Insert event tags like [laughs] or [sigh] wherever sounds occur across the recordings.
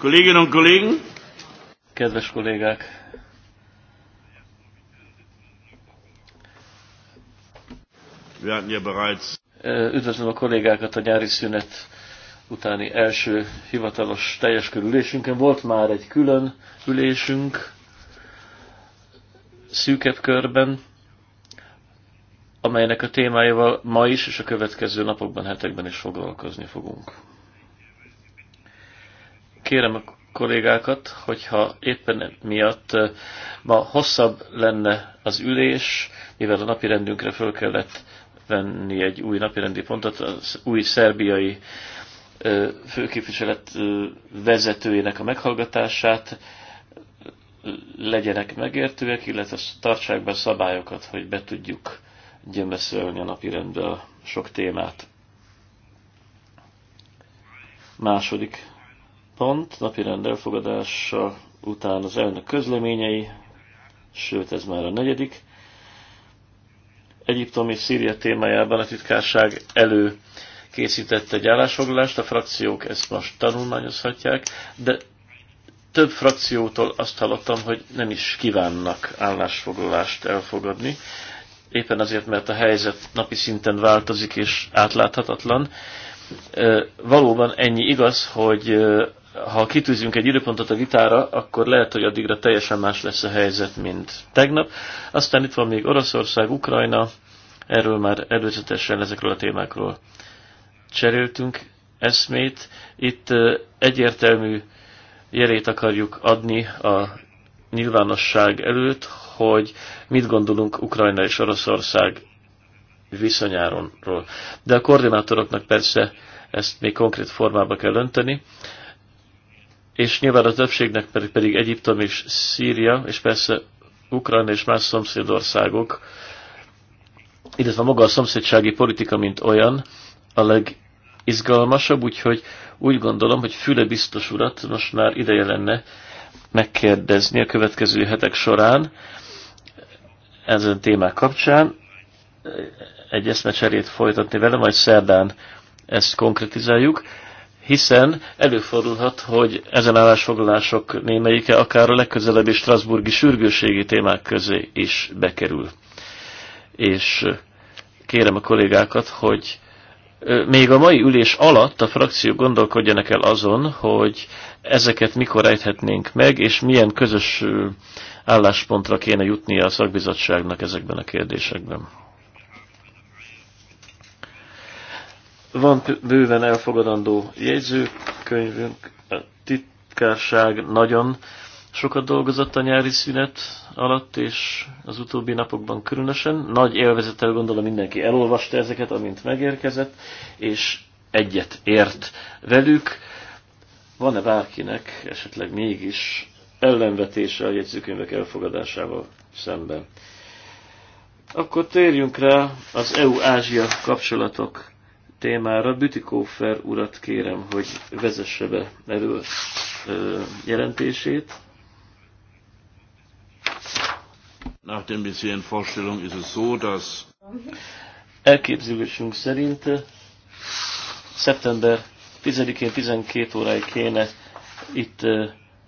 Kolleginnen und Kollegen! Kedves kollégák! Wir hatten ja bereits Üdvözlöm a kollégákat a nyári szünet utáni első hivatalos teljes körülésünkön. Volt már egy külön ülésünk szűkebb körben, amelynek a témájával ma is és a következő napokban, hetekben is foglalkozni fogunk kérem a kollégákat, hogyha éppen miatt eh, ma hosszabb lenne az ülés, mivel a napi rendünkre föl kellett venni egy új napirendi pontot, az új szerbiai eh, főképviselet eh, vezetőjének a meghallgatását, legyenek megértőek, illetve tartsák be szabályokat, hogy be tudjuk gyömeszölni a napirendbe a sok témát. Második pont, napirend elfogadása után az elnök közleményei, sőt ez már a negyedik. Egyiptom és Szíria témájában a titkárság elő készített egy állásfoglalást, a frakciók ezt most tanulmányozhatják, de több frakciótól azt hallottam, hogy nem is kívánnak állásfoglalást elfogadni, éppen azért, mert a helyzet napi szinten változik és átláthatatlan. Valóban ennyi igaz, hogy ha kitűzünk egy időpontot a vitára, akkor lehet, hogy addigra teljesen más lesz a helyzet, mint tegnap. Aztán itt van még Oroszország, Ukrajna, erről már előzetesen ezekről a témákról cseréltünk eszmét. Itt egyértelmű jelét akarjuk adni a nyilvánosság előtt, hogy mit gondolunk Ukrajna és Oroszország viszonyáról. De a koordinátoroknak persze ezt még konkrét formába kell önteni és nyilván a többségnek pedig, pedig Egyiptom és Szíria, és persze Ukrajna és más szomszédországok, illetve maga a szomszédsági politika, mint olyan, a legizgalmasabb, úgyhogy úgy gondolom, hogy Füle biztos urat most már ideje lenne megkérdezni a következő hetek során ezen témák kapcsán, egy eszmecserét folytatni vele, majd szerdán ezt konkretizáljuk hiszen előfordulhat, hogy ezen állásfoglalások némelyike akár a legközelebbi Strasburgi sürgőségi témák közé is bekerül. És kérem a kollégákat, hogy még a mai ülés alatt a frakció gondolkodjanak el azon, hogy ezeket mikor ejthetnénk meg, és milyen közös álláspontra kéne jutnia a szakbizottságnak ezekben a kérdésekben. Van bőven elfogadandó jegyzőkönyvünk, a titkárság nagyon sokat dolgozott a nyári szünet alatt, és az utóbbi napokban különösen. Nagy élvezettel gondolom mindenki elolvasta ezeket, amint megérkezett, és egyet ért velük. Van-e bárkinek esetleg mégis ellenvetése a jegyzőkönyvek elfogadásával szemben? Akkor térjünk rá az EU-Ázsia kapcsolatok témára Bütikófer urat kérem, hogy vezesse be erről jelentését. Nach den bisherigen Vorstellungen ist es so, dass Elképzelésünk szerint szeptember 10-én 12 óráig kéne itt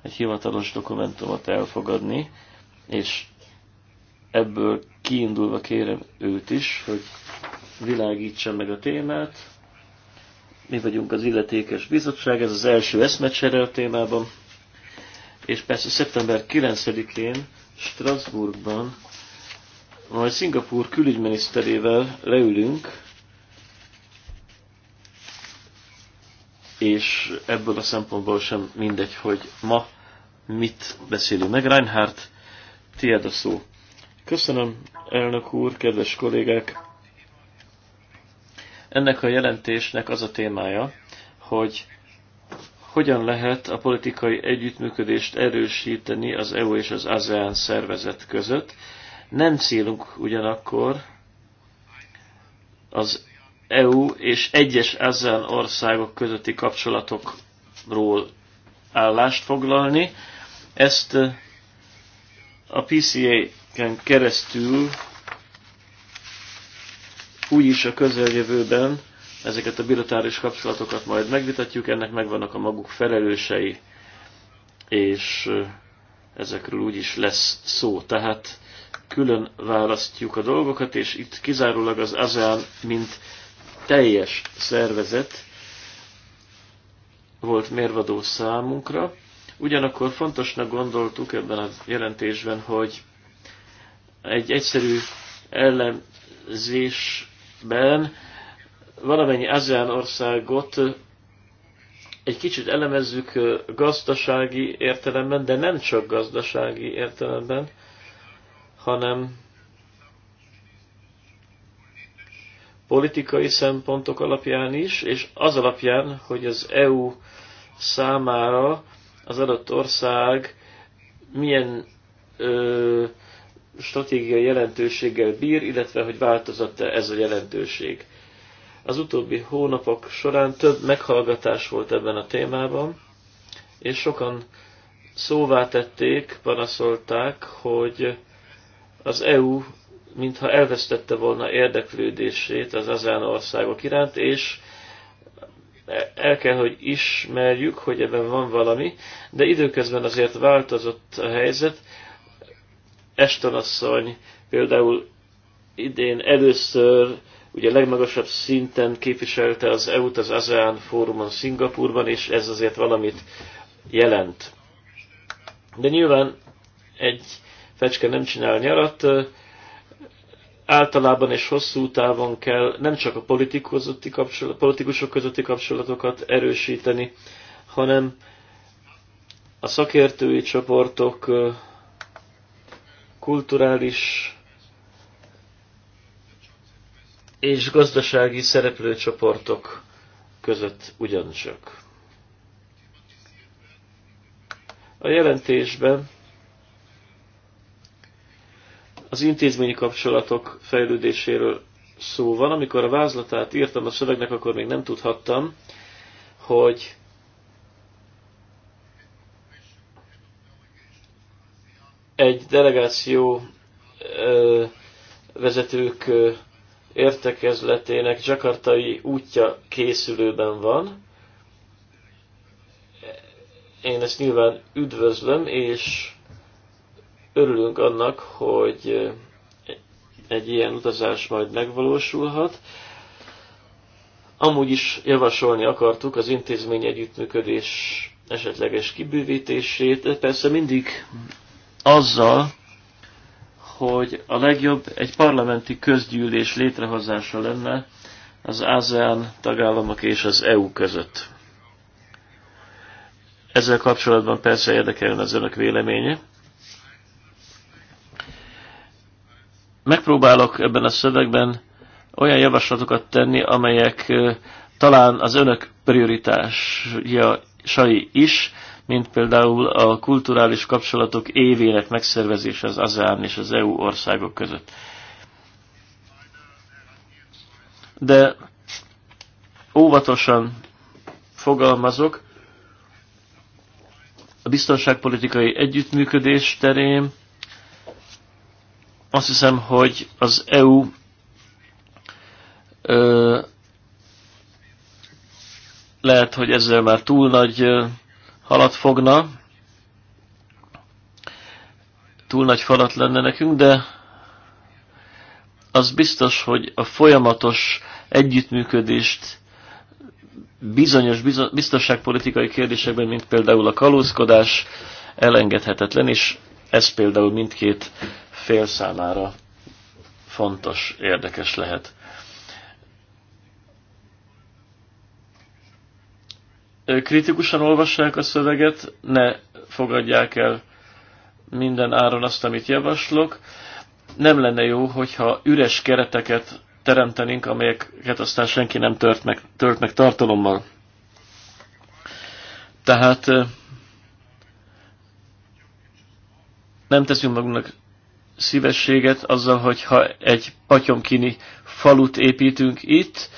egy hivatalos dokumentumot elfogadni, és ebből kiindulva kérem őt is, hogy világítsa meg a témát. Mi vagyunk az illetékes bizottság, ez az első eszmecsere a témában. És persze szeptember 9-én Strasbourgban majd Szingapúr külügyminiszterével leülünk, és ebből a szempontból sem mindegy, hogy ma mit beszélünk meg. Reinhardt, tiéd a szó. Köszönöm, elnök úr, kedves kollégák! Ennek a jelentésnek az a témája, hogy hogyan lehet a politikai együttműködést erősíteni az EU és az ASEAN szervezet között. Nem célunk ugyanakkor az EU és egyes ASEAN országok közötti kapcsolatokról állást foglalni. Ezt a PCA-ken keresztül úgyis a közeljövőben ezeket a bilatáris kapcsolatokat majd megvitatjuk, ennek megvannak a maguk felelősei, és ezekről úgyis lesz szó. Tehát külön választjuk a dolgokat, és itt kizárólag az ASEAN, mint teljes szervezet volt mérvadó számunkra. Ugyanakkor fontosnak gondoltuk ebben a jelentésben, hogy egy egyszerű ellenzés ben valamennyi ASEAN országot egy kicsit elemezzük gazdasági értelemben, de nem csak gazdasági értelemben, hanem politikai szempontok alapján is, és az alapján, hogy az EU számára az adott ország milyen ö, stratégiai jelentőséggel bír, illetve hogy változott-e ez a jelentőség. Az utóbbi hónapok során több meghallgatás volt ebben a témában, és sokan szóvá tették, panaszolták, hogy az EU mintha elvesztette volna érdeklődését az azán országok iránt, és el kell, hogy ismerjük, hogy ebben van valami, de időközben azért változott a helyzet, Estonasszony például idén először ugye legmagasabb szinten képviselte az EU-t az ASEAN fórumon Szingapurban, és ez azért valamit jelent. De nyilván egy fecske nem csinál nyarat, általában és hosszú távon kell nem csak a politikusok közötti kapcsolatokat erősíteni, hanem a szakértői csoportok kulturális és gazdasági szereplőcsoportok között ugyancsak. A jelentésben az intézményi kapcsolatok fejlődéséről szó van. Amikor a vázlatát írtam a szövegnek, akkor még nem tudhattam, hogy egy delegáció ö, vezetők ö, értekezletének Jakartai útja készülőben van. Én ezt nyilván üdvözlöm, és örülünk annak, hogy egy ilyen utazás majd megvalósulhat. Amúgy is javasolni akartuk az intézmény együttműködés esetleges kibővítését, persze mindig azzal, hogy a legjobb egy parlamenti közgyűlés létrehozása lenne az ASEAN tagállamok és az EU között. Ezzel kapcsolatban persze érdekelne az önök véleménye. Megpróbálok ebben a szövegben olyan javaslatokat tenni, amelyek talán az önök prioritásjai is, mint például a kulturális kapcsolatok évének megszervezése az ASEAN és az EU országok között. De óvatosan fogalmazok, a biztonságpolitikai együttműködés terén azt hiszem, hogy az EU ö, lehet, hogy ezzel már túl nagy halat fogna. Túl nagy falat lenne nekünk, de az biztos, hogy a folyamatos együttműködést bizonyos biztonságpolitikai kérdésekben, mint például a kalózkodás elengedhetetlen, és ez például mindkét fél számára fontos, érdekes lehet. kritikusan olvassák a szöveget, ne fogadják el minden áron azt, amit javaslok. Nem lenne jó, hogyha üres kereteket teremtenénk, amelyeket aztán senki nem tört meg, tört meg tartalommal. Tehát nem teszünk magunknak szívességet azzal, hogyha egy patyomkini falut építünk itt,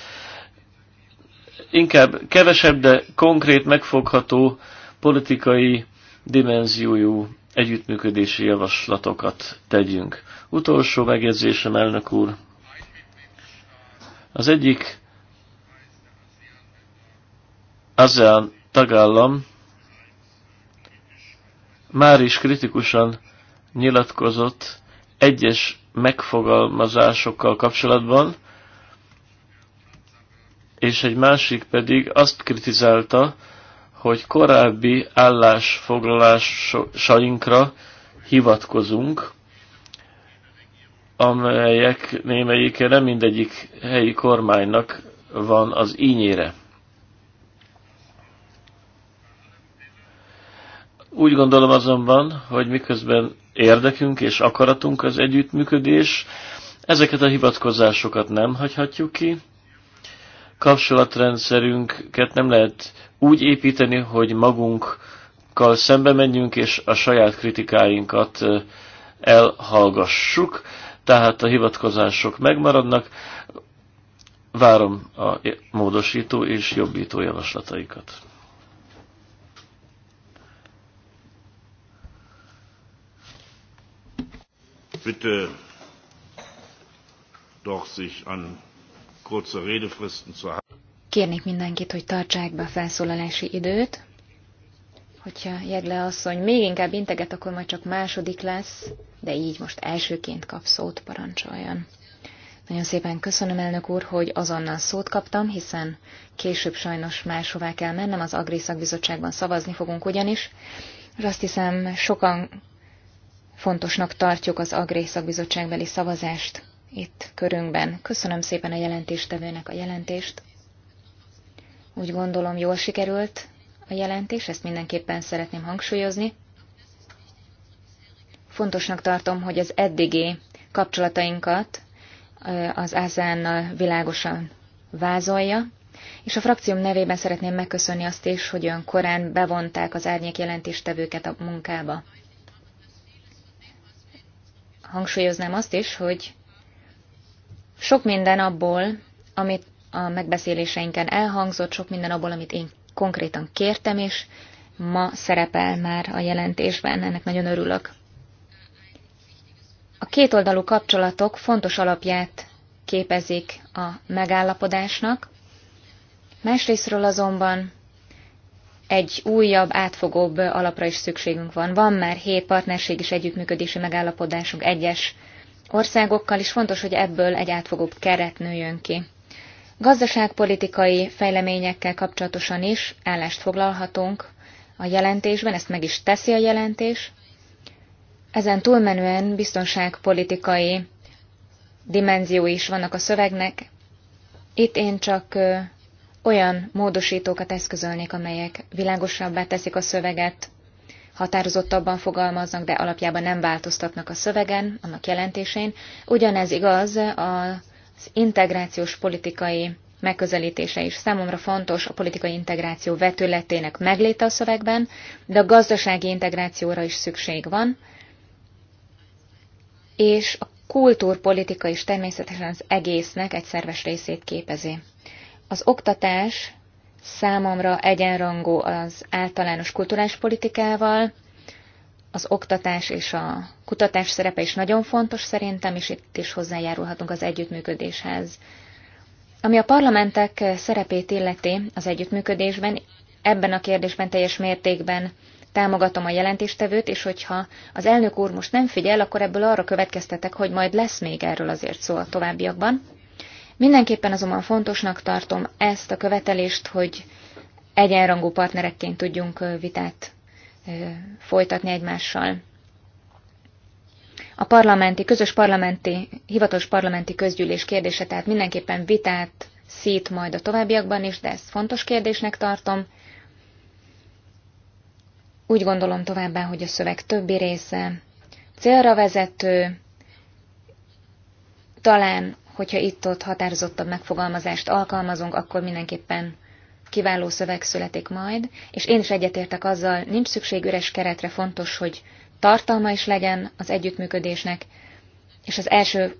inkább kevesebb, de konkrét, megfogható politikai dimenziójú együttműködési javaslatokat tegyünk. Utolsó megjegyzésem, elnök úr. Az egyik ASEAN tagállam már is kritikusan nyilatkozott egyes megfogalmazásokkal kapcsolatban, és egy másik pedig azt kritizálta, hogy korábbi állásfoglalásainkra hivatkozunk, amelyek némelyike nem mindegyik helyi kormánynak van az ínyére. Úgy gondolom azonban, hogy miközben érdekünk és akaratunk az együttműködés, ezeket a hivatkozásokat nem hagyhatjuk ki, kapcsolatrendszerünket nem lehet úgy építeni, hogy magunkkal szembe menjünk, és a saját kritikáinkat elhallgassuk, tehát a hivatkozások megmaradnak. Várom a módosító és jobbító javaslataikat. Bitte doch sich an kurze Redefristen zu Kérnék mindenkit, hogy tartsák be a felszólalási időt. Hogyha Jegle asszony még inkább integet, akkor majd csak második lesz, de így most elsőként kap szót, parancsoljon. Nagyon szépen köszönöm, elnök úr, hogy azonnal szót kaptam, hiszen később sajnos máshová kell mennem, az Agri Szakbizottságban szavazni fogunk ugyanis, és azt hiszem sokan fontosnak tartjuk az Agri Szakbizottságbeli szavazást itt körünkben. Köszönöm szépen a jelentéstevőnek a jelentést. Úgy gondolom, jól sikerült a jelentés, ezt mindenképpen szeretném hangsúlyozni. Fontosnak tartom, hogy az eddigi kapcsolatainkat az ASEAN-nal világosan vázolja, és a frakcióm nevében szeretném megköszönni azt is, hogy olyan korán bevonták az árnyék jelentéstevőket a munkába. Hangsúlyoznám azt is, hogy sok minden abból, amit a megbeszéléseinken elhangzott, sok minden abból, amit én konkrétan kértem is, ma szerepel már a jelentésben, ennek nagyon örülök. A kétoldalú kapcsolatok fontos alapját képezik a megállapodásnak, másrésztről azonban egy újabb, átfogóbb alapra is szükségünk van. Van már hét partnerség és együttműködési megállapodásunk egyes országokkal, és fontos, hogy ebből egy átfogóbb keret nőjön ki. Gazdaságpolitikai fejleményekkel kapcsolatosan is állást foglalhatunk a jelentésben, ezt meg is teszi a jelentés. Ezen túlmenően biztonságpolitikai dimenzió is vannak a szövegnek. Itt én csak olyan módosítókat eszközölnék, amelyek világosabbá teszik a szöveget, határozottabban fogalmaznak, de alapjában nem változtatnak a szövegen, annak jelentésén. Ugyanez igaz az integrációs politikai megközelítése is. Számomra fontos a politikai integráció vetületének megléte a szövegben, de a gazdasági integrációra is szükség van, és a kultúrpolitika is természetesen az egésznek egy szerves részét képezi. Az oktatás számomra egyenrangú az általános kulturális politikával, az oktatás és a kutatás szerepe is nagyon fontos szerintem, és itt is hozzájárulhatunk az együttműködéshez. Ami a parlamentek szerepét illeti az együttműködésben, ebben a kérdésben teljes mértékben támogatom a jelentéstevőt, és hogyha az elnök úr most nem figyel, akkor ebből arra következtetek, hogy majd lesz még erről azért szó a továbbiakban. Mindenképpen azonban fontosnak tartom ezt a követelést, hogy egyenrangú partnerekként tudjunk vitát folytatni egymással. A parlamenti, közös parlamenti, hivatalos parlamenti közgyűlés kérdése, tehát mindenképpen vitát szít majd a továbbiakban is, de ezt fontos kérdésnek tartom. Úgy gondolom továbbá, hogy a szöveg többi része célra vezető, talán hogyha itt-ott határozottabb megfogalmazást alkalmazunk, akkor mindenképpen kiváló szöveg születik majd, és én is egyetértek azzal, nincs szükség üres keretre, fontos, hogy tartalma is legyen az együttműködésnek, és az első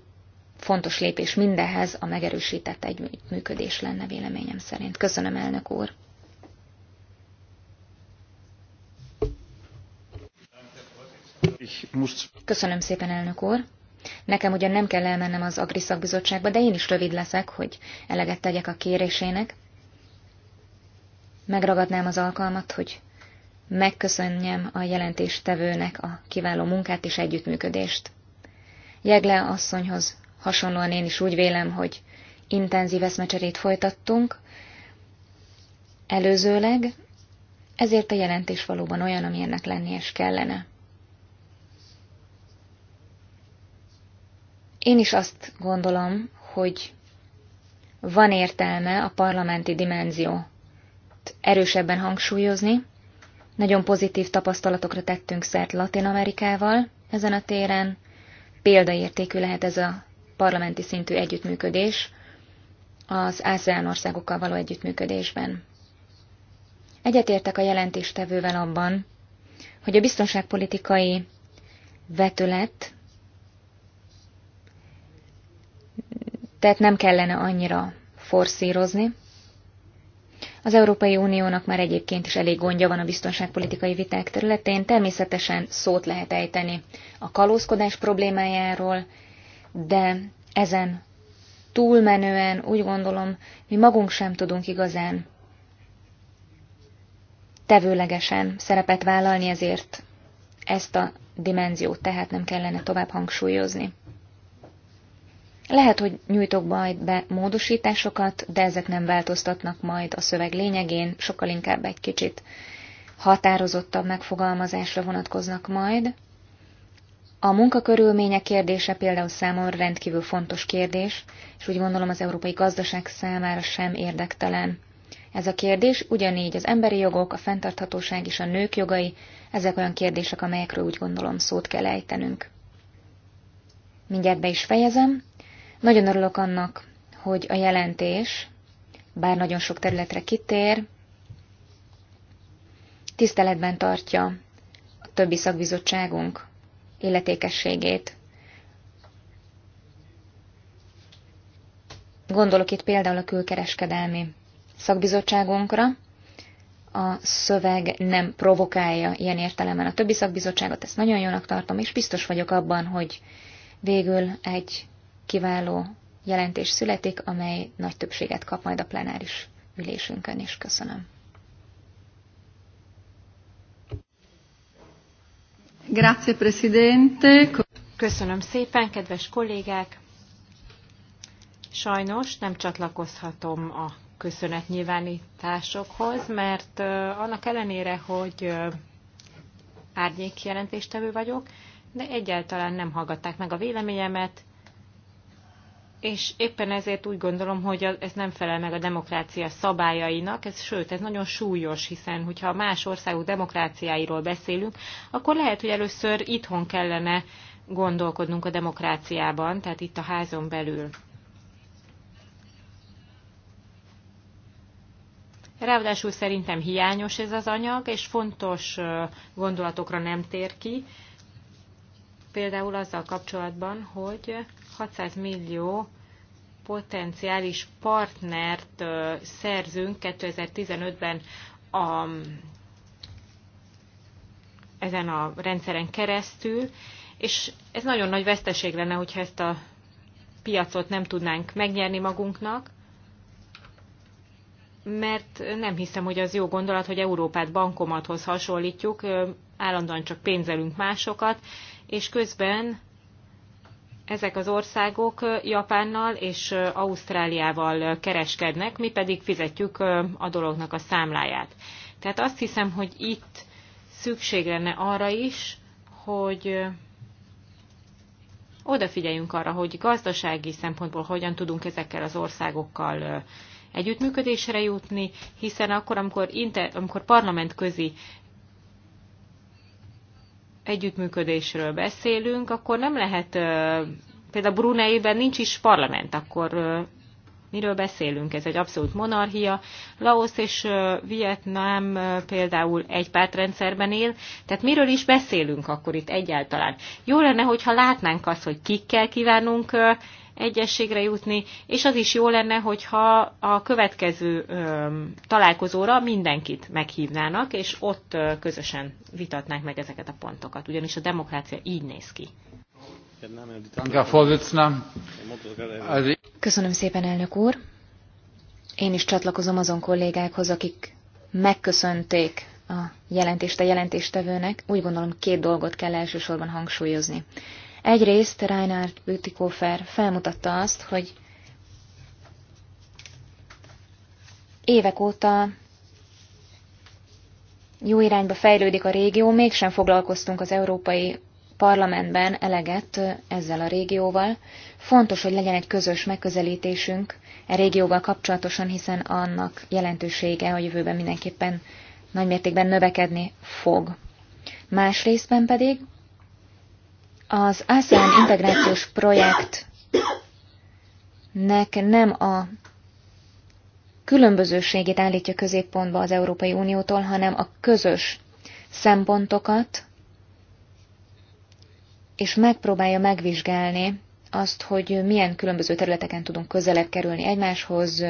fontos lépés mindehez a megerősített együttműködés lenne véleményem szerint. Köszönöm, elnök úr! Köszönöm szépen, elnök úr! Nekem ugyan nem kell elmennem az Agri szakbizottságba, de én is rövid leszek, hogy eleget tegyek a kérésének. Megragadnám az alkalmat, hogy megköszönjem a jelentéstevőnek a kiváló munkát és együttműködést. Jegle asszonyhoz hasonlóan én is úgy vélem, hogy intenzív eszmecserét folytattunk, előzőleg, ezért a jelentés valóban olyan, amilyennek lennie is kellene. Én is azt gondolom, hogy van értelme a parlamenti dimenzió erősebben hangsúlyozni. Nagyon pozitív tapasztalatokra tettünk szert Latin Amerikával ezen a téren. Példaértékű lehet ez a parlamenti szintű együttműködés az ASEAN országokkal való együttműködésben. Egyetértek a jelentéstevővel abban, hogy a biztonságpolitikai vetület tehát nem kellene annyira forszírozni. Az Európai Uniónak már egyébként is elég gondja van a biztonságpolitikai viták területén, természetesen szót lehet ejteni a kalózkodás problémájáról, de ezen túlmenően úgy gondolom, mi magunk sem tudunk igazán tevőlegesen szerepet vállalni, ezért ezt a dimenziót tehát nem kellene tovább hangsúlyozni. Lehet, hogy nyújtok majd be módosításokat, de ezek nem változtatnak majd a szöveg lényegén, sokkal inkább egy kicsit határozottabb megfogalmazásra vonatkoznak majd. A munkakörülmények kérdése például számomra rendkívül fontos kérdés, és úgy gondolom az európai gazdaság számára sem érdektelen. Ez a kérdés ugyanígy az emberi jogok, a fenntarthatóság és a nők jogai, ezek olyan kérdések, amelyekről úgy gondolom szót kell ejtenünk. Mindjárt be is fejezem, nagyon örülök annak, hogy a jelentés, bár nagyon sok területre kitér, tiszteletben tartja a többi szakbizottságunk életékességét. Gondolok itt például a külkereskedelmi szakbizottságunkra. A szöveg nem provokálja ilyen értelemben a többi szakbizottságot, ezt nagyon jónak tartom, és biztos vagyok abban, hogy végül egy kiváló jelentés születik, amely nagy többséget kap majd a plenáris ülésünkön is. Köszönöm. Grazie, Presidente. Köszönöm szépen, kedves kollégák! Sajnos nem csatlakozhatom a köszönetnyilvánításokhoz, mert annak ellenére, hogy árnyék jelentéstevő vagyok, de egyáltalán nem hallgatták meg a véleményemet, és éppen ezért úgy gondolom, hogy ez nem felel meg a demokrácia szabályainak, ez, sőt, ez nagyon súlyos, hiszen hogyha más országok demokráciáiról beszélünk, akkor lehet, hogy először itthon kellene gondolkodnunk a demokráciában, tehát itt a házon belül. Ráadásul szerintem hiányos ez az anyag, és fontos gondolatokra nem tér ki. Például azzal kapcsolatban, hogy 600 millió potenciális partnert szerzünk 2015-ben a, ezen a rendszeren keresztül, és ez nagyon nagy veszteség lenne, hogyha ezt a piacot nem tudnánk megnyerni magunknak, mert nem hiszem, hogy az jó gondolat, hogy Európát bankomathoz hasonlítjuk, állandóan csak pénzelünk másokat, és közben ezek az országok Japánnal és Ausztráliával kereskednek, mi pedig fizetjük a dolognak a számláját. Tehát azt hiszem, hogy itt szükség lenne arra is, hogy odafigyeljünk arra, hogy gazdasági szempontból hogyan tudunk ezekkel az országokkal együttműködésre jutni, hiszen akkor, amikor, inter, amikor parlamentközi együttműködésről beszélünk, akkor nem lehet, például Bruneiben nincs is parlament, akkor miről beszélünk? Ez egy abszolút monarchia. Laos és Vietnám például egy pártrendszerben él, tehát miről is beszélünk akkor itt egyáltalán? Jó lenne, hogyha látnánk azt, hogy kikkel kívánunk egyességre jutni, és az is jó lenne, hogyha a következő találkozóra mindenkit meghívnának, és ott közösen vitatnák meg ezeket a pontokat, ugyanis a demokrácia így néz ki. Köszönöm szépen, elnök úr! Én is csatlakozom azon kollégákhoz, akik megköszönték a jelentést a jelentéstevőnek. Úgy gondolom, két dolgot kell elsősorban hangsúlyozni. Egyrészt Reinhard Bütikofer felmutatta azt, hogy évek óta jó irányba fejlődik a régió, mégsem foglalkoztunk az Európai Parlamentben eleget ezzel a régióval. Fontos, hogy legyen egy közös megközelítésünk e régióval kapcsolatosan, hiszen annak jelentősége a jövőben mindenképpen nagymértékben növekedni fog. Másrésztben pedig az ASEAN integrációs projektnek nem a különbözőségét állítja középpontba az Európai Uniótól, hanem a közös szempontokat, és megpróbálja megvizsgálni azt, hogy milyen különböző területeken tudunk közelebb kerülni egymáshoz,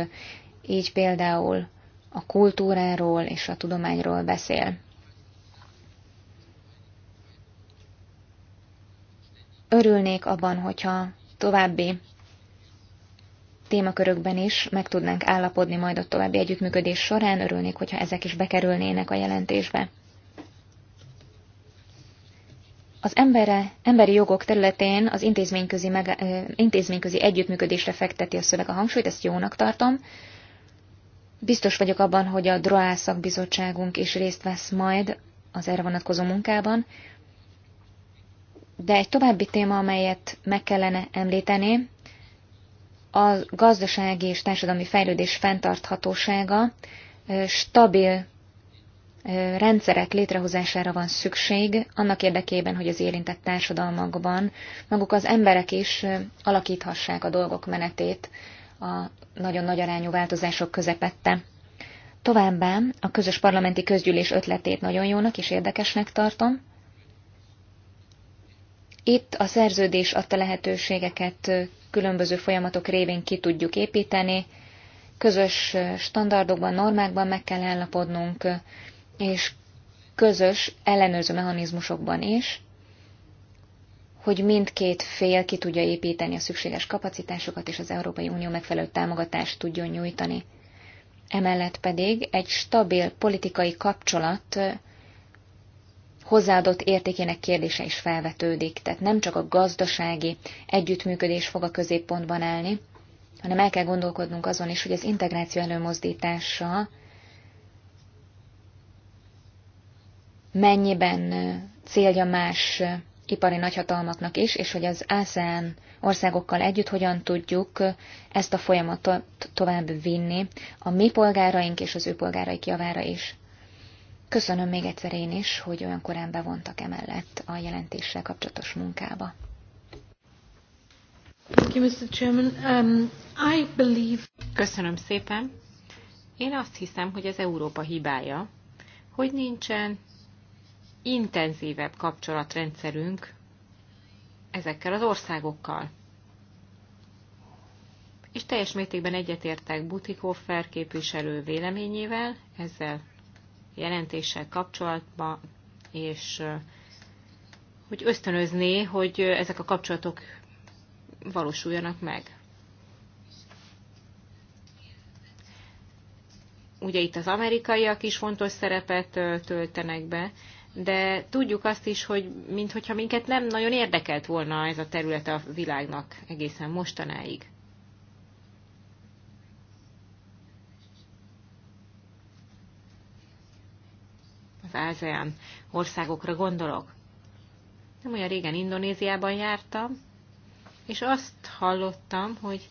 így például a kultúráról és a tudományról beszél. Örülnék abban, hogyha további témakörökben is meg tudnánk állapodni majd a további együttműködés során, örülnék, hogyha ezek is bekerülnének a jelentésbe. Az embere, emberi jogok területén az intézményközi, meg, intézményközi együttműködésre fekteti a szöveg a hangsúlyt, ezt jónak tartom. Biztos vagyok abban, hogy a DROA szakbizottságunk is részt vesz majd az erre vonatkozó munkában. De egy további téma, amelyet meg kellene említeni, a gazdasági és társadalmi fejlődés fenntarthatósága stabil rendszerek létrehozására van szükség, annak érdekében, hogy az érintett társadalmakban maguk az emberek is alakíthassák a dolgok menetét a nagyon nagy arányú változások közepette. Továbbá a közös parlamenti közgyűlés ötletét nagyon jónak és érdekesnek tartom, itt a szerződés adta lehetőségeket különböző folyamatok révén ki tudjuk építeni, közös standardokban, normákban meg kell állapodnunk, és közös ellenőrző mechanizmusokban is, hogy mindkét fél ki tudja építeni a szükséges kapacitásokat, és az Európai Unió megfelelő támogatást tudjon nyújtani. Emellett pedig egy stabil politikai kapcsolat hozzáadott értékének kérdése is felvetődik, tehát nem csak a gazdasági együttműködés fog a középpontban állni, hanem el kell gondolkodnunk azon is, hogy az integráció előmozdítása mennyiben célja más ipari nagyhatalmaknak is, és hogy az ASEAN országokkal együtt hogyan tudjuk ezt a folyamatot tovább vinni a mi polgáraink és az ő polgáraik javára is. Köszönöm még egyszer én is, hogy olyan korán bevontak emellett a jelentéssel kapcsolatos munkába. Um, Köszönöm szépen. Én azt hiszem, hogy ez Európa hibája, hogy nincsen intenzívebb kapcsolatrendszerünk ezekkel az országokkal. És teljes mértékben egyetértek Butikoffer képviselő véleményével, ezzel jelentéssel kapcsolatban, és hogy ösztönözné, hogy ezek a kapcsolatok valósuljanak meg. Ugye itt az amerikaiak is fontos szerepet töltenek be, de tudjuk azt is, hogy minthogyha minket nem nagyon érdekelt volna ez a terület a világnak egészen mostanáig. az ASEAN országokra gondolok. Nem olyan régen Indonéziában jártam, és azt hallottam, hogy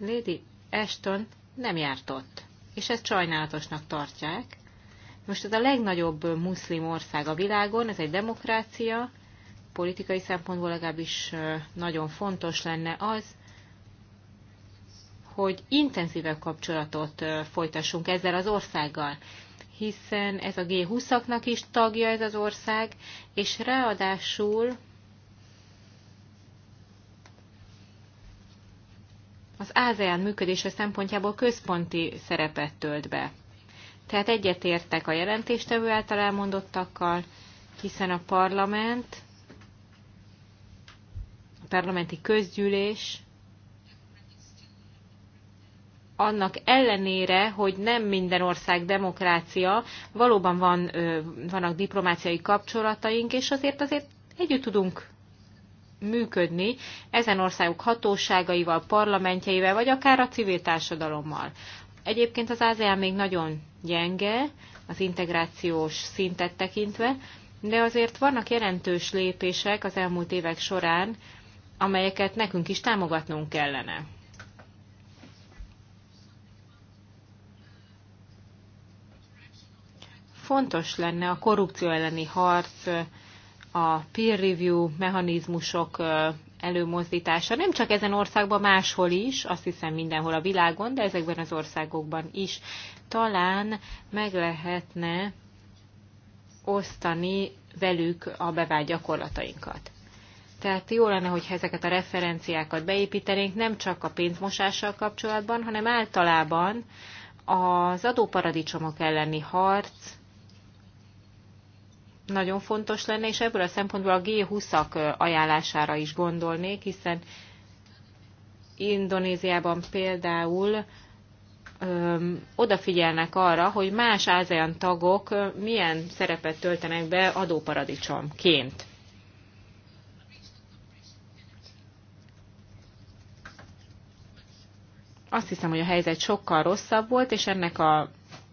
Lady Ashton nem járt ott, és ezt sajnálatosnak tartják. Most ez a legnagyobb muszlim ország a világon, ez egy demokrácia, politikai szempontból legalábbis nagyon fontos lenne az, hogy intenzívebb kapcsolatot folytassunk ezzel az országgal hiszen ez a G20-aknak is tagja ez az ország, és ráadásul az ASEAN működése szempontjából központi szerepet tölt be. Tehát egyetértek a jelentéstevő által elmondottakkal, hiszen a parlament, a parlamenti közgyűlés annak ellenére, hogy nem minden ország demokrácia, valóban van, vannak diplomáciai kapcsolataink, és azért azért együtt tudunk működni ezen országok hatóságaival, parlamentjeivel, vagy akár a civil társadalommal. Egyébként az ASEAN még nagyon gyenge az integrációs szintet tekintve, de azért vannak jelentős lépések az elmúlt évek során, amelyeket nekünk is támogatnunk kellene. fontos lenne a korrupció elleni harc, a peer review mechanizmusok előmozdítása, nem csak ezen országban, máshol is, azt hiszem mindenhol a világon, de ezekben az országokban is. Talán meg lehetne osztani velük a bevált gyakorlatainkat. Tehát jó lenne, hogy ezeket a referenciákat beépítenénk, nem csak a pénzmosással kapcsolatban, hanem általában az adóparadicsomok elleni harc nagyon fontos lenne, és ebből a szempontból a G20-ak ajánlására is gondolnék, hiszen Indonéziában például öm, odafigyelnek arra, hogy más ASEAN tagok milyen szerepet töltenek be adóparadicsomként. Azt hiszem, hogy a helyzet sokkal rosszabb volt, és ennek a,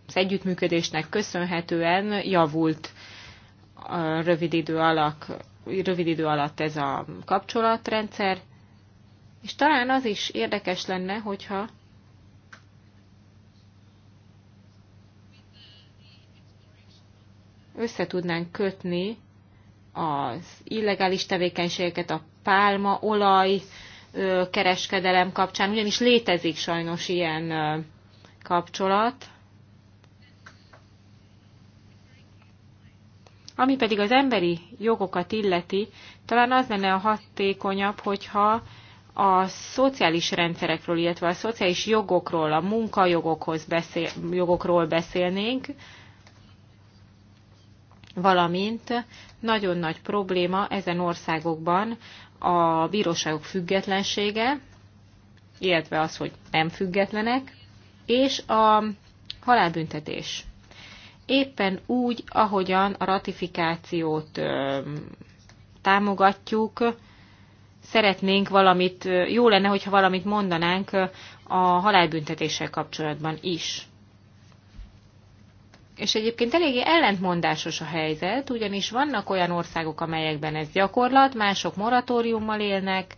az együttműködésnek köszönhetően javult rövid idő, alak, rövid idő alatt ez a kapcsolatrendszer, és talán az is érdekes lenne, hogyha összetudnánk kötni az illegális tevékenységeket a pálma, olaj, kereskedelem kapcsán, ugyanis létezik sajnos ilyen kapcsolat. Ami pedig az emberi jogokat illeti, talán az lenne a hatékonyabb, hogyha a szociális rendszerekről, illetve a szociális jogokról, a munkajogokhoz beszél, jogokról beszélnénk, valamint nagyon nagy probléma ezen országokban a bíróságok függetlensége, illetve az, hogy nem függetlenek, és a halálbüntetés éppen úgy, ahogyan a ratifikációt támogatjuk, szeretnénk valamit, jó lenne, hogyha valamit mondanánk a halálbüntetéssel kapcsolatban is. És egyébként eléggé ellentmondásos a helyzet, ugyanis vannak olyan országok, amelyekben ez gyakorlat, mások moratóriummal élnek,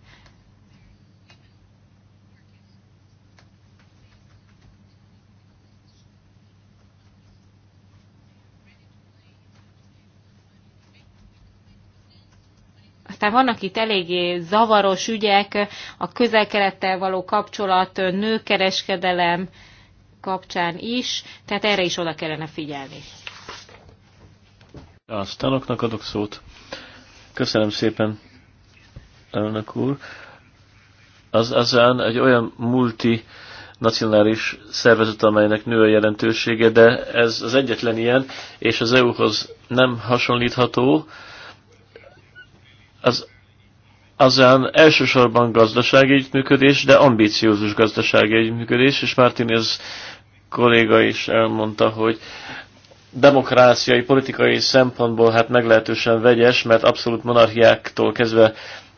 Aztán vannak itt eléggé zavaros ügyek, a közel való kapcsolat, nőkereskedelem kapcsán is, tehát erre is oda kellene figyelni. A sztánoknak adok szót. Köszönöm szépen, elnök úr. Az azán egy olyan multi nacionális szervezet, amelynek nő a jelentősége, de ez az egyetlen ilyen, és az EU-hoz nem hasonlítható az az olyan elsősorban gazdasági együttműködés, de ambíciózus gazdasági együttműködés, és Martinez kolléga is elmondta, hogy demokráciai, politikai szempontból hát meglehetősen vegyes, mert abszolút monarchiáktól kezdve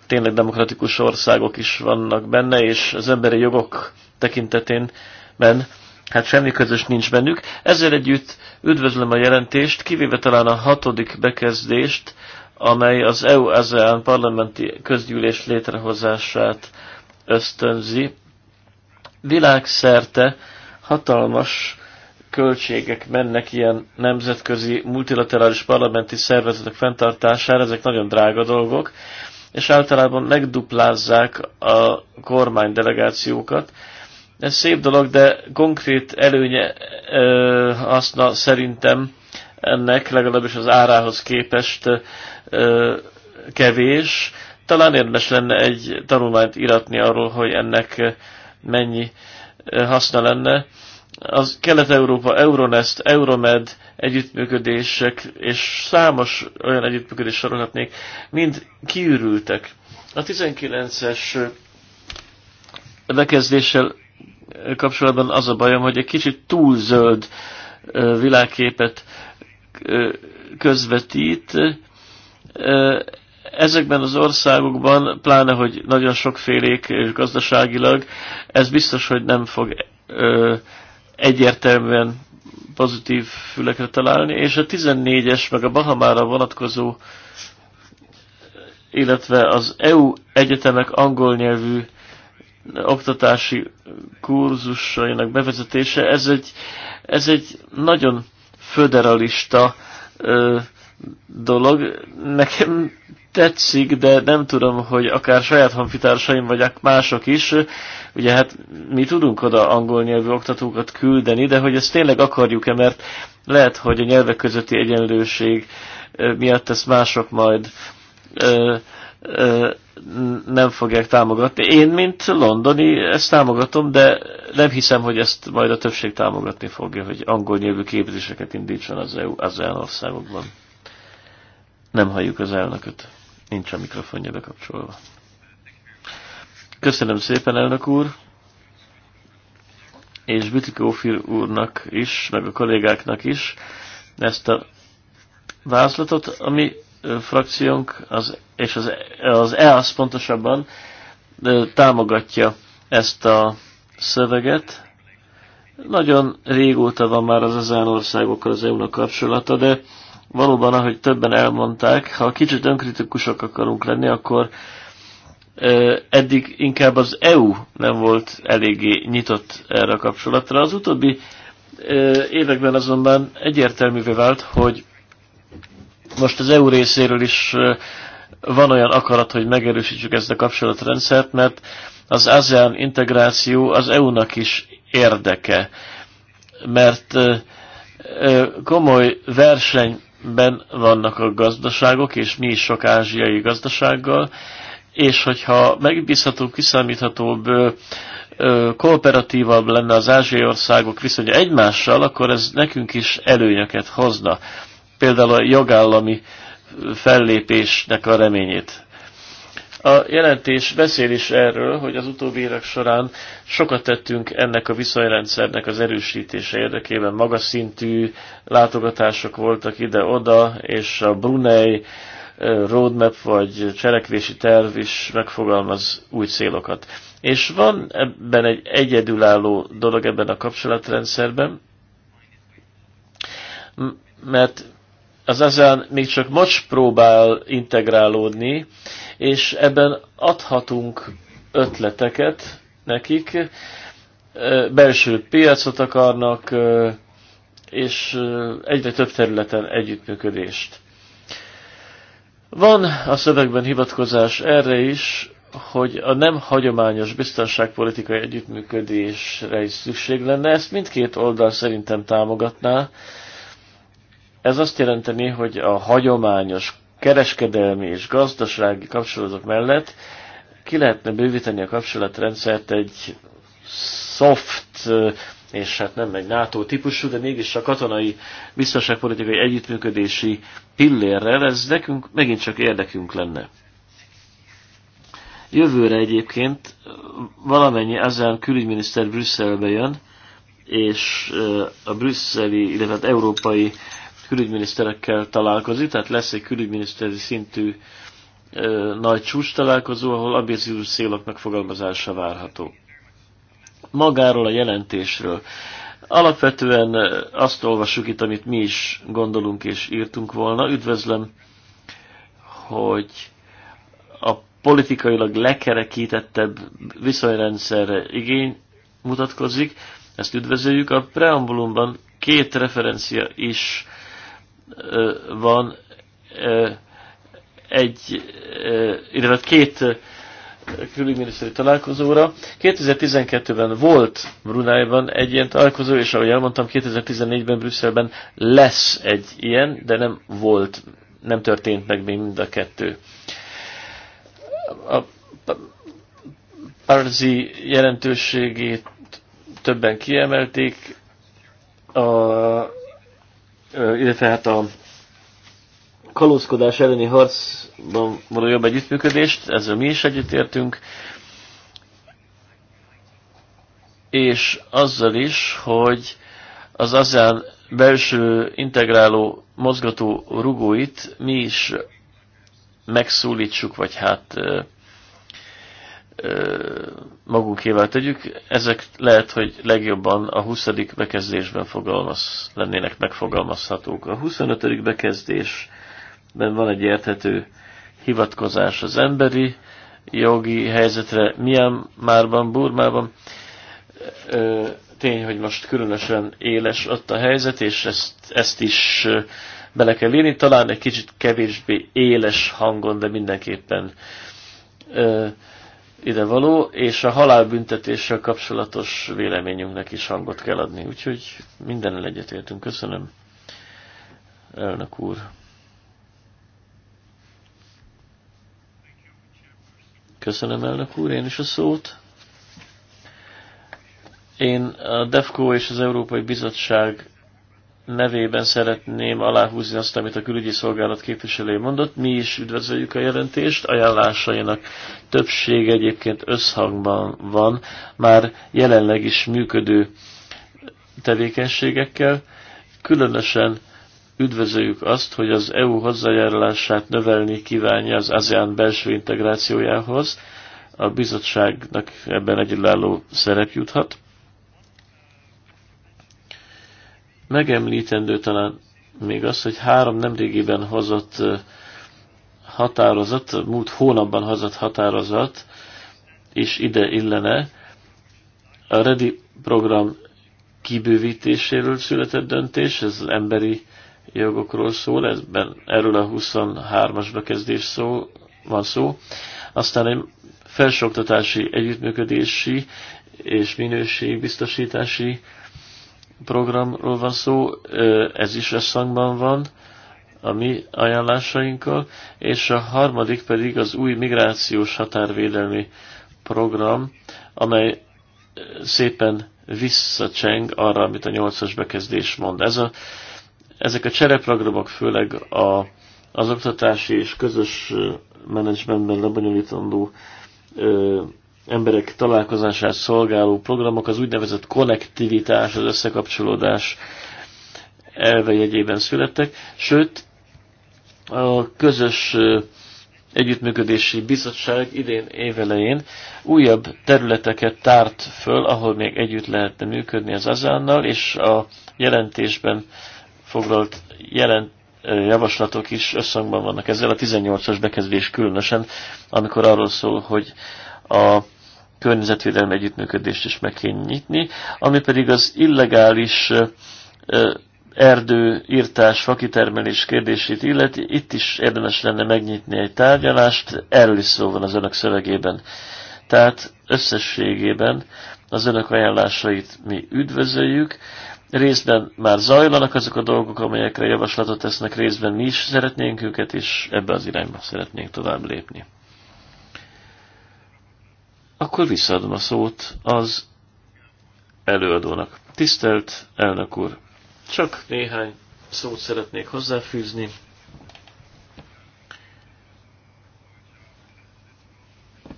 tényleg demokratikus országok is vannak benne, és az emberi jogok tekintetén ben, hát semmi közös nincs bennük. Ezzel együtt üdvözlöm a jelentést, kivéve talán a hatodik bekezdést, amely az EU-ASEAN parlamenti közgyűlés létrehozását ösztönzi. Világszerte hatalmas költségek mennek ilyen nemzetközi multilaterális parlamenti szervezetek fenntartására, ezek nagyon drága dolgok, és általában megduplázzák a kormány delegációkat. Ez szép dolog, de konkrét előnye, ö, haszna szerintem ennek legalábbis az árához képest kevés. Talán érdemes lenne egy tanulmányt iratni arról, hogy ennek mennyi haszna lenne. Az Kelet-Európa, Euronest, Euromed együttműködések és számos olyan együttműködés sorolhatnék, mind kiürültek. A 19-es bekezdéssel kapcsolatban az a bajom, hogy egy kicsit túl zöld világképet közvetít. Ezekben az országokban, pláne, hogy nagyon sokfélék és gazdaságilag, ez biztos, hogy nem fog egyértelműen pozitív fülekre találni, és a 14-es, meg a Bahamára vonatkozó, illetve az EU egyetemek angol nyelvű oktatási kurzusainak bevezetése, ez egy, ez egy nagyon föderalista ö, dolog. Nekem tetszik, de nem tudom, hogy akár saját honfitársaim, vagy mások is, ugye hát mi tudunk oda angol nyelvű oktatókat küldeni, de hogy ezt tényleg akarjuk-e, mert lehet, hogy a nyelvek közötti egyenlőség miatt ezt mások majd ö, nem fogják támogatni. Én, mint londoni, ezt támogatom, de nem hiszem, hogy ezt majd a többség támogatni fogja, hogy angol nyelvű képzéseket indítson az EU az e országokban. Nem halljuk az elnököt. Nincs a mikrofonja bekapcsolva. Köszönöm szépen, elnök úr! És Bütikó úrnak is, meg a kollégáknak is ezt a vázlatot, ami frakciónk az, és az, az EASZ pontosabban támogatja ezt a szöveget. Nagyon régóta van már az ezen országokkal az EU-nak kapcsolata, de valóban, ahogy többen elmondták, ha kicsit önkritikusok akarunk lenni, akkor eddig inkább az EU nem volt eléggé nyitott erre a kapcsolatra. Az utóbbi években azonban egyértelművé vált, hogy most az EU részéről is van olyan akarat, hogy megerősítsük ezt a kapcsolatrendszert, mert az ASEAN integráció az EU-nak is érdeke, mert komoly versenyben vannak a gazdaságok, és mi is sok ázsiai gazdasággal, és hogyha megbízható, kiszámíthatóbb, kooperatívabb lenne az ázsiai országok viszonya egymással, akkor ez nekünk is előnyöket hozna például a jogállami fellépésnek a reményét. A jelentés beszél is erről, hogy az utóbbi évek során sokat tettünk ennek a viszonyrendszernek az erősítése érdekében. Magas szintű látogatások voltak ide-oda, és a Brunei eh, roadmap vagy cselekvési terv is megfogalmaz új célokat. És van ebben egy egyedülálló dolog ebben a kapcsolatrendszerben, mert az ezen még csak most próbál integrálódni, és ebben adhatunk ötleteket nekik, belső piacot akarnak, és egyre több területen együttműködést. Van a szövegben hivatkozás erre is, hogy a nem hagyományos biztonságpolitikai együttműködésre is szükség lenne, ezt mindkét oldal szerintem támogatná, ez azt jelenteni, hogy a hagyományos kereskedelmi és gazdasági kapcsolatok mellett ki lehetne bővíteni a kapcsolatrendszert egy soft, és hát nem egy NATO típusú, de mégis a katonai biztonságpolitikai együttműködési pillérrel, ez nekünk megint csak érdekünk lenne. Jövőre egyébként valamennyi ezen külügyminiszter Brüsszelbe jön, és a brüsszeli, illetve az európai külügyminiszterekkel találkozik, tehát lesz egy külügyminiszteri szintű ö, nagy csúcs találkozó, ahol abézius célok megfogalmazása várható. Magáról a jelentésről. Alapvetően azt olvassuk itt, amit mi is gondolunk és írtunk volna. Üdvözlöm, hogy a politikailag lekerekítettebb viszonyrendszerre igény mutatkozik. Ezt üdvözöljük. A preambulumban két referencia is van egy, illetve két külügyminiszteri találkozóra. 2012-ben volt Brunájban egy ilyen találkozó, és ahogy elmondtam, 2014-ben Brüsszelben lesz egy ilyen, de nem volt, nem történt meg még mind a kettő. A Parzi jelentőségét többen kiemelték, a illetve hát a kalózkodás elleni harcban való jobb együttműködést, ezzel mi is együttértünk, és azzal is, hogy az ASEAN belső integráló mozgató rugóit mi is megszólítsuk, vagy hát magunkével tegyük, ezek lehet, hogy legjobban a 20. bekezdésben fogalmaz, lennének megfogalmazhatók. A 25. bekezdésben van egy érthető hivatkozás az emberi jogi helyzetre Myanmarban, Burmában. Tény, hogy most különösen éles ott a helyzet, és ezt, ezt is bele kell írni. Talán egy kicsit kevésbé éles hangon, de mindenképpen ide való, és a halálbüntetéssel kapcsolatos véleményünknek is hangot kell adni. Úgyhogy mindennel egyetértünk. Köszönöm, elnök úr. Köszönöm, elnök úr, én is a szót. Én a DEFCO és az Európai Bizottság nevében szeretném aláhúzni azt, amit a külügyi szolgálat képviselő mondott. Mi is üdvözöljük a jelentést, ajánlásainak többség egyébként összhangban van, már jelenleg is működő tevékenységekkel. Különösen üdvözöljük azt, hogy az EU hozzájárulását növelni kívánja az ASEAN belső integrációjához. A bizottságnak ebben egyedülálló szerep juthat Megemlítendő talán még az, hogy három nemrégiben hozott határozat, múlt hónapban hozott határozat is ide illene. A REDI program kibővítéséről született döntés, ez emberi jogokról szól, ezben erről a 23-as bekezdés szó, van szó. Aztán egy felsőoktatási, együttműködési és minőségbiztosítási programról van szó, ez is összhangban van a mi ajánlásainkkal, és a harmadik pedig az új migrációs határvédelmi program, amely szépen visszacseng arra, amit a nyolcas bekezdés mond. Ez a, ezek a csereprogramok főleg a, az oktatási és közös menedzsmentben lebonyolítandó emberek találkozását szolgáló programok, az úgynevezett konnektivitás, az összekapcsolódás elve jegyében születtek, sőt, a közös együttműködési bizottság idén évelején újabb területeket tárt föl, ahol még együtt lehetne működni az azánnal, és a jelentésben foglalt jelent, javaslatok is összhangban vannak ezzel, a 18-as bekezdés különösen, amikor arról szól, hogy a környezetvédelmi együttműködést is meg kell nyitni, ami pedig az illegális erdőírtás, fakitermelés kérdését illeti, itt is érdemes lenne megnyitni egy tárgyalást, erről is szó van az önök szövegében. Tehát összességében az önök ajánlásait mi üdvözöljük, részben már zajlanak azok a dolgok, amelyekre javaslatot tesznek, részben mi is szeretnénk őket, és ebbe az irányba szeretnénk tovább lépni. Akkor visszaadom a szót az előadónak. Tisztelt elnök úr! Csak néhány szót szeretnék hozzáfűzni.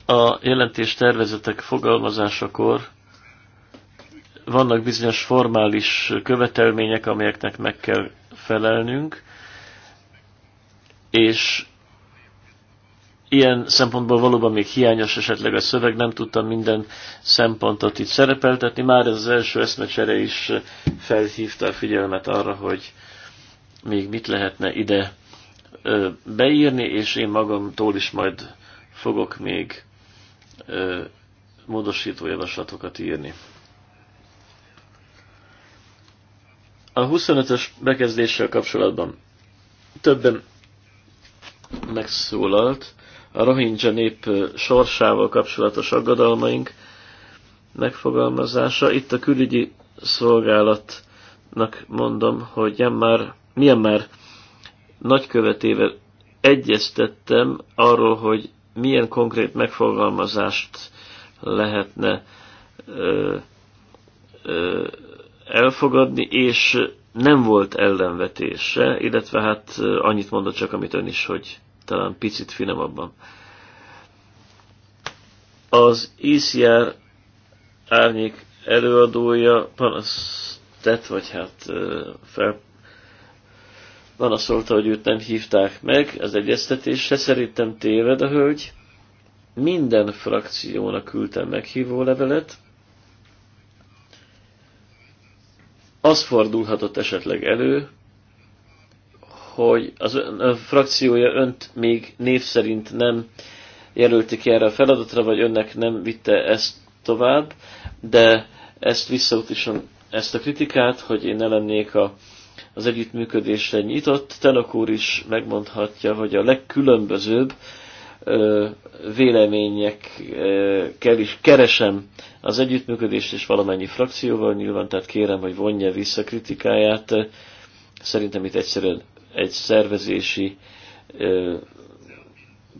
A jelentés tervezetek fogalmazásakor vannak bizonyos formális követelmények, amelyeknek meg kell felelnünk, és ilyen szempontból valóban még hiányos esetleg a szöveg, nem tudtam minden szempontot itt szerepeltetni. Már ez az első eszmecsere is felhívta a figyelmet arra, hogy még mit lehetne ide beírni, és én magamtól is majd fogok még módosító javaslatokat írni. A 25-ös bekezdéssel kapcsolatban többen megszólalt, a rohingya nép sorsával kapcsolatos aggodalmaink megfogalmazása. Itt a külügyi szolgálatnak mondom, hogy már, milyen már nagykövetével egyeztettem arról, hogy milyen konkrét megfogalmazást lehetne ö, ö, elfogadni, és nem volt ellenvetése, illetve hát annyit mondott csak, amit ön is, hogy talán picit finomabban. Az ICR árnyék előadója panasztett, vagy hát fel panaszolta, hogy őt nem hívták meg az egyeztetésre. Szerintem téved a hölgy. Minden frakciónak küldtem meghívó levelet. Az fordulhatott esetleg elő, hogy az ön, a frakciója önt még név szerint nem jelölti ki erre a feladatra, vagy önnek nem vitte ezt tovább, de ezt visszautisom, ezt a kritikát, hogy én ne lennék a, az együttműködésre nyitott. Tenok úr is megmondhatja, hogy a legkülönbözőbb ö, véleményekkel is keresem az együttműködést és valamennyi frakcióval nyilván, tehát kérem, hogy vonja vissza kritikáját. Szerintem itt egyszerűen egy szervezési ö,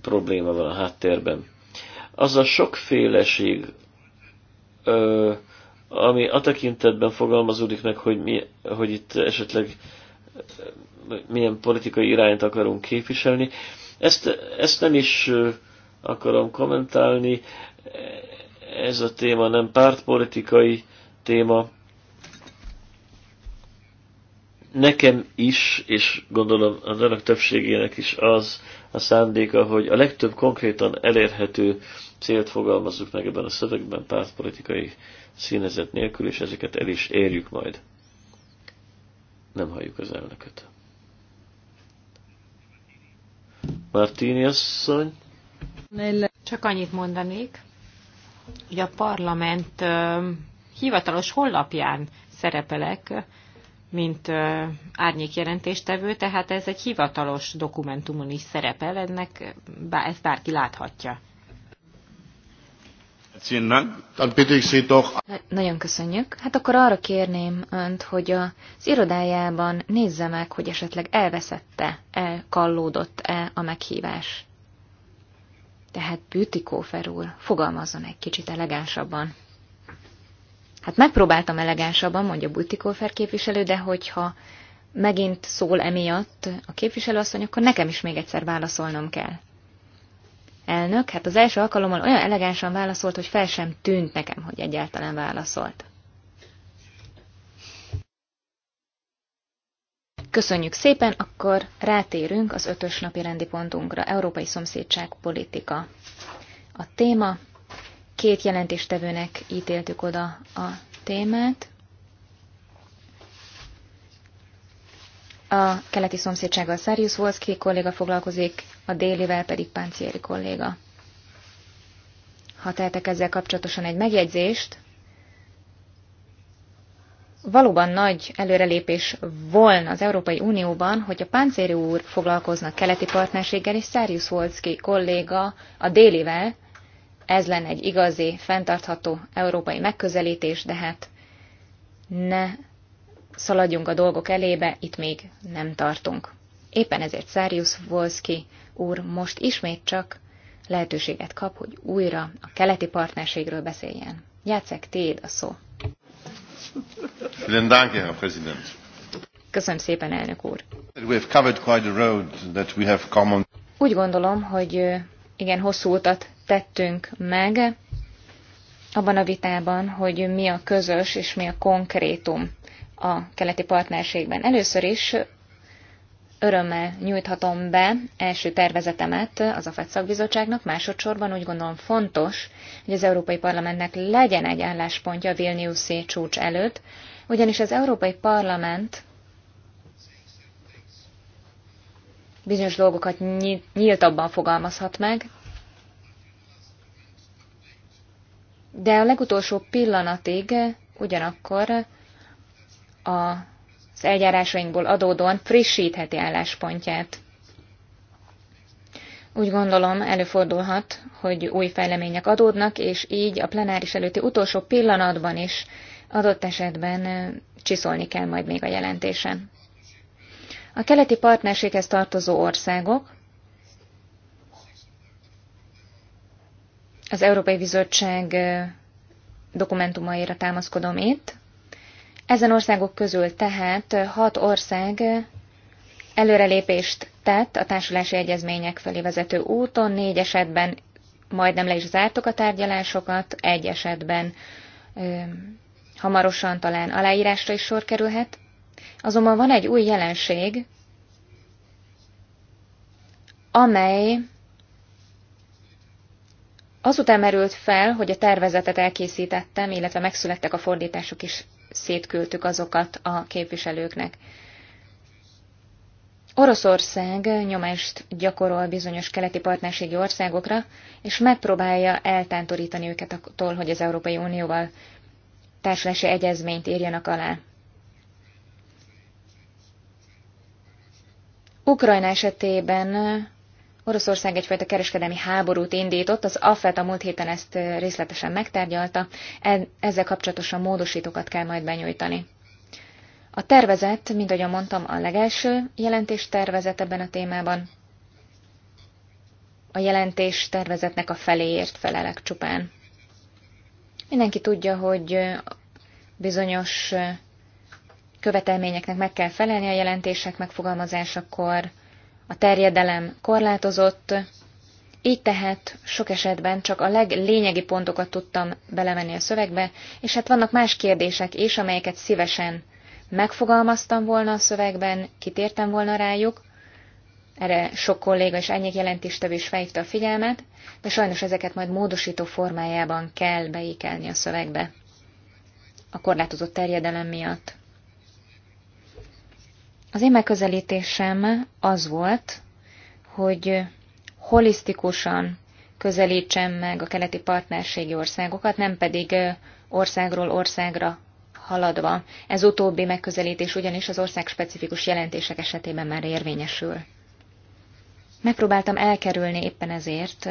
probléma van a háttérben. Az a sokféleség, ö, ami a tekintetben fogalmazódik meg, hogy, mi, hogy itt esetleg milyen politikai irányt akarunk képviselni, ezt, ezt nem is akarom kommentálni, ez a téma nem pártpolitikai téma, nekem is, és gondolom az önök többségének is az a szándéka, hogy a legtöbb konkrétan elérhető célt fogalmazzuk meg ebben a szövegben, pártpolitikai színezet nélkül, és ezeket el is érjük majd. Nem halljuk az elnököt. Martini asszony? Csak annyit mondanék, hogy a parlament hivatalos hollapján szerepelek, mint árnyék jelentéstevő, tehát ez egy hivatalos dokumentumon is szerepel, ennek bár, ezt bárki láthatja. Nagyon köszönjük. Hát akkor arra kérném önt, hogy az irodájában nézze meg, hogy esetleg elveszette, elkallódott-e a meghívás. Tehát Bütikófer úr, fogalmazzon egy kicsit elegánsabban. Hát megpróbáltam elegánsabban, mondja Butikófer képviselő, de hogyha megint szól emiatt a képviselőasszony, akkor nekem is még egyszer válaszolnom kell. Elnök, hát az első alkalommal olyan elegánsan válaszolt, hogy fel sem tűnt nekem, hogy egyáltalán válaszolt. Köszönjük szépen, akkor rátérünk az ötös napi rendi pontunkra, Európai Szomszédság politika. A téma Két jelentéstevőnek ítéltük oda a témát. A keleti szomszédsággal Szárius Volszki kolléga foglalkozik, a délivel pedig Páncieri kolléga. Ha tehetek ezzel kapcsolatosan egy megjegyzést, valóban nagy előrelépés volna az Európai Unióban, hogy a Páncéri úr foglalkozna keleti partnerséggel, és Szárius Volszki kolléga a délivel, ez lenne egy igazi, fenntartható európai megközelítés, de hát ne szaladjunk a dolgok elébe, itt még nem tartunk. Éppen ezért Szárius Volszki úr most ismét csak lehetőséget kap, hogy újra a keleti partnerségről beszéljen. Játszek, téd a szó. Köszönöm szépen, elnök úr. Úgy gondolom, hogy igen, hosszú utat tettünk meg abban a vitában, hogy mi a közös és mi a konkrétum a keleti partnerségben. Először is örömmel nyújthatom be első tervezetemet az AFET szakbizottságnak. Másodszorban úgy gondolom fontos, hogy az Európai Parlamentnek legyen egy álláspontja a Vilniuszi csúcs előtt, ugyanis az Európai Parlament bizonyos dolgokat nyíltabban fogalmazhat meg, de a legutolsó pillanatig ugyanakkor a az eljárásainkból adódóan frissítheti álláspontját. Úgy gondolom, előfordulhat, hogy új fejlemények adódnak, és így a plenáris előtti utolsó pillanatban is adott esetben csiszolni kell majd még a jelentésen. A keleti partnerséghez tartozó országok az Európai Bizottság dokumentumaira támaszkodom itt. Ezen országok közül tehát hat ország előrelépést tett a társulási egyezmények felé vezető úton, négy esetben majdnem le is zártuk a tárgyalásokat, egy esetben ö, hamarosan talán aláírásra is sor kerülhet. Azonban van egy új jelenség, amely Azután merült fel, hogy a tervezetet elkészítettem, illetve megszülettek a fordítások is, szétküldtük azokat a képviselőknek. Oroszország nyomást gyakorol bizonyos keleti partnerségi országokra, és megpróbálja eltántorítani őket attól, hogy az Európai Unióval társulási egyezményt írjanak alá. Ukrajna esetében Oroszország egyfajta kereskedelmi háborút indított, az AFET a múlt héten ezt részletesen megtárgyalta, e-, ezzel kapcsolatosan módosítókat kell majd benyújtani. A tervezet, mint ahogy mondtam, a legelső jelentés tervezet ebben a témában. A jelentés tervezetnek a feléért felelek csupán. Mindenki tudja, hogy bizonyos követelményeknek meg kell felelni a jelentések megfogalmazásakor, a terjedelem korlátozott, így tehát sok esetben csak a leglényegi pontokat tudtam belemenni a szövegbe, és hát vannak más kérdések is, amelyeket szívesen megfogalmaztam volna a szövegben, kitértem volna rájuk, erre sok kolléga és ennyi jelentéstevő is fejte a figyelmet, de sajnos ezeket majd módosító formájában kell beékelni a szövegbe a korlátozott terjedelem miatt. Az én megközelítésem az volt, hogy holisztikusan közelítsem meg a keleti partnerségi országokat, nem pedig országról országra haladva. Ez utóbbi megközelítés ugyanis az ország specifikus jelentések esetében már érvényesül. Megpróbáltam elkerülni éppen ezért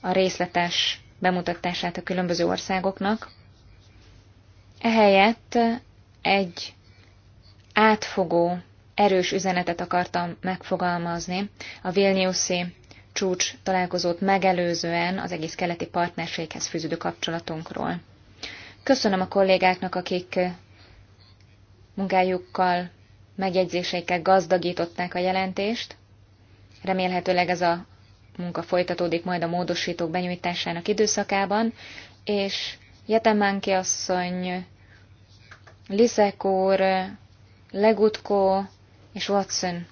a részletes bemutatását a különböző országoknak. Ehelyett egy átfogó erős üzenetet akartam megfogalmazni a Vilniuszi csúcs találkozót megelőzően az egész keleti partnerséghez fűződő kapcsolatunkról. Köszönöm a kollégáknak, akik munkájukkal, megjegyzéseikkel gazdagították a jelentést. Remélhetőleg ez a munka folytatódik majd a módosítók benyújtásának időszakában, és Jetemánki asszony, Liszek úr, Legutko és Watson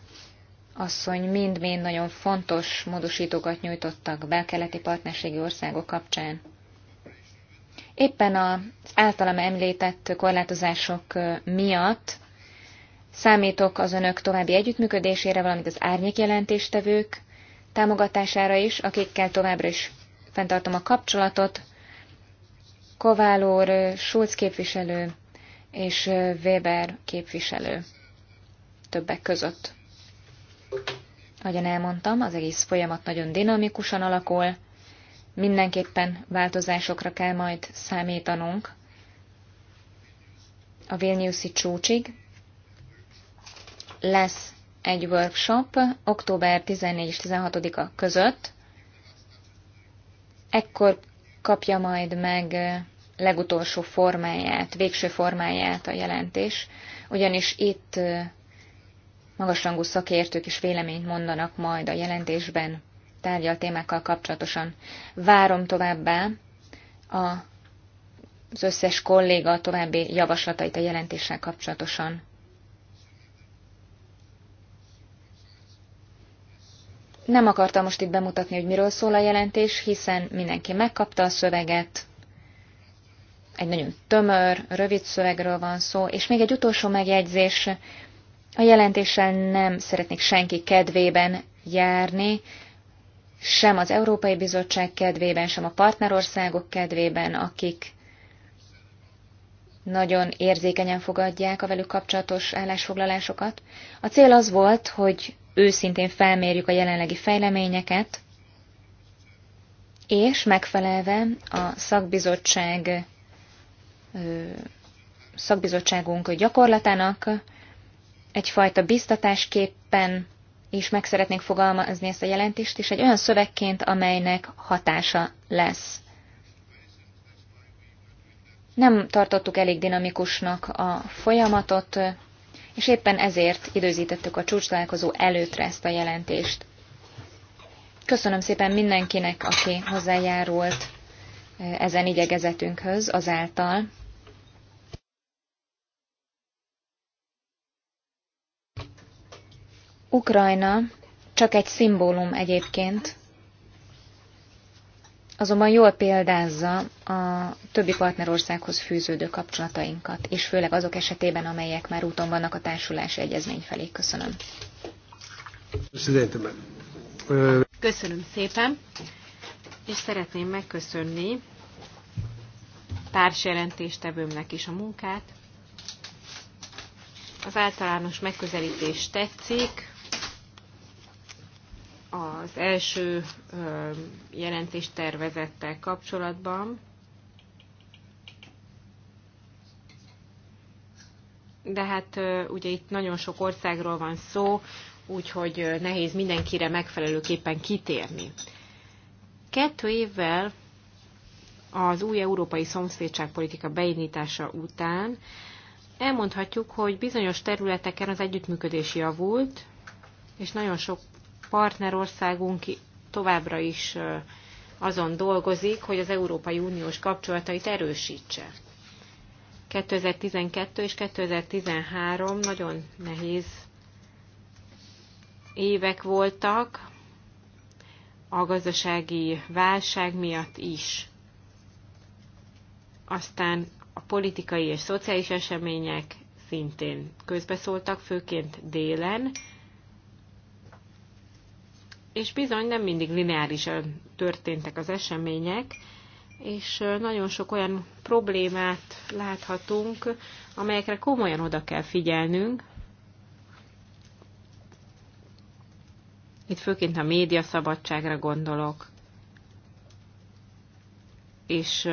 asszony mind-mind nagyon fontos módosítókat nyújtottak be keleti partnerségi országok kapcsán. Éppen az általam említett korlátozások miatt számítok az önök további együttműködésére, valamint az árnyék jelentéstevők támogatására is, akikkel továbbra is fenntartom a kapcsolatot. úr, Schulz képviselő és Weber képviselő többek között. Ahogyan elmondtam, az egész folyamat nagyon dinamikusan alakul, mindenképpen változásokra kell majd számítanunk a Vilniuszi csúcsig. Lesz egy workshop október 14 és 16-a között. Ekkor kapja majd meg legutolsó formáját, végső formáját a jelentés, ugyanis itt magasrangú szakértők is véleményt mondanak majd a jelentésben tárgyal témákkal kapcsolatosan. Várom továbbá a, az összes kolléga további javaslatait a jelentéssel kapcsolatosan. Nem akartam most itt bemutatni, hogy miről szól a jelentés, hiszen mindenki megkapta a szöveget, egy nagyon tömör, rövid szövegről van szó, és még egy utolsó megjegyzés, a jelentéssel nem szeretnék senki kedvében járni, sem az Európai Bizottság kedvében, sem a partnerországok kedvében, akik nagyon érzékenyen fogadják a velük kapcsolatos állásfoglalásokat. A cél az volt, hogy őszintén felmérjük a jelenlegi fejleményeket, és megfelelve a szakbizottság, szakbizottságunk gyakorlatának, egyfajta biztatásképpen is meg szeretnénk fogalmazni ezt a jelentést, és egy olyan szövegként, amelynek hatása lesz. Nem tartottuk elég dinamikusnak a folyamatot, és éppen ezért időzítettük a csúcstalálkozó előttre ezt a jelentést. Köszönöm szépen mindenkinek, aki hozzájárult eh, ezen igyekezetünkhöz azáltal, Ukrajna csak egy szimbólum egyébként, azonban jól példázza a többi partnerországhoz fűződő kapcsolatainkat, és főleg azok esetében, amelyek már úton vannak a társulási egyezmény felé. Köszönöm. Eh, Köszönöm szépen, és szeretném megköszönni társjelentéstevőmnek is a munkát. Az általános megközelítés tetszik, az első jelentés tervezettel kapcsolatban, de hát ugye itt nagyon sok országról van szó, úgyhogy nehéz mindenkire megfelelőképpen kitérni. Kettő évvel az új európai szomszédságpolitika beindítása után elmondhatjuk, hogy bizonyos területeken az együttműködés javult, és nagyon sok partnerországunk továbbra is azon dolgozik, hogy az Európai Uniós kapcsolatait erősítse. 2012 és 2013 nagyon nehéz évek voltak, a gazdasági válság miatt is. Aztán a politikai és szociális események szintén közbeszóltak, főként délen, és bizony nem mindig lineárisan történtek az események, és nagyon sok olyan problémát láthatunk, amelyekre komolyan oda kell figyelnünk. Itt főként a média szabadságra gondolok, és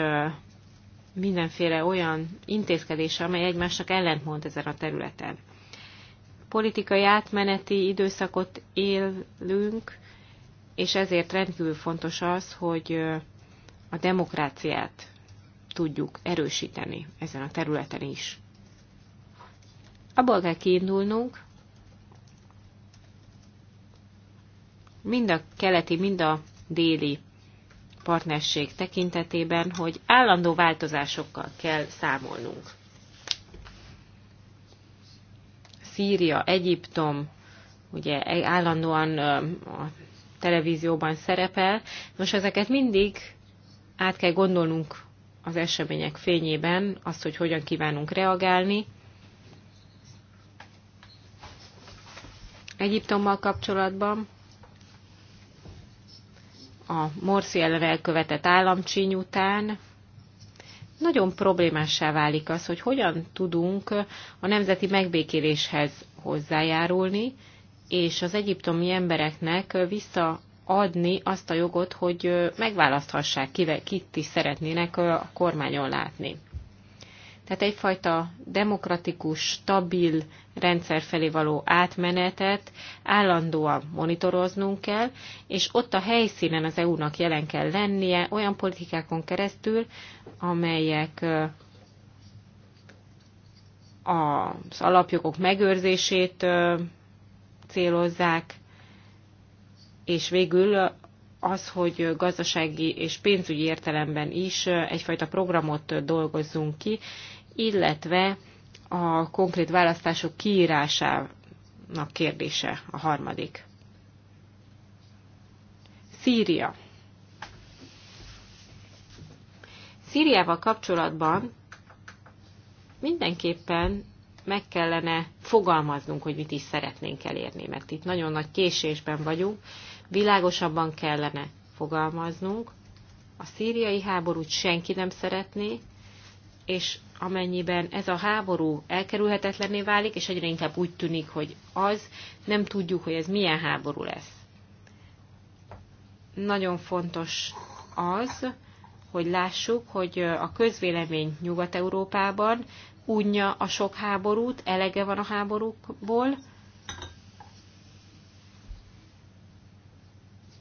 mindenféle olyan intézkedés, amely egymásnak ellentmond ezen a területen. Politikai átmeneti időszakot élünk, és ezért rendkívül fontos az, hogy a demokráciát tudjuk erősíteni ezen a területen is. Abból kell kiindulnunk, mind a keleti, mind a déli partnerség tekintetében, hogy állandó változásokkal kell számolnunk. Szíria, Egyiptom, ugye állandóan a televízióban szerepel. Nos, ezeket mindig át kell gondolnunk az események fényében, azt, hogy hogyan kívánunk reagálni. Egyiptommal kapcsolatban a Morsi ellen elkövetett államcsíny után nagyon problémássá válik az, hogy hogyan tudunk a nemzeti megbékéléshez hozzájárulni, és az egyiptomi embereknek visszaadni azt a jogot, hogy megválaszthassák, kivel, kit is szeretnének a kormányon látni. Tehát egyfajta demokratikus, stabil rendszer felé való átmenetet állandóan monitoroznunk kell, és ott a helyszínen az EU-nak jelen kell lennie olyan politikákon keresztül, amelyek az alapjogok megőrzését célozzák, és végül az, hogy gazdasági és pénzügyi értelemben is egyfajta programot dolgozzunk ki, illetve a konkrét választások kiírásának kérdése a harmadik. Szíria. Szíriával kapcsolatban mindenképpen meg kellene fogalmaznunk, hogy mit is szeretnénk elérni, mert itt nagyon nagy késésben vagyunk, világosabban kellene fogalmaznunk. A szíriai háborút senki nem szeretné, és amennyiben ez a háború elkerülhetetlenné válik, és egyre inkább úgy tűnik, hogy az, nem tudjuk, hogy ez milyen háború lesz. Nagyon fontos az, hogy lássuk, hogy a közvélemény Nyugat-Európában unja a sok háborút, elege van a háborúkból.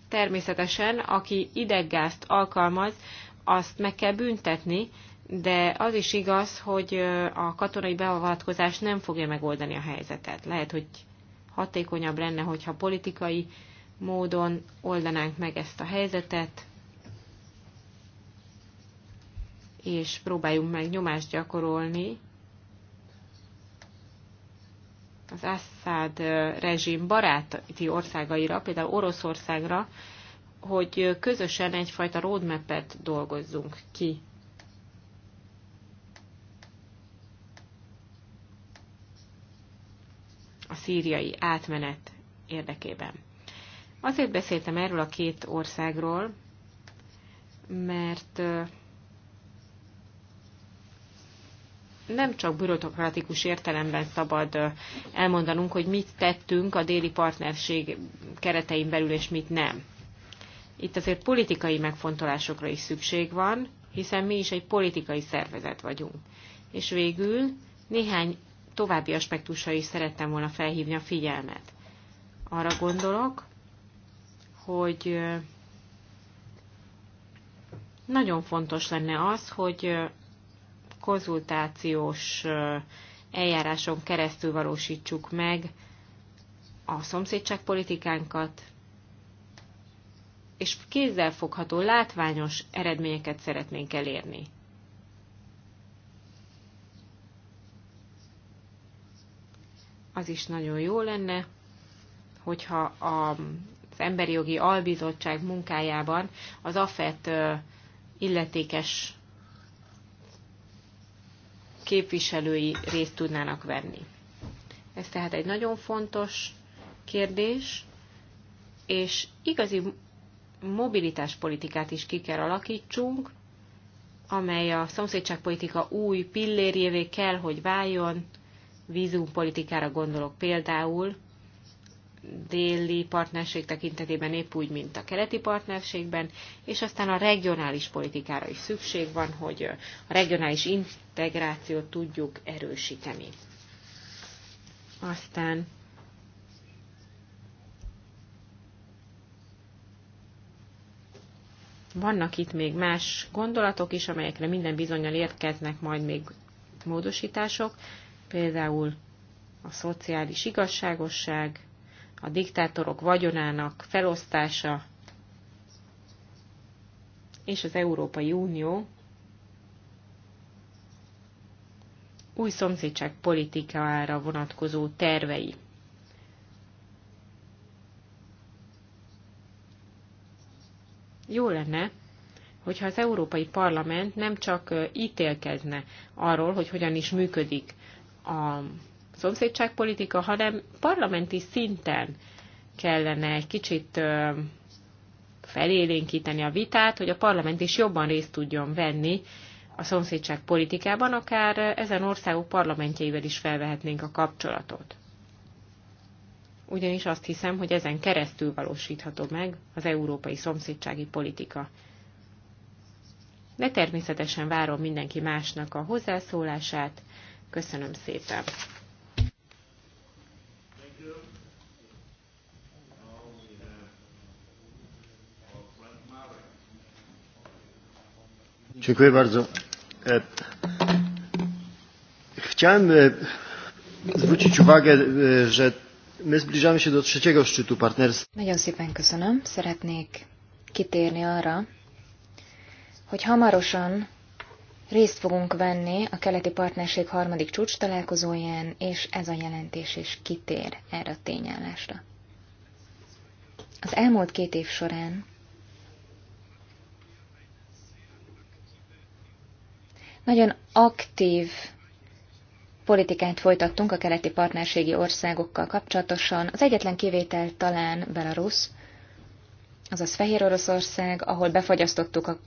Természetesen, aki ideggázt alkalmaz, azt meg kell büntetni, de az is igaz, hogy a katonai beavatkozás nem fogja megoldani a helyzetet. Lehet, hogy hatékonyabb lenne, hogyha politikai módon oldanánk meg ezt a helyzetet, és próbáljunk meg nyomást gyakorolni az Assad rezsim baráti országaira, például Oroszországra, hogy közösen egyfajta roadmap-et dolgozzunk ki. A szíriai átmenet érdekében. Azért beszéltem erről a két országról, mert nem csak bürokratikus értelemben szabad elmondanunk, hogy mit tettünk a déli partnerség keretein belül, és mit nem. Itt azért politikai megfontolásokra is szükség van, hiszen mi is egy politikai szervezet vagyunk. És végül néhány további aspektusra is szerettem volna felhívni a figyelmet. Arra gondolok, hogy nagyon fontos lenne az, hogy konzultációs eljáráson keresztül valósítsuk meg a szomszédságpolitikánkat, és kézzelfogható, látványos eredményeket szeretnénk elérni. Az is nagyon jó lenne, hogyha a az Emberi Jogi Albizottság munkájában az AFET illetékes képviselői részt tudnának venni. Ez tehát egy nagyon fontos kérdés, és igazi mobilitáspolitikát is ki kell alakítsunk, amely a szomszédságpolitika új pillérjévé kell, hogy váljon, vízumpolitikára gondolok például, déli partnerség tekintetében épp úgy, mint a keleti partnerségben, és aztán a regionális politikára is szükség van, hogy a regionális integrációt tudjuk erősíteni. Aztán vannak itt még más gondolatok is, amelyekre minden bizonyal érkeznek majd még módosítások, például a szociális igazságosság, a diktátorok vagyonának felosztása és az Európai Unió új szomszédság politikára vonatkozó tervei. Jó lenne, hogyha az Európai Parlament nem csak ítélkezne arról, hogy hogyan is működik a szomszédságpolitika, hanem parlamenti szinten kellene egy kicsit felélénkíteni a vitát, hogy a parlament is jobban részt tudjon venni a szomszédságpolitikában, akár ezen országok parlamentjeivel is felvehetnénk a kapcsolatot. Ugyanis azt hiszem, hogy ezen keresztül valósítható meg az európai szomszédsági politika. De természetesen várom mindenki másnak a hozzászólását. Köszönöm szépen! Dziękuję bardzo. E, chciałem e, zwrócić uwagę, e, że my zbliżamy się do trzeciego szczytu partnerstwa. Nagyon szépen köszönöm. Szeretnék kitérni arra, hogy hamarosan részt fogunk venni a keleti partnerség harmadik csúcs találkozóján, és ez a jelentés is kitér erre a tényállásra. Az elmúlt két év során Nagyon aktív politikát folytattunk a keleti partnerségi országokkal kapcsolatosan. Az egyetlen kivétel talán Belarus, azaz Fehér Oroszország, ahol befagyasztottuk a,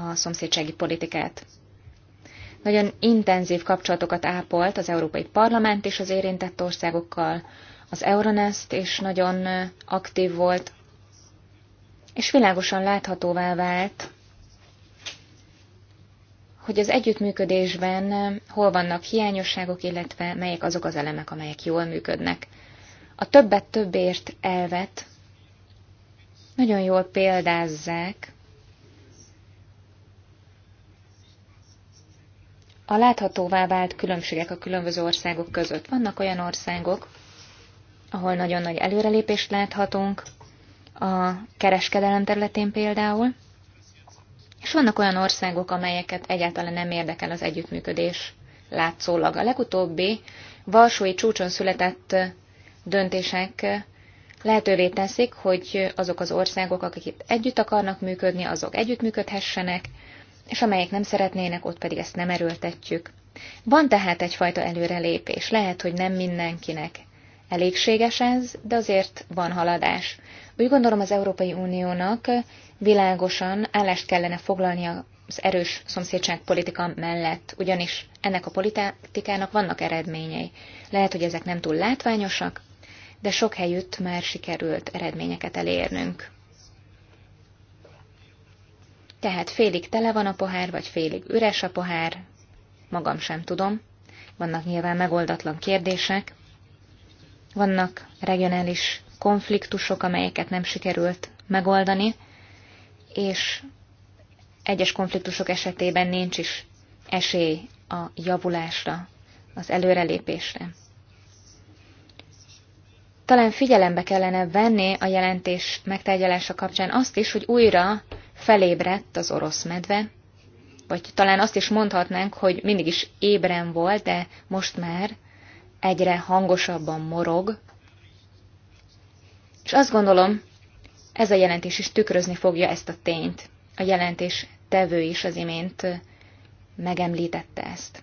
a szomszédsági politikát. Nagyon intenzív kapcsolatokat ápolt az Európai Parlament és az érintett országokkal, az Euronest is nagyon aktív volt, és világosan láthatóvá vált, hogy az együttműködésben eh, hol vannak hiányosságok, illetve melyek azok az elemek, amelyek jól működnek. A többet többért elvet nagyon jól példázzák a láthatóvá vált különbségek a különböző országok között. Vannak olyan országok, ahol nagyon nagy előrelépést láthatunk, a kereskedelem területén például, és vannak olyan országok, amelyeket egyáltalán nem érdekel az együttműködés látszólag. A legutóbbi Varsói csúcson született döntések lehetővé teszik, hogy azok az országok, akik itt együtt akarnak működni, azok együttműködhessenek, és amelyek nem szeretnének, ott pedig ezt nem erőltetjük. Van tehát egyfajta előrelépés. Lehet, hogy nem mindenkinek elégséges ez, de azért van haladás. Úgy gondolom az Európai Uniónak világosan állást kellene foglalnia az erős szomszédságpolitika mellett, ugyanis ennek a politikának vannak eredményei. Lehet, hogy ezek nem túl látványosak, de sok helyütt már sikerült eredményeket elérnünk. Tehát félig tele van a pohár, vagy félig üres a pohár, magam sem tudom. Vannak nyilván megoldatlan kérdések, vannak regionális konfliktusok, amelyeket nem sikerült megoldani, és egyes konfliktusok esetében nincs is esély a javulásra, az előrelépésre. Talán figyelembe kellene venni a jelentés megtárgyalása kapcsán azt is, hogy újra felébredt az orosz medve, vagy talán azt is mondhatnánk, hogy mindig is ébren volt, de most már egyre hangosabban morog. És azt gondolom, ez a jelentés is tükrözni fogja ezt a tényt. A jelentés tevő is az imént megemlítette ezt.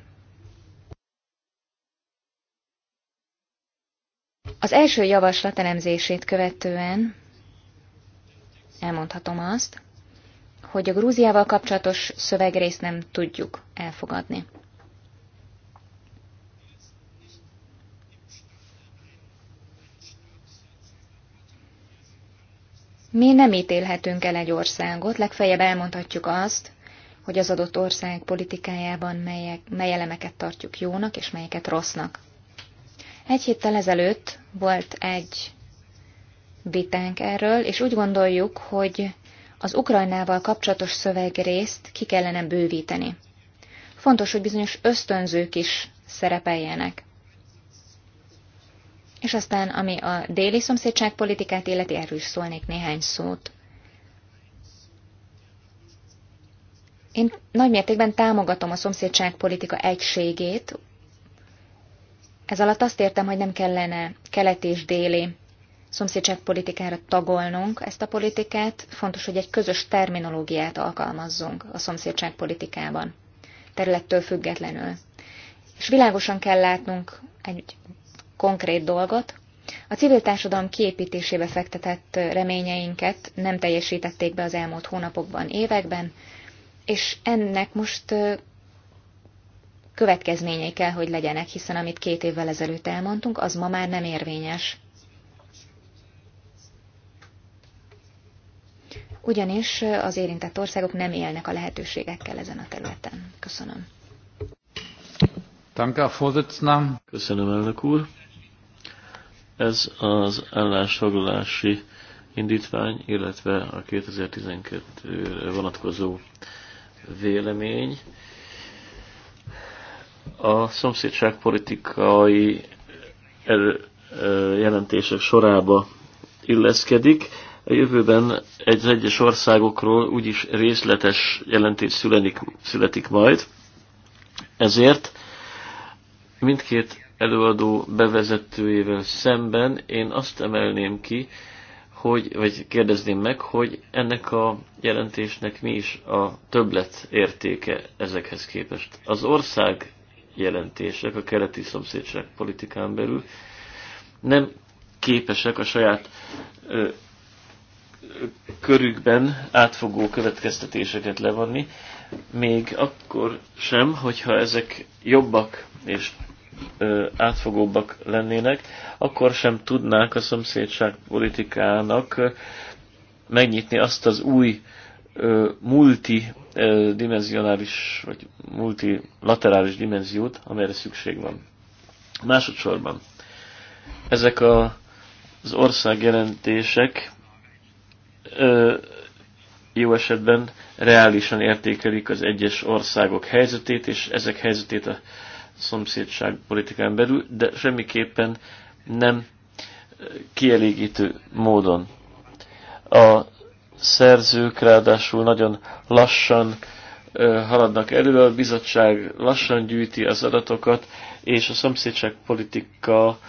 Az első javaslat elemzését követően elmondhatom azt, hogy a Grúziával kapcsolatos szövegrészt nem tudjuk elfogadni. Mi nem ítélhetünk el egy országot, legfeljebb elmondhatjuk azt, hogy az adott ország politikájában melyek, mely elemeket tartjuk jónak, és melyeket rossznak. Egy héttel ezelőtt volt egy vitánk erről, és úgy gondoljuk, hogy az Ukrajnával kapcsolatos szövegrészt ki kellene bővíteni. Fontos, hogy bizonyos ösztönzők is szerepeljenek. És aztán, ami a déli szomszédság politikát illeti, erről is szólnék néhány szót. Én nagymértékben támogatom a szomszédságpolitika egységét. Ez alatt azt értem, hogy nem kellene kelet és déli szomszédságpolitikára tagolnunk ezt a politikát. Fontos, hogy egy közös terminológiát alkalmazzunk a szomszédságpolitikában, területtől függetlenül. És világosan kell látnunk egy konkrét dolgot. A civil társadalom kiépítésébe fektetett reményeinket nem teljesítették be az elmúlt hónapokban, években, és ennek most következményei kell, hogy legyenek, hiszen amit két évvel ezelőtt elmondtunk, az ma már nem érvényes. Ugyanis az érintett országok nem élnek a lehetőségekkel ezen a területen. Köszönöm. Danke, Köszönöm, elnök úr. Ez az állásfoglalási indítvány, illetve a 2012-re vonatkozó vélemény. A szomszédságpolitikai politikai jelentések sorába illeszkedik. A jövőben egy egyes országokról úgyis részletes jelentés születik majd. Ezért mindkét előadó bevezetőjével szemben én azt emelném ki, hogy, vagy kérdezném meg, hogy ennek a jelentésnek mi is a többlet értéke ezekhez képest. Az ország jelentések a keleti szomszédság politikán belül nem képesek a saját ö, körükben átfogó következtetéseket levonni, még akkor sem, hogyha ezek jobbak és átfogóbbak lennének, akkor sem tudnák a szomszédság politikának megnyitni azt az új multidimenzionális vagy multilaterális dimenziót, amelyre szükség van. Másodszorban ezek a, az országjelentések ö, jó esetben reálisan értékelik az egyes országok helyzetét, és ezek helyzetét a politikán belül, de semmiképpen nem kielégítő módon. A szerzők ráadásul nagyon lassan haladnak elő, a bizottság lassan gyűjti az adatokat, és a politika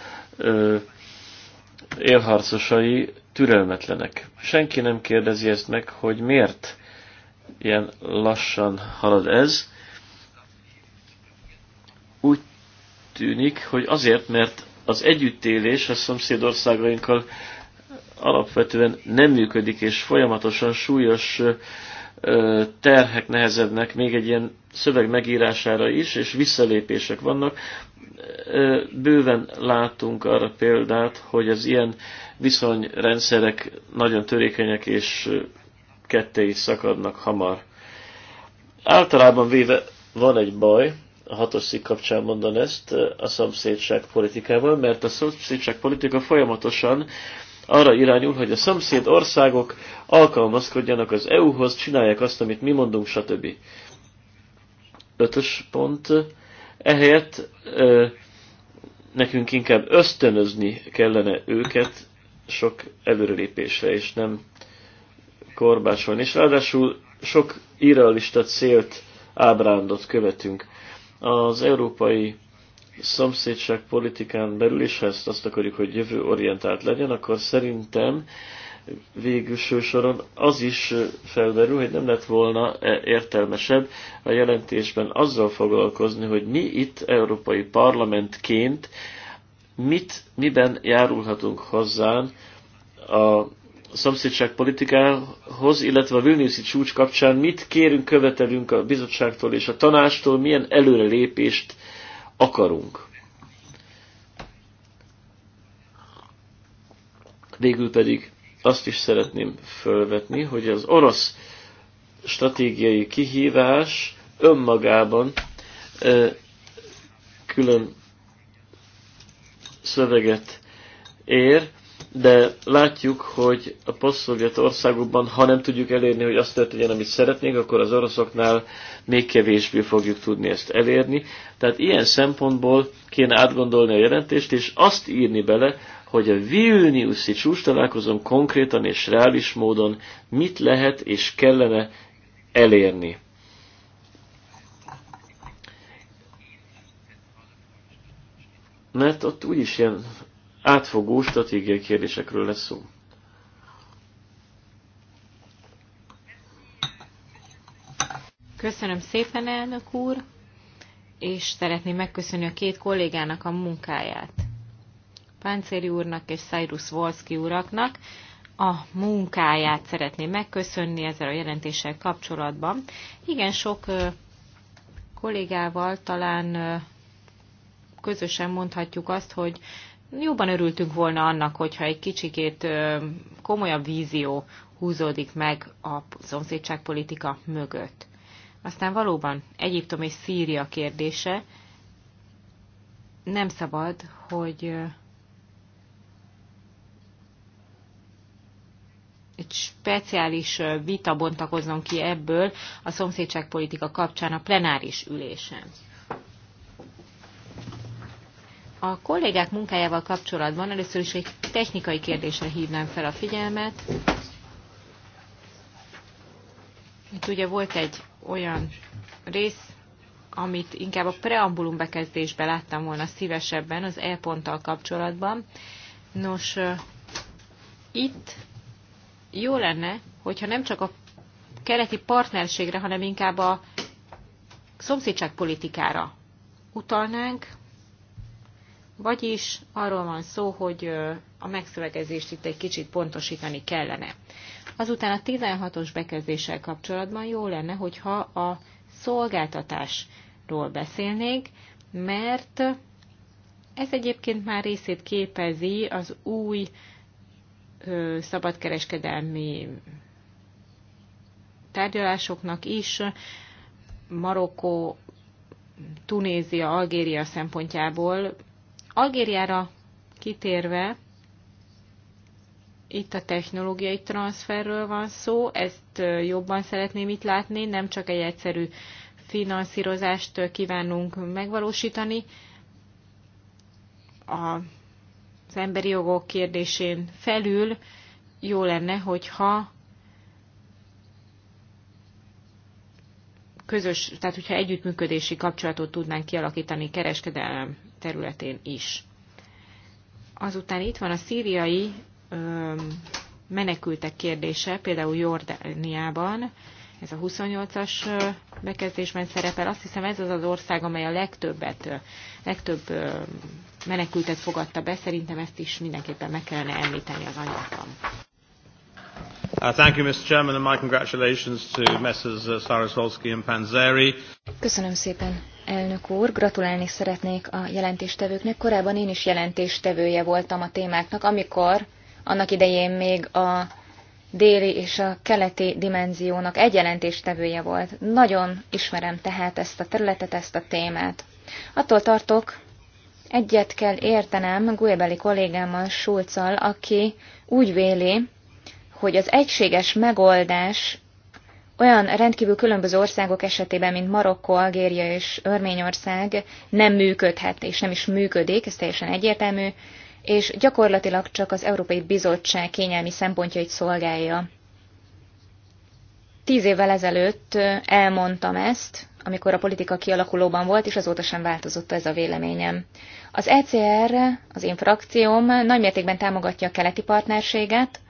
élharcosai türelmetlenek. Senki nem kérdezi ezt meg, hogy miért ilyen lassan halad ez, úgy tűnik, hogy azért, mert az együttélés a szomszédországainkkal alapvetően nem működik, és folyamatosan súlyos terhek nehezednek még egy ilyen szöveg megírására is, és visszalépések vannak. Bőven látunk arra példát, hogy az ilyen viszonyrendszerek nagyon törékenyek, és ketté is szakadnak hamar. Általában véve van egy baj, a hatos szik kapcsán mondom ezt a szomszédság politikával, mert a szomszédság politika folyamatosan arra irányul, hogy a szomszéd országok alkalmazkodjanak az EU-hoz, csinálják azt, amit mi mondunk, stb. Ötös pont. Ehelyett ö, nekünk inkább ösztönözni kellene őket sok előrelépésre, és nem korbácsolni. És ráadásul sok irrealista célt, ábrándot követünk. Az európai szomszédság politikán belül, és ha ezt azt akarjuk, hogy orientált legyen, akkor szerintem végülső soron az is felmerül, hogy nem lett volna e értelmesebb a jelentésben azzal foglalkozni, hogy mi itt Európai Parlamentként mit, miben járulhatunk hozzá a a szomszédság politikához, illetve a Vilniuszi csúcs kapcsán mit kérünk, követelünk a bizottságtól és a tanástól, milyen előrelépést akarunk. Végül pedig azt is szeretném felvetni, hogy az orosz stratégiai kihívás önmagában külön szöveget ér, de látjuk, hogy a posztszovjet országokban, ha nem tudjuk elérni, hogy azt történjen, amit szeretnénk, akkor az oroszoknál még kevésbé fogjuk tudni ezt elérni. Tehát ilyen szempontból kéne átgondolni a jelentést, és azt írni bele, hogy a Vilniuszi csúcs találkozón konkrétan és reális módon mit lehet és kellene elérni. Mert ott úgyis ilyen átfogó stratégiai kérdésekről lesz szó. Köszönöm szépen, elnök úr, és szeretném megköszönni a két kollégának a munkáját. Páncéri úrnak és Cyrus Wolski uraknak a munkáját szeretném megköszönni ezzel a jelentéssel kapcsolatban. Igen, sok kollégával talán közösen mondhatjuk azt, hogy jobban örültünk volna annak, hogyha egy kicsikét komolyabb vízió húzódik meg a szomszédságpolitika mögött. Aztán valóban Egyiptom és Szíria kérdése nem szabad, hogy egy speciális vita bontakozzon ki ebből a szomszédságpolitika kapcsán a plenáris ülésen. A kollégák munkájával kapcsolatban először is egy technikai kérdésre hívnám fel a figyelmet. Itt ugye volt egy olyan rész, amit inkább a preambulum bekezdésben láttam volna szívesebben az e-ponttal kapcsolatban. Nos, itt jó lenne, hogyha nem csak a keleti partnerségre, hanem inkább a szomszédságpolitikára utalnánk, vagyis arról van szó, hogy a megszövegezést itt egy kicsit pontosítani kellene. Azután a 16-os bekezdéssel kapcsolatban jó lenne, hogyha a szolgáltatásról beszélnék, mert ez egyébként már részét képezi az új ö, szabadkereskedelmi tárgyalásoknak is. Marokkó, Tunézia, Algéria szempontjából Algériára kitérve, itt a technológiai transferről van szó, ezt jobban szeretném itt látni, nem csak egy egyszerű finanszírozást kívánunk megvalósítani. Az emberi jogok kérdésén felül jó lenne, hogyha közös, tehát hogyha együttműködési kapcsolatot tudnánk kialakítani kereskedelem területén is. Azután itt van a szíriai menekültek kérdése, például Jordániában, ez a 28-as bekezdésben szerepel. Azt hiszem ez az az ország, amely a legtöbbet, legtöbb menekültet fogadta be, szerintem ezt is mindenképpen meg kellene említeni az anyagban. Köszönöm szépen, elnök úr. Gratulálni szeretnék a jelentéstevőknek. Korábban én is jelentéstevője voltam a témáknak, amikor annak idején még a déli és a keleti dimenziónak egy jelentéstevője volt. Nagyon ismerem tehát ezt a területet, ezt a témát. Attól tartok, egyet kell értenem Guebeli kollégámmal, Schulzal, aki úgy véli, hogy az egységes megoldás olyan rendkívül különböző országok esetében, mint Marokko, Algéria és Örményország nem működhet és nem is működik, ez teljesen egyértelmű, és gyakorlatilag csak az Európai Bizottság kényelmi szempontjait szolgálja. Tíz évvel ezelőtt elmondtam ezt, amikor a politika kialakulóban volt, és azóta sem változott ez a véleményem. Az ECR, az én frakcióm nagymértékben támogatja a keleti partnerséget,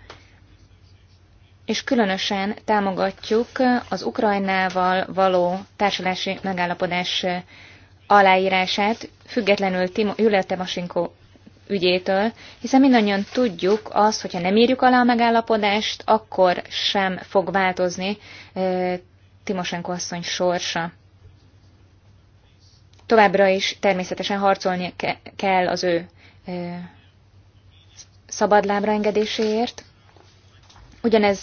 és különösen támogatjuk az Ukrajnával való társulási megállapodás aláírását, függetlenül Julia Temasinko ügyétől, hiszen mindannyian tudjuk azt, hogyha nem írjuk alá a megállapodást, akkor sem fog változni Timosenko asszony sorsa. Továbbra is természetesen harcolni ke kell az ő szabadlábra engedéséért, Ugyanez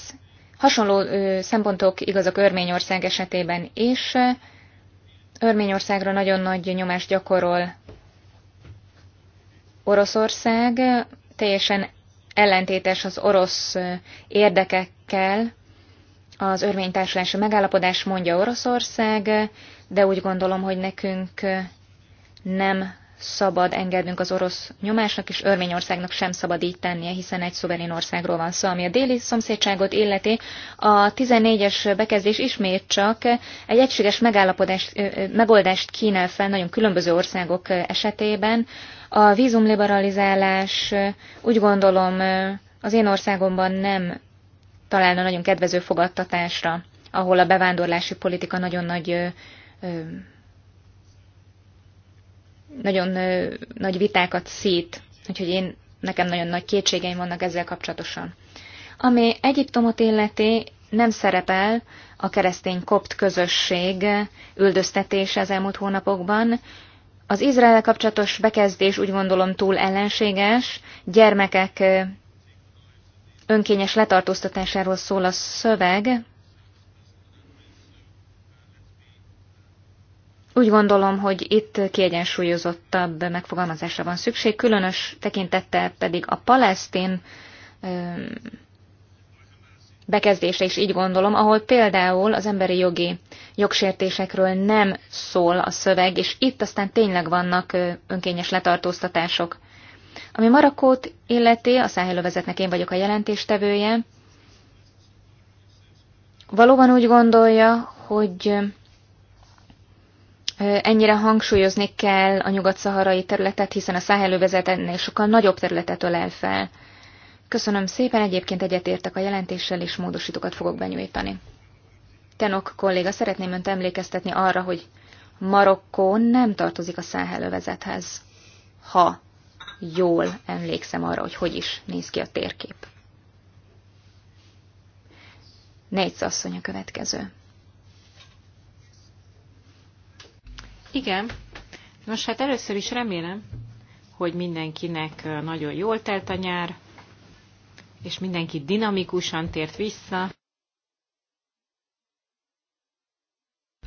hasonló szempontok igazak Örményország esetében is. Örményországra nagyon nagy nyomást gyakorol Oroszország, teljesen ellentétes az orosz érdekekkel az örmény társulási megállapodás mondja Oroszország, de úgy gondolom, hogy nekünk nem szabad engednünk az orosz nyomásnak, és Örményországnak sem szabad így tennie, hiszen egy szuverén országról van szó, ami a déli szomszédságot illeti. A 14-es bekezdés ismét csak egy egységes megállapodást, megoldást kínál fel nagyon különböző országok esetében. A vízumliberalizálás úgy gondolom az én országomban nem találna nagyon kedvező fogadtatásra, ahol a bevándorlási politika nagyon nagy nagyon nagy vitákat szít, úgyhogy én, nekem nagyon nagy kétségeim vannak ezzel kapcsolatosan. Ami Egyiptomot illeti, nem szerepel a keresztény kopt közösség üldöztetése az elmúlt hónapokban. Az Izrael kapcsolatos bekezdés úgy gondolom túl ellenséges, gyermekek önkényes letartóztatásáról szól a szöveg, Úgy gondolom, hogy itt kiegyensúlyozottabb megfogalmazásra van szükség, különös tekintettel pedig a palesztin bekezdése is így gondolom, ahol például az emberi jogi jogsértésekről nem szól a szöveg, és itt aztán tényleg vannak önkényes letartóztatások. Ami Marakót illeti, a száhelővezetnek én vagyok a jelentéstevője, valóban úgy gondolja, hogy ennyire hangsúlyozni kell a nyugat-szaharai területet, hiszen a száhelővezet ennél sokkal nagyobb területet ölel fel. Köszönöm szépen, egyébként egyetértek a jelentéssel, és módosítókat fogok benyújtani. Tenok kolléga, szeretném önt emlékeztetni arra, hogy Marokkó nem tartozik a száhelővezethez, ha jól emlékszem arra, hogy hogy is néz ki a térkép. Négy asszony a következő. Igen. Nos, hát először is remélem, hogy mindenkinek nagyon jól telt a nyár, és mindenki dinamikusan tért vissza.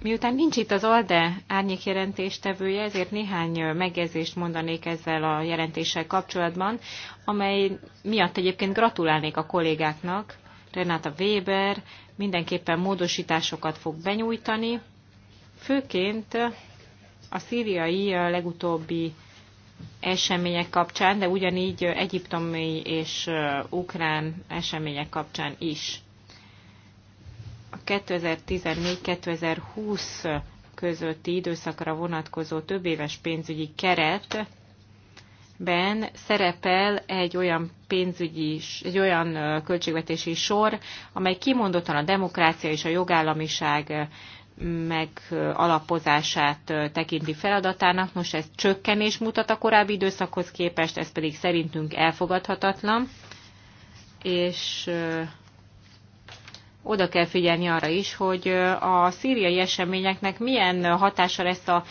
Miután nincs itt az ALDE árnyék jelentéstevője, ezért néhány megjegyzést mondanék ezzel a jelentéssel kapcsolatban, amely miatt egyébként gratulálnék a kollégáknak. Renáta Weber mindenképpen módosításokat fog benyújtani, főként a szíriai legutóbbi események kapcsán, de ugyanígy egyiptomi és ukrán események kapcsán is. A 2014-2020 közötti időszakra vonatkozó éves pénzügyi keret ben szerepel egy olyan pénzügyi, egy olyan költségvetési sor, amely kimondottan a demokrácia és a jogállamiság megalapozását tekinti feladatának. Most ez csökkenés mutat a korábbi időszakhoz képest, ez pedig szerintünk elfogadhatatlan, és oda kell figyelni arra is, hogy a szíriai eseményeknek milyen hatása lesz a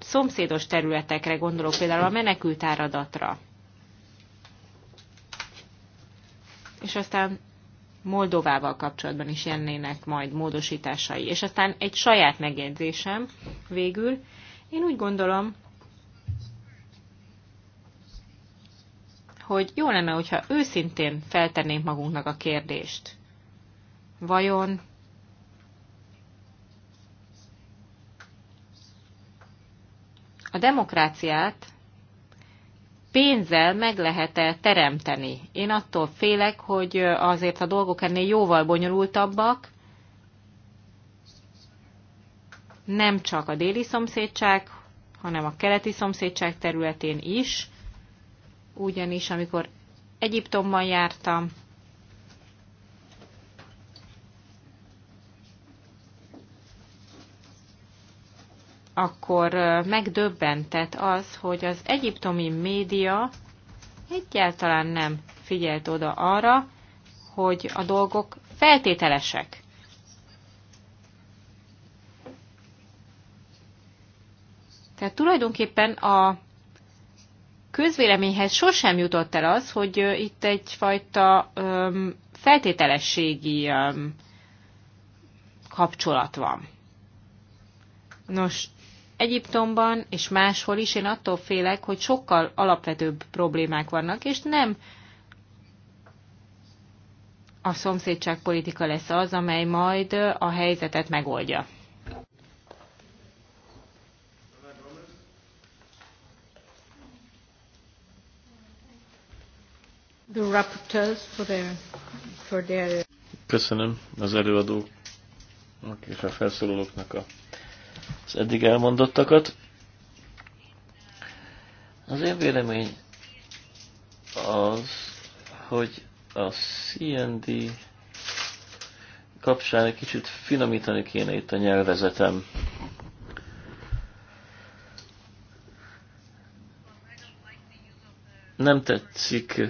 szomszédos területekre, gondolok például a menekült áradatra. És aztán Moldovával kapcsolatban is jönnének majd módosításai. És aztán egy saját megjegyzésem végül. Én úgy gondolom, hogy jó lenne, hogyha őszintén feltennénk magunknak a kérdést. Vajon a demokráciát pénzzel meg lehet-e teremteni. Én attól félek, hogy azért a dolgok ennél jóval bonyolultabbak, nem csak a déli szomszédság, hanem a keleti szomszédság területén is, ugyanis amikor Egyiptomban jártam, akkor megdöbbentett az, hogy az egyiptomi média egyáltalán nem figyelt oda arra, hogy a dolgok feltételesek. Tehát tulajdonképpen a közvéleményhez sosem jutott el az, hogy itt egyfajta feltételességi kapcsolat van. Nos, Egyiptomban és máshol is én attól félek, hogy sokkal alapvetőbb problémák vannak, és nem a szomszédságpolitika lesz az, amely majd a helyzetet megoldja. The rapporteurs for their, for their... Köszönöm az előadóknak és a felszólalóknak a az eddig elmondottakat. Az én vélemény az, hogy a CND kapcsán egy kicsit finomítani kéne itt a nyelvezetem. Nem tetszik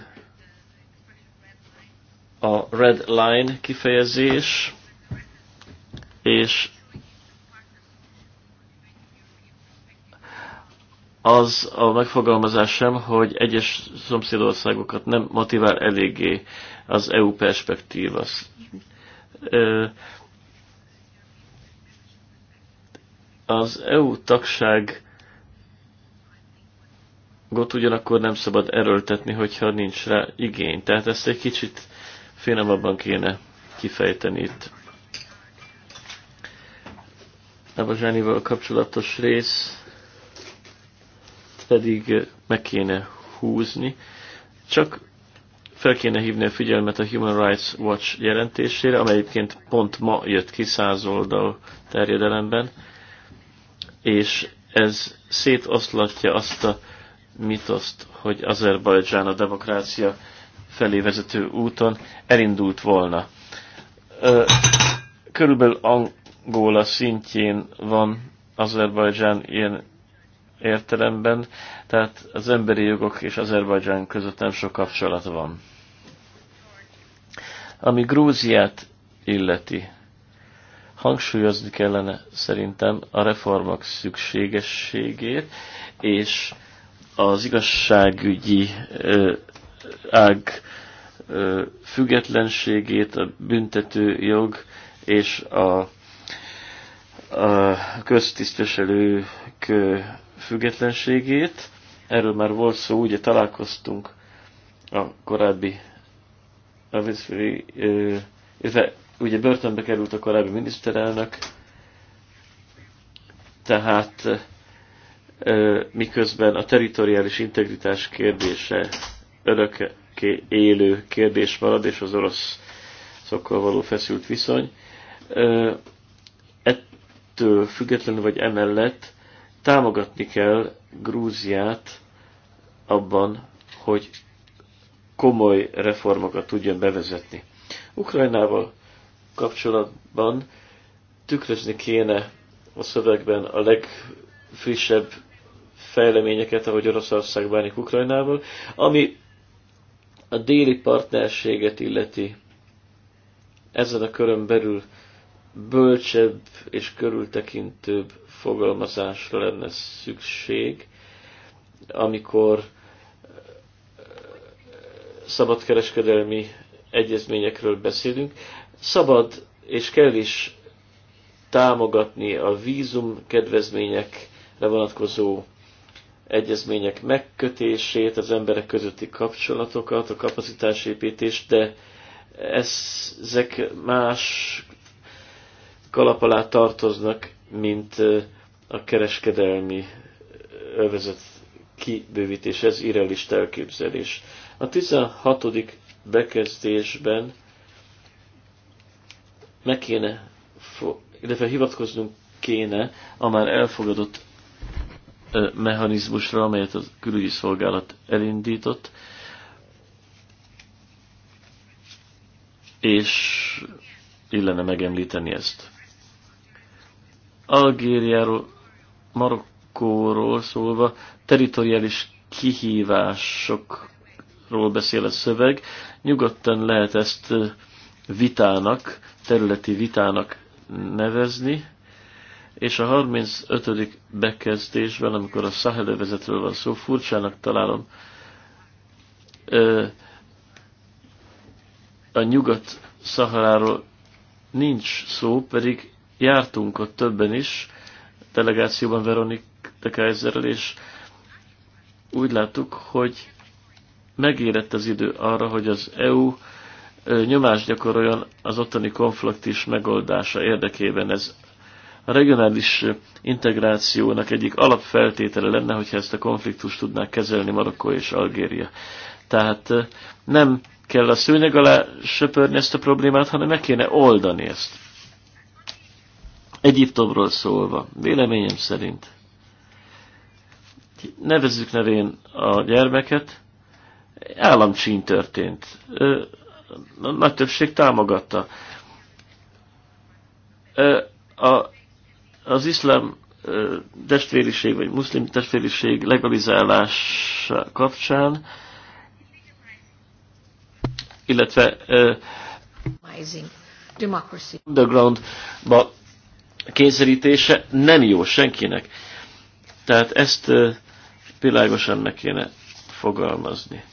a red line kifejezés, és az a megfogalmazás sem, hogy egyes szomszédországokat nem motivál eléggé az EU perspektíva. Az EU tagságot ugyanakkor nem szabad erőltetni, hogyha nincs rá igény. Tehát ezt egy kicsit finomabban kéne kifejteni itt. Ebazsánival kapcsolatos rész pedig meg kéne húzni, csak fel kéne hívni a figyelmet a Human Rights Watch jelentésére, amely egyébként pont ma jött ki száz oldal terjedelemben, és ez szétoszlatja azt a mitoszt, hogy Azerbajdzsán a demokrácia felé vezető úton elindult volna. Körülbelül Angola szintjén van Azerbajdzsán ilyen értelemben, tehát az emberi jogok és Azerbajdzsán között nem sok kapcsolat van. Ami Grúziát illeti, hangsúlyozni kellene szerintem a reformok szükségességét, és az igazságügyi ö, ág ö, függetlenségét, a büntető jog és a, a köztisztviselők függetlenségét. Erről már volt szó, ugye találkoztunk a korábbi, a illetve ugye börtönbe került a korábbi miniszterelnök, tehát miközben a teritoriális integritás kérdése örökké élő kérdés marad, és az orosz szokkal való feszült viszony. Ettől függetlenül vagy emellett Támogatni kell Grúziát abban, hogy komoly reformokat tudjon bevezetni. Ukrajnával kapcsolatban tükrözni kéne a szövegben a legfrissebb fejleményeket, ahogy Oroszország bánik Ukrajnával, ami a déli partnerséget illeti ezen a körön belül bölcsebb és körültekintőbb fogalmazásra lenne szükség, amikor szabadkereskedelmi egyezményekről beszélünk. Szabad és kell is támogatni a vízum kedvezményekre vonatkozó egyezmények megkötését, az emberek közötti kapcsolatokat, a kapacitásépítést, de ezek más kalap alá tartoznak mint a kereskedelmi övezet kibővítés, ez irrealista elképzelés. A 16. bekezdésben meg kéne, illetve hivatkoznunk kéne a már elfogadott mechanizmusra, amelyet a külügyi szolgálat elindított, és illene megemlíteni ezt. Algériáról, Marokkóról szólva, teritoriális kihívásokról beszél a szöveg. Nyugodtan lehet ezt vitának, területi vitának nevezni, és a 35. bekezdésben, amikor a Szahelövezetről van szó, furcsának találom a nyugat-szaharáról nincs szó, pedig jártunk ott többen is, delegációban Veronik de Kaiserrel, és úgy láttuk, hogy megérett az idő arra, hogy az EU nyomást gyakoroljon az ottani konfliktus megoldása érdekében. Ez a regionális integrációnak egyik alapfeltétele lenne, hogyha ezt a konfliktust tudnák kezelni Marokkó és Algéria. Tehát nem kell a szőnyeg alá söpörni ezt a problémát, hanem meg kéne oldani ezt. Egyiptomról szólva, véleményem szerint nevezzük nevén a gyermeket, államcsíny történt. A nagy többség támogatta. A, az iszlám testvériség, vagy muszlim testvériség legalizálása kapcsán, illetve uh, underground-ba kényszerítése nem jó senkinek. Tehát ezt világosan meg kéne fogalmazni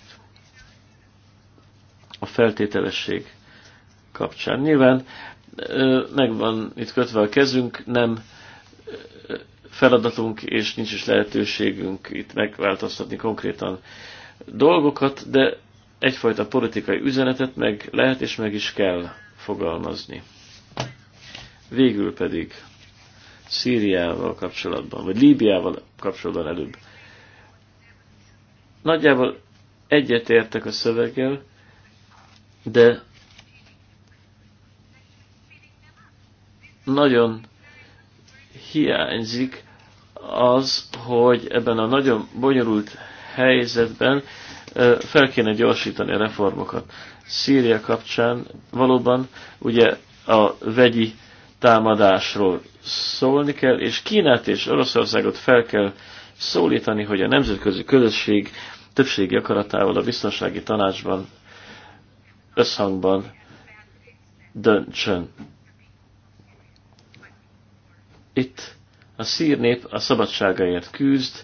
a feltételesség kapcsán. Nyilván Megvan itt kötve a kezünk, nem feladatunk és nincs is lehetőségünk itt megváltoztatni konkrétan dolgokat, de egyfajta politikai üzenetet meg lehet és meg is kell fogalmazni. Végül pedig Szíriával kapcsolatban, vagy Líbiával kapcsolatban előbb. Nagyjából egyetértek a szöveggel, de nagyon hiányzik az, hogy ebben a nagyon bonyolult helyzetben fel kéne gyorsítani a reformokat. Szíria kapcsán valóban ugye a vegyi támadásról szólni kell, és Kínát és Oroszországot fel kell szólítani, hogy a nemzetközi közösség többségi akaratával a biztonsági tanácsban összhangban döntsön. Itt a szír nép a szabadságáért küzd,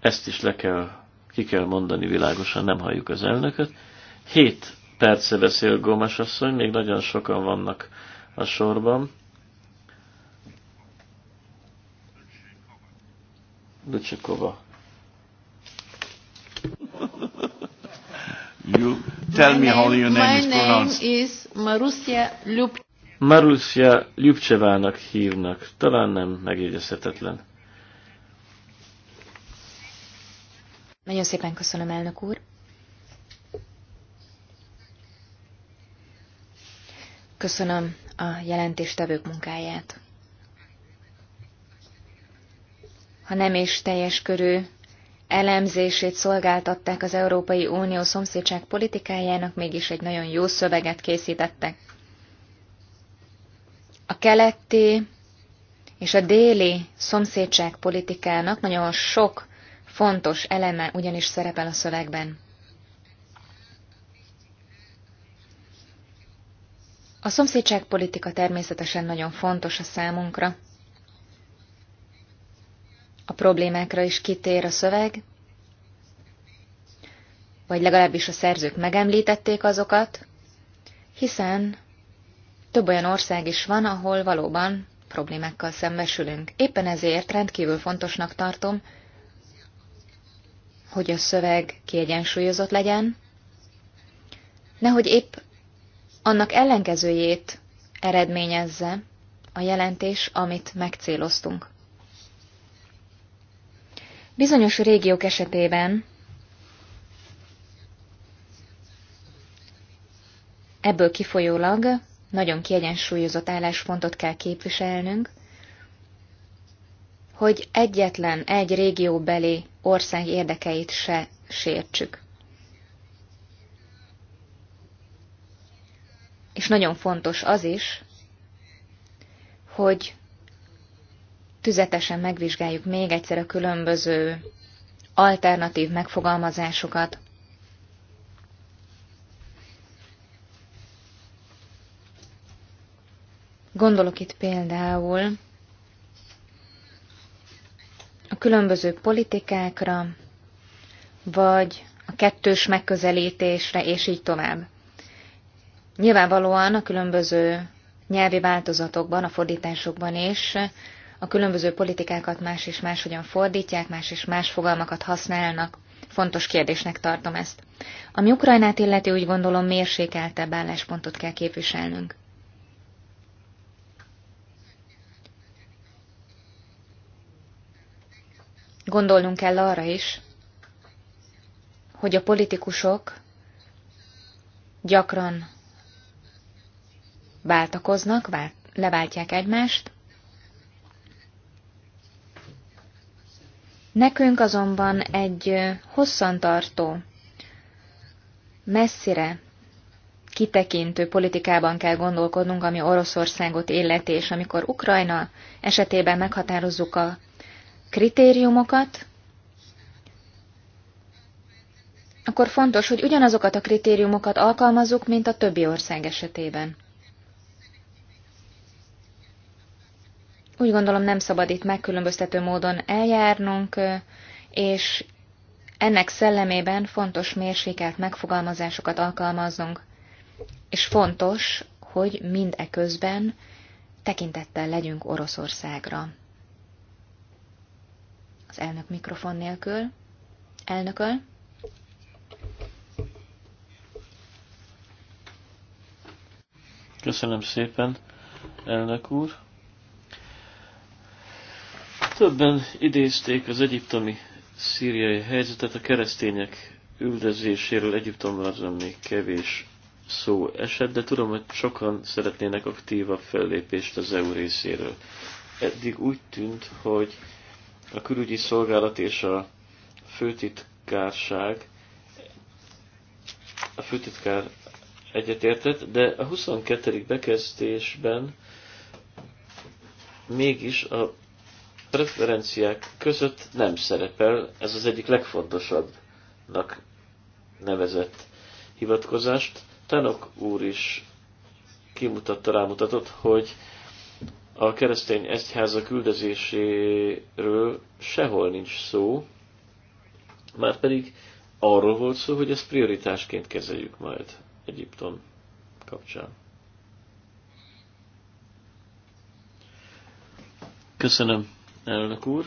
ezt is le kell, ki kell mondani világosan, nem halljuk az elnököt. Hét perce beszél Gómez asszony, még nagyon sokan vannak a sorban. Lucsikova. [laughs] You tell my me how your name, name is pronounced. My name is Marusia Lup. Marusia Lupcsevának hívnak. Talán nem megjegyezhetetlen. Nagyon szépen köszönöm, elnök úr. Köszönöm a jelentéstevők munkáját. ha nem is teljes körű elemzését szolgáltatták az Európai Unió szomszédság politikájának, mégis egy nagyon jó szöveget készítettek. A keleti és a déli szomszédság politikának nagyon sok fontos eleme ugyanis szerepel a szövegben. A szomszédságpolitika természetesen nagyon fontos a számunkra a problémákra is kitér a szöveg, vagy legalábbis a szerzők megemlítették azokat, hiszen több olyan ország is van, ahol valóban problémákkal szembesülünk. Éppen ezért rendkívül fontosnak tartom, hogy a szöveg kiegyensúlyozott legyen, nehogy épp annak ellenkezőjét eredményezze a jelentés, amit megcéloztunk. Bizonyos régiók esetében ebből kifolyólag nagyon kiegyensúlyozott álláspontot kell képviselnünk, hogy egyetlen egy régióbeli ország érdekeit se sértsük. És nagyon fontos az is, hogy tüzetesen megvizsgáljuk még egyszer a különböző alternatív megfogalmazásokat. Gondolok itt például a különböző politikákra, vagy a kettős megközelítésre, és így tovább. Nyilvánvalóan a különböző nyelvi változatokban, a fordításokban is a különböző politikákat más és máshogyan fordítják, más és más fogalmakat használnak. Fontos kérdésnek tartom ezt. Ami Ukrajnát illeti, úgy gondolom, mérsékeltebb álláspontot kell képviselnünk. Gondolnunk kell arra is, hogy a politikusok gyakran váltakoznak, vált, leváltják egymást, Nekünk azonban egy hosszantartó, messzire kitekintő politikában kell gondolkodnunk, ami Oroszországot illeti, és amikor Ukrajna esetében meghatározzuk a kritériumokat, akkor fontos, hogy ugyanazokat a kritériumokat alkalmazzuk, mint a többi ország esetében. Úgy gondolom nem szabad itt megkülönböztető módon eljárnunk, és ennek szellemében fontos mérsékelt megfogalmazásokat alkalmaznunk. És fontos, hogy mind e közben tekintettel legyünk Oroszországra. Az elnök mikrofon nélkül. Elnököl. Köszönöm szépen, elnök úr. Többen idézték az egyiptomi szíriai helyzetet, a keresztények üldözéséről Egyiptomban még kevés szó esett, de tudom, hogy sokan szeretnének aktívabb fellépést az EU részéről. Eddig úgy tűnt, hogy a külügyi szolgálat és a főtitkárság a főtitkár egyetértett, de a 22. bekezdésben mégis a preferenciák között nem szerepel, ez az egyik legfontosabbnak nevezett hivatkozást. Tanok úr is kimutatta, rámutatott, hogy a keresztény egyháza küldezéséről sehol nincs szó, már pedig arról volt szó, hogy ezt prioritásként kezeljük majd Egyiptom kapcsán. Köszönöm elnök úr,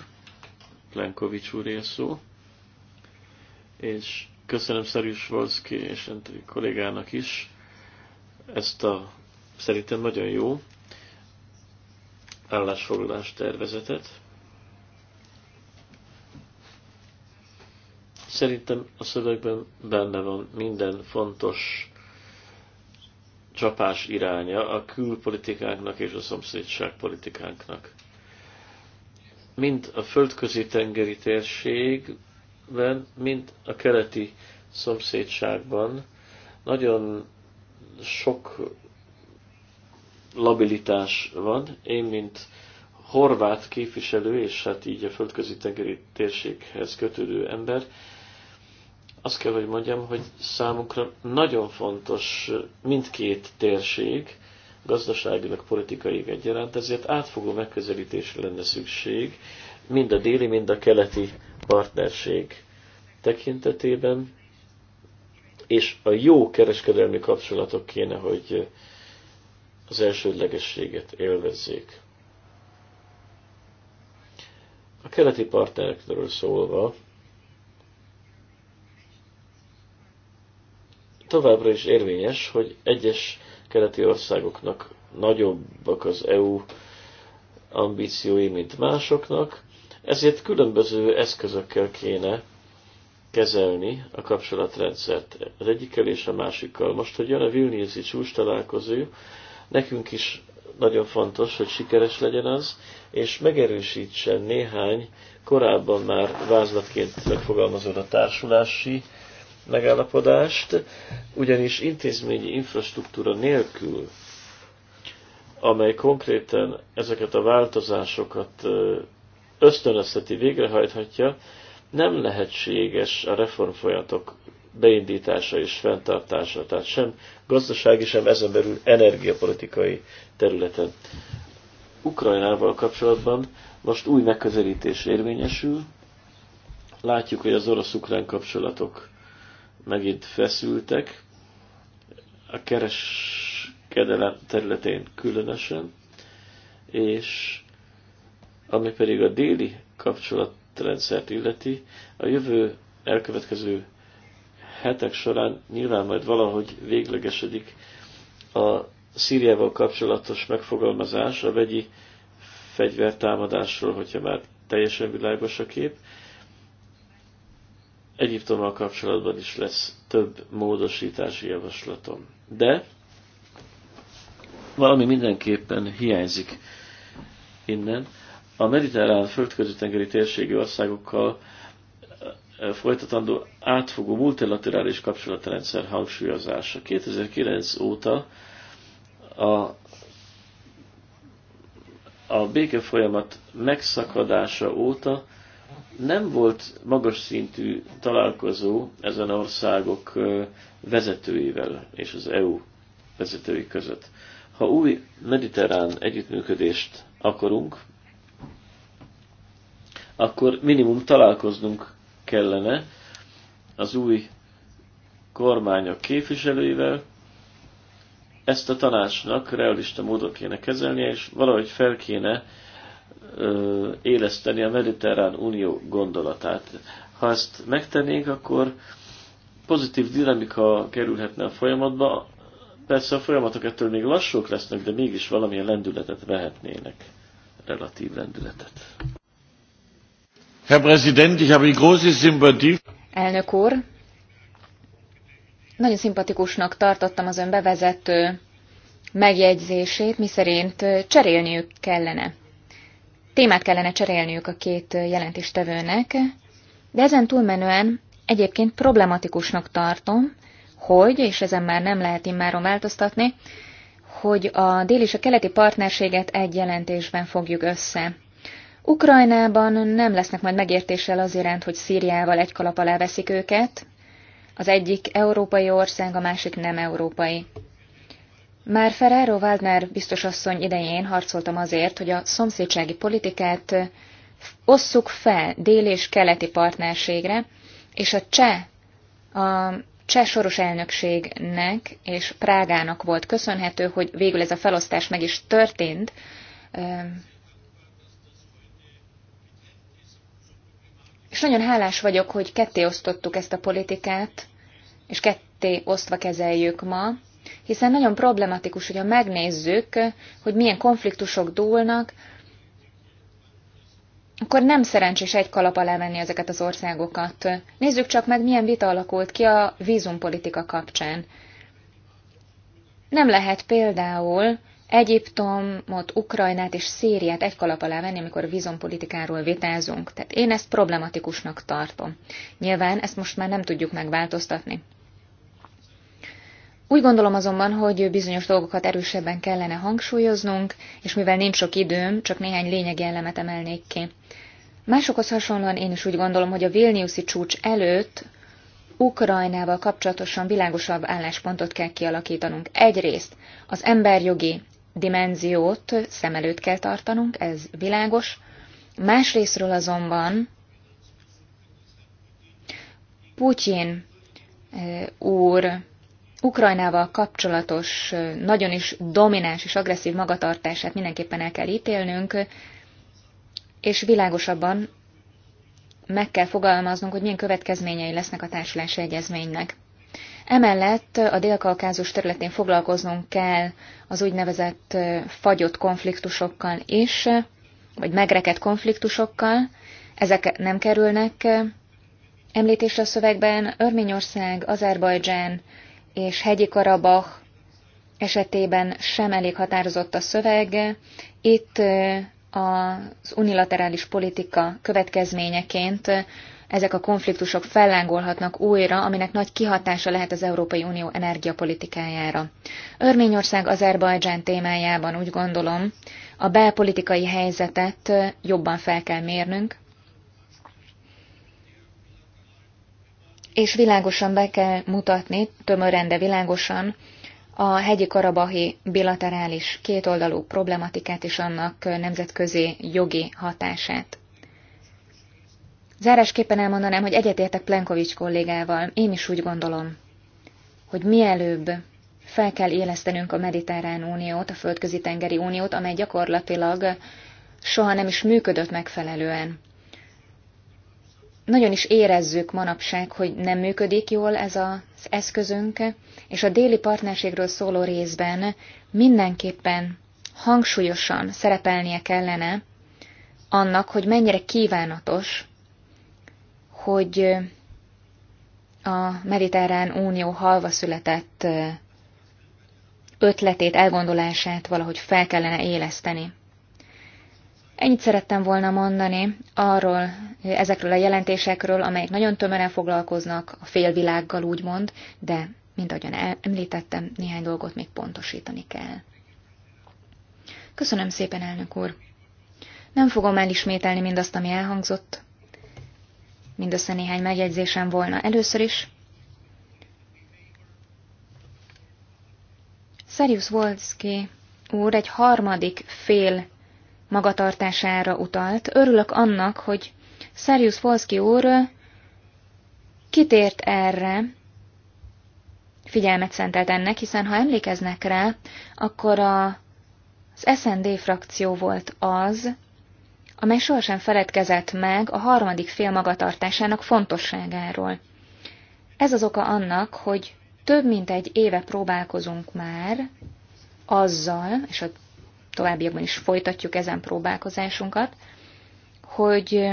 Plenkovics úr él szó, és köszönöm Szerűs Volszki és Entri kollégának is ezt a szerintem nagyon jó állásfoglalás tervezetet. Szerintem a szövegben benne van minden fontos csapás iránya a külpolitikánknak és a szomszédságpolitikánknak. politikánknak mind a földközi tengeri térségben, mind a keleti szomszédságban nagyon sok labilitás van. Én, mint horvát képviselő, és hát így a földközi tengeri térséghez kötődő ember, azt kell, hogy mondjam, hogy számunkra nagyon fontos mindkét térség, gazdaságilag, politikailag egyaránt, ezért átfogó megközelítésre lenne szükség, mind a déli, mind a keleti partnerség tekintetében, és a jó kereskedelmi kapcsolatok kéne, hogy az elsődlegességet élvezzék. A keleti partnerekről szólva, továbbra is érvényes, hogy egyes keleti országoknak nagyobbak az EU ambíciói, mint másoknak, ezért különböző eszközökkel kéne kezelni a kapcsolatrendszert az egyikkel és a másikkal. Most, hogy jön a Vilniuszi csúcs találkozó, nekünk is nagyon fontos, hogy sikeres legyen az, és megerősítsen néhány korábban már vázlatként a társulási megállapodást, ugyanis intézményi infrastruktúra nélkül, amely konkrétan ezeket a változásokat ösztönözheti, végrehajthatja, nem lehetséges a reformfolyamatok beindítása és fenntartása, tehát sem gazdasági, sem ezen belül energiapolitikai területen. Ukrajnával kapcsolatban most új megközelítés érvényesül. Látjuk, hogy az orosz-ukrán kapcsolatok megint feszültek, a kereskedelem területén különösen, és ami pedig a déli kapcsolatrendszert illeti, a jövő elkövetkező hetek során nyilván majd valahogy véglegesedik a Szíriával kapcsolatos megfogalmazás a vegyi fegyvertámadásról, hogyha már teljesen világos a kép, Egyiptommal kapcsolatban is lesz több módosítási javaslatom. De valami mindenképpen hiányzik innen. A mediterrán földközi-tengeri térségi országokkal folytatandó átfogó multilaterális kapcsolatrendszer hangsúlyozása. 2009 óta a, a béke folyamat megszakadása óta nem volt magas szintű találkozó ezen országok vezetőivel és az EU vezetői között. Ha új mediterrán együttműködést akarunk, akkor minimum találkoznunk kellene az új kormányok képviselőivel, ezt a tanácsnak realista módon kéne kezelnie, és valahogy fel kéne uh, éleszteni a mediterrán unió gondolatát. Ha ezt megtennénk, akkor pozitív dinamika kerülhetne a folyamatba. Persze a folyamatok ettől még lassúk lesznek, de mégis valamilyen lendületet vehetnének. Relatív lendületet. Herr Präsident, ich habe große Sympathie. Elnök úr, nagyon szimpatikusnak tartottam az ön bevezető megjegyzését, miszerint cserélniük kellene témát kellene cserélniük a két jelentéstevőnek, de ezen túlmenően egyébként problematikusnak tartom, hogy, és ezen már nem lehet immáron változtatni, hogy a déli és a keleti partnerséget egy jelentésben fogjuk össze. Ukrajnában nem lesznek majd megértéssel az iránt, hogy Szíriával egy kalap alá veszik őket, az egyik európai ország, a másik nem európai. Már Ferrero Waldner biztosasszony idején harcoltam azért, hogy a szomszédsági politikát osszuk fel déli és keleti partnerségre, és a cseh, a cseh soros elnökségnek és Prágának volt köszönhető, hogy végül ez a felosztás meg is történt. És nagyon hálás vagyok, hogy ketté osztottuk ezt a politikát, és ketté osztva kezeljük ma, hiszen nagyon problematikus, hogyha megnézzük, hogy milyen konfliktusok dúlnak, akkor nem szerencsés egy kalap alá venni ezeket az országokat. Nézzük csak meg, milyen vita alakult ki a vízumpolitika kapcsán. Nem lehet például Egyiptomot, Ukrajnát és Szíriát egy kalap alá venni, amikor vízumpolitikáról vitázunk. Tehát én ezt problematikusnak tartom. Nyilván ezt most már nem tudjuk megváltoztatni. Úgy gondolom azonban, hogy bizonyos dolgokat erősebben kellene hangsúlyoznunk, és mivel nincs sok időm, csak néhány lényegi elemet emelnék ki. Másokhoz hasonlóan én is úgy gondolom, hogy a Vilniuszi csúcs előtt Ukrajnával kapcsolatosan világosabb álláspontot kell kialakítanunk. Egyrészt az emberjogi dimenziót szem előtt kell tartanunk, ez világos. Másrésztről azonban Putyin eh, úr Ukrajnával kapcsolatos nagyon is domináns és agresszív magatartását mindenképpen el kell ítélnünk, és világosabban meg kell fogalmaznunk, hogy milyen következményei lesznek a társulási egyezménynek. Emellett a dél területén foglalkoznunk kell az úgynevezett fagyott konfliktusokkal is, vagy megrekedt konfliktusokkal. Ezek nem kerülnek említésre a szövegben. Örményország, Azerbajdzsán, és hegyi Karabach esetében sem elég határozott a szöveg. Itt az unilaterális politika következményeként ezek a konfliktusok fellángolhatnak újra, aminek nagy kihatása lehet az Európai Unió energiapolitikájára. Örményország Azerbajdzsán témájában úgy gondolom, a belpolitikai helyzetet jobban fel kell mérnünk, és világosan be kell mutatni, tömören, de világosan, a hegyi karabahi bilaterális kétoldalú problematikát és annak nemzetközi jogi hatását. Zárásképpen elmondanám, hogy egyetértek Plenkovics kollégával, én is úgy gondolom, hogy mielőbb fel kell élesztenünk a Mediterrán Uniót, a Földközi Tengeri Uniót, amely gyakorlatilag soha nem is működött megfelelően. Nagyon is érezzük manapság, hogy nem működik jól ez az eszközünk, és a déli partnerségről szóló részben mindenképpen hangsúlyosan szerepelnie kellene annak, hogy mennyire kívánatos, hogy a Mediterrán Unió halva született ötletét, elgondolását valahogy fel kellene éleszteni. Ennyit szerettem volna mondani arról, ezekről a jelentésekről, amelyek nagyon tömören foglalkoznak a félvilággal, úgymond, de, mint ahogyan említettem, néhány dolgot még pontosítani kell. Köszönöm szépen, elnök úr! Nem fogom elismételni mindazt, ami elhangzott. Mindössze néhány megjegyzésem volna először is. Szerius Wolski úr egy harmadik fél magatartására utalt. Örülök annak, hogy Szerius Polszki úr kitért erre, figyelmet szentelt ennek, hiszen ha emlékeznek rá, akkor a, az SND frakció volt az, amely sohasem feledkezett meg a harmadik fél magatartásának fontosságáról. Ez az oka annak, hogy több mint egy éve próbálkozunk már azzal, és a továbbiakban is folytatjuk ezen próbálkozásunkat, hogy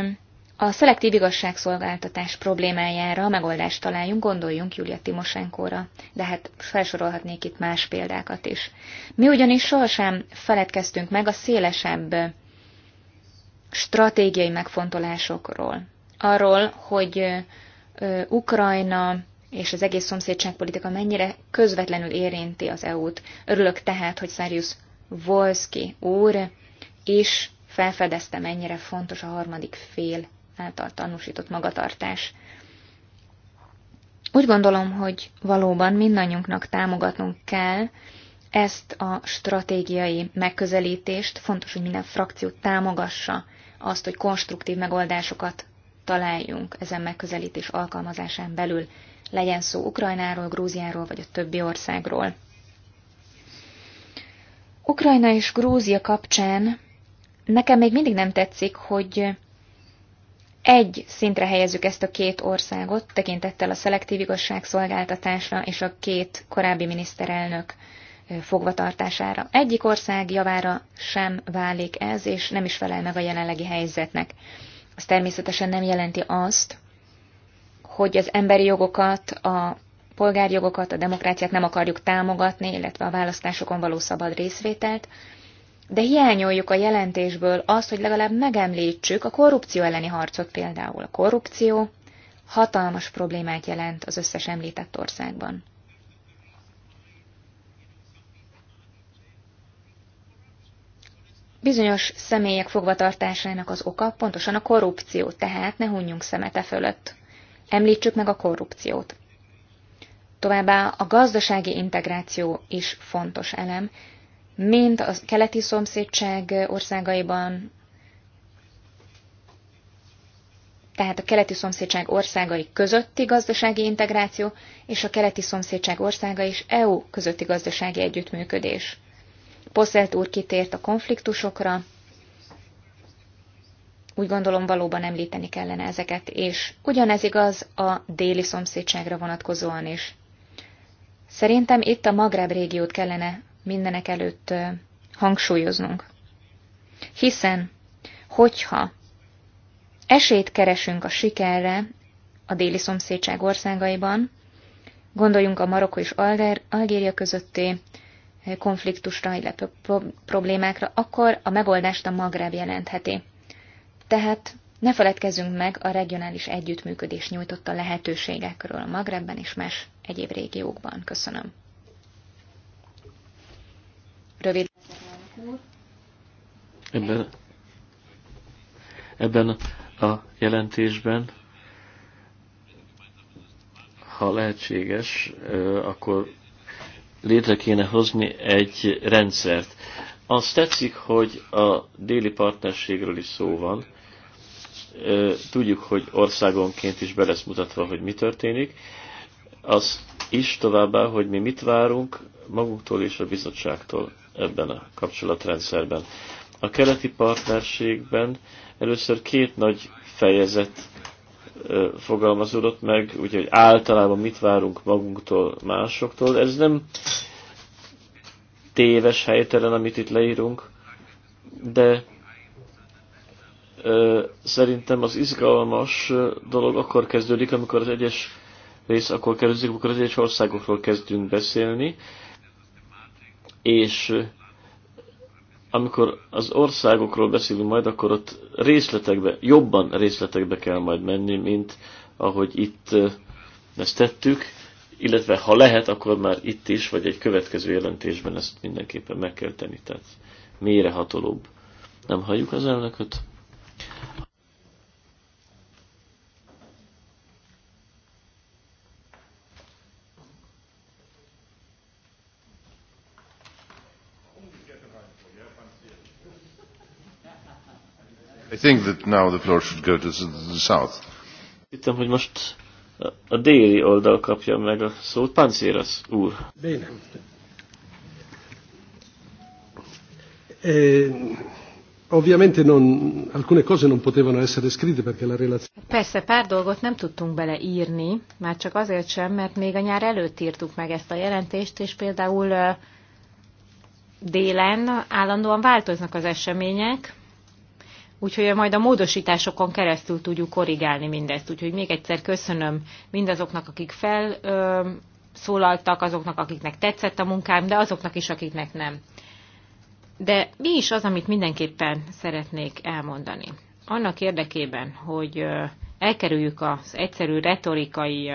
a szelektív igazságszolgáltatás problémájára a megoldást találjunk, gondoljunk Julia Timosenkóra, de hát felsorolhatnék itt más példákat is. Mi ugyanis sohasem feledkeztünk meg a szélesebb stratégiai megfontolásokról. Arról, hogy Ukrajna és az egész szomszédságpolitika mennyire közvetlenül érinti az EU-t. Örülök tehát, hogy Szárius Volszki úr is felfedezte, mennyire fontos a harmadik fél által tanúsított magatartás. Úgy gondolom, hogy valóban mindannyiunknak támogatnunk kell ezt a stratégiai megközelítést. Fontos, hogy minden frakció támogassa azt, hogy konstruktív megoldásokat találjunk ezen megközelítés alkalmazásán belül, legyen szó Ukrajnáról, Grúziáról vagy a többi országról. Ukrajna és Grúzia kapcsán nekem még mindig nem tetszik, hogy egy szintre helyezzük ezt a két országot, tekintettel a szelektív igazságszolgáltatásra és a két korábbi miniszterelnök fogvatartására. Egyik ország javára sem válik ez, és nem is felel meg a jelenlegi helyzetnek. Az természetesen nem jelenti azt, hogy az emberi jogokat, a polgárjogokat, a demokráciát nem akarjuk támogatni, illetve a választásokon való szabad részvételt, de hiányoljuk a jelentésből azt, hogy legalább megemlítsük a korrupció elleni harcot például. A korrupció hatalmas problémát jelent az összes említett országban. Bizonyos személyek fogvatartásának az oka pontosan a korrupció, tehát ne hunjunk szemete fölött. Említsük meg a korrupciót. Továbbá a gazdasági integráció is fontos elem, mint a keleti szomszédság országaiban, tehát a keleti szomszédság országai közötti gazdasági integráció és a keleti szomszédság országa és EU közötti gazdasági együttműködés. Poszelt úr kitért a konfliktusokra, úgy gondolom valóban említeni kellene ezeket, és ugyanez igaz a déli szomszédságra vonatkozóan is. Szerintem itt a Magreb régiót kellene mindenek előtt hangsúlyoznunk. Hiszen, hogyha esélyt keresünk a sikerre a déli szomszédság országaiban, gondoljunk a Marokko és Algéria közötti konfliktusra, illetve problémákra, akkor a megoldást a Magreb jelentheti. Tehát ne feledkezzünk meg a regionális együttműködés nyújtotta lehetőségekről a Magrebben és más egyéb régiókban. Köszönöm. Rövid. Ebben, ebben a jelentésben, ha lehetséges, akkor létre kéne hozni egy rendszert. Azt tetszik, hogy a déli partnerségről is szó van, tudjuk, hogy országonként is be lesz mutatva, hogy mi történik. Az is továbbá, hogy mi mit várunk magunktól és a bizottságtól ebben a kapcsolatrendszerben. A keleti partnerségben először két nagy fejezet fogalmazódott meg, ugye, hogy általában mit várunk magunktól, másoktól. Ez nem téves, helytelen, amit itt leírunk, de Szerintem az izgalmas dolog akkor kezdődik, amikor az egyes rész akkor kezdődik, amikor az egyes országokról kezdünk beszélni, és amikor az országokról beszélünk majd, akkor ott részletekbe, jobban részletekbe kell majd menni, mint ahogy itt ezt tettük, illetve ha lehet, akkor már itt is, vagy egy következő jelentésben ezt mindenképpen meg kell tenni, tehát mélyrehatolóbb. Nem halljuk az elnököt? Hittem, hogy most a déli oldal kapja meg a szót. Pancéras úr. Béne. Ovviamente non, alcune cose non potevano essere scritte perché la relazione... Persze, pár dolgot nem tudtunk beleírni, már csak azért sem, mert még a nyár előtt írtuk meg ezt a jelentést, és például délen állandóan változnak az események, úgyhogy majd a módosításokon keresztül tudjuk korrigálni mindezt. Úgyhogy még egyszer köszönöm mindazoknak, akik fel szólaltak, azoknak, akiknek tetszett a munkám, de azoknak is, akiknek nem. De mi is az, amit mindenképpen szeretnék elmondani? Annak érdekében, hogy elkerüljük az egyszerű retorikai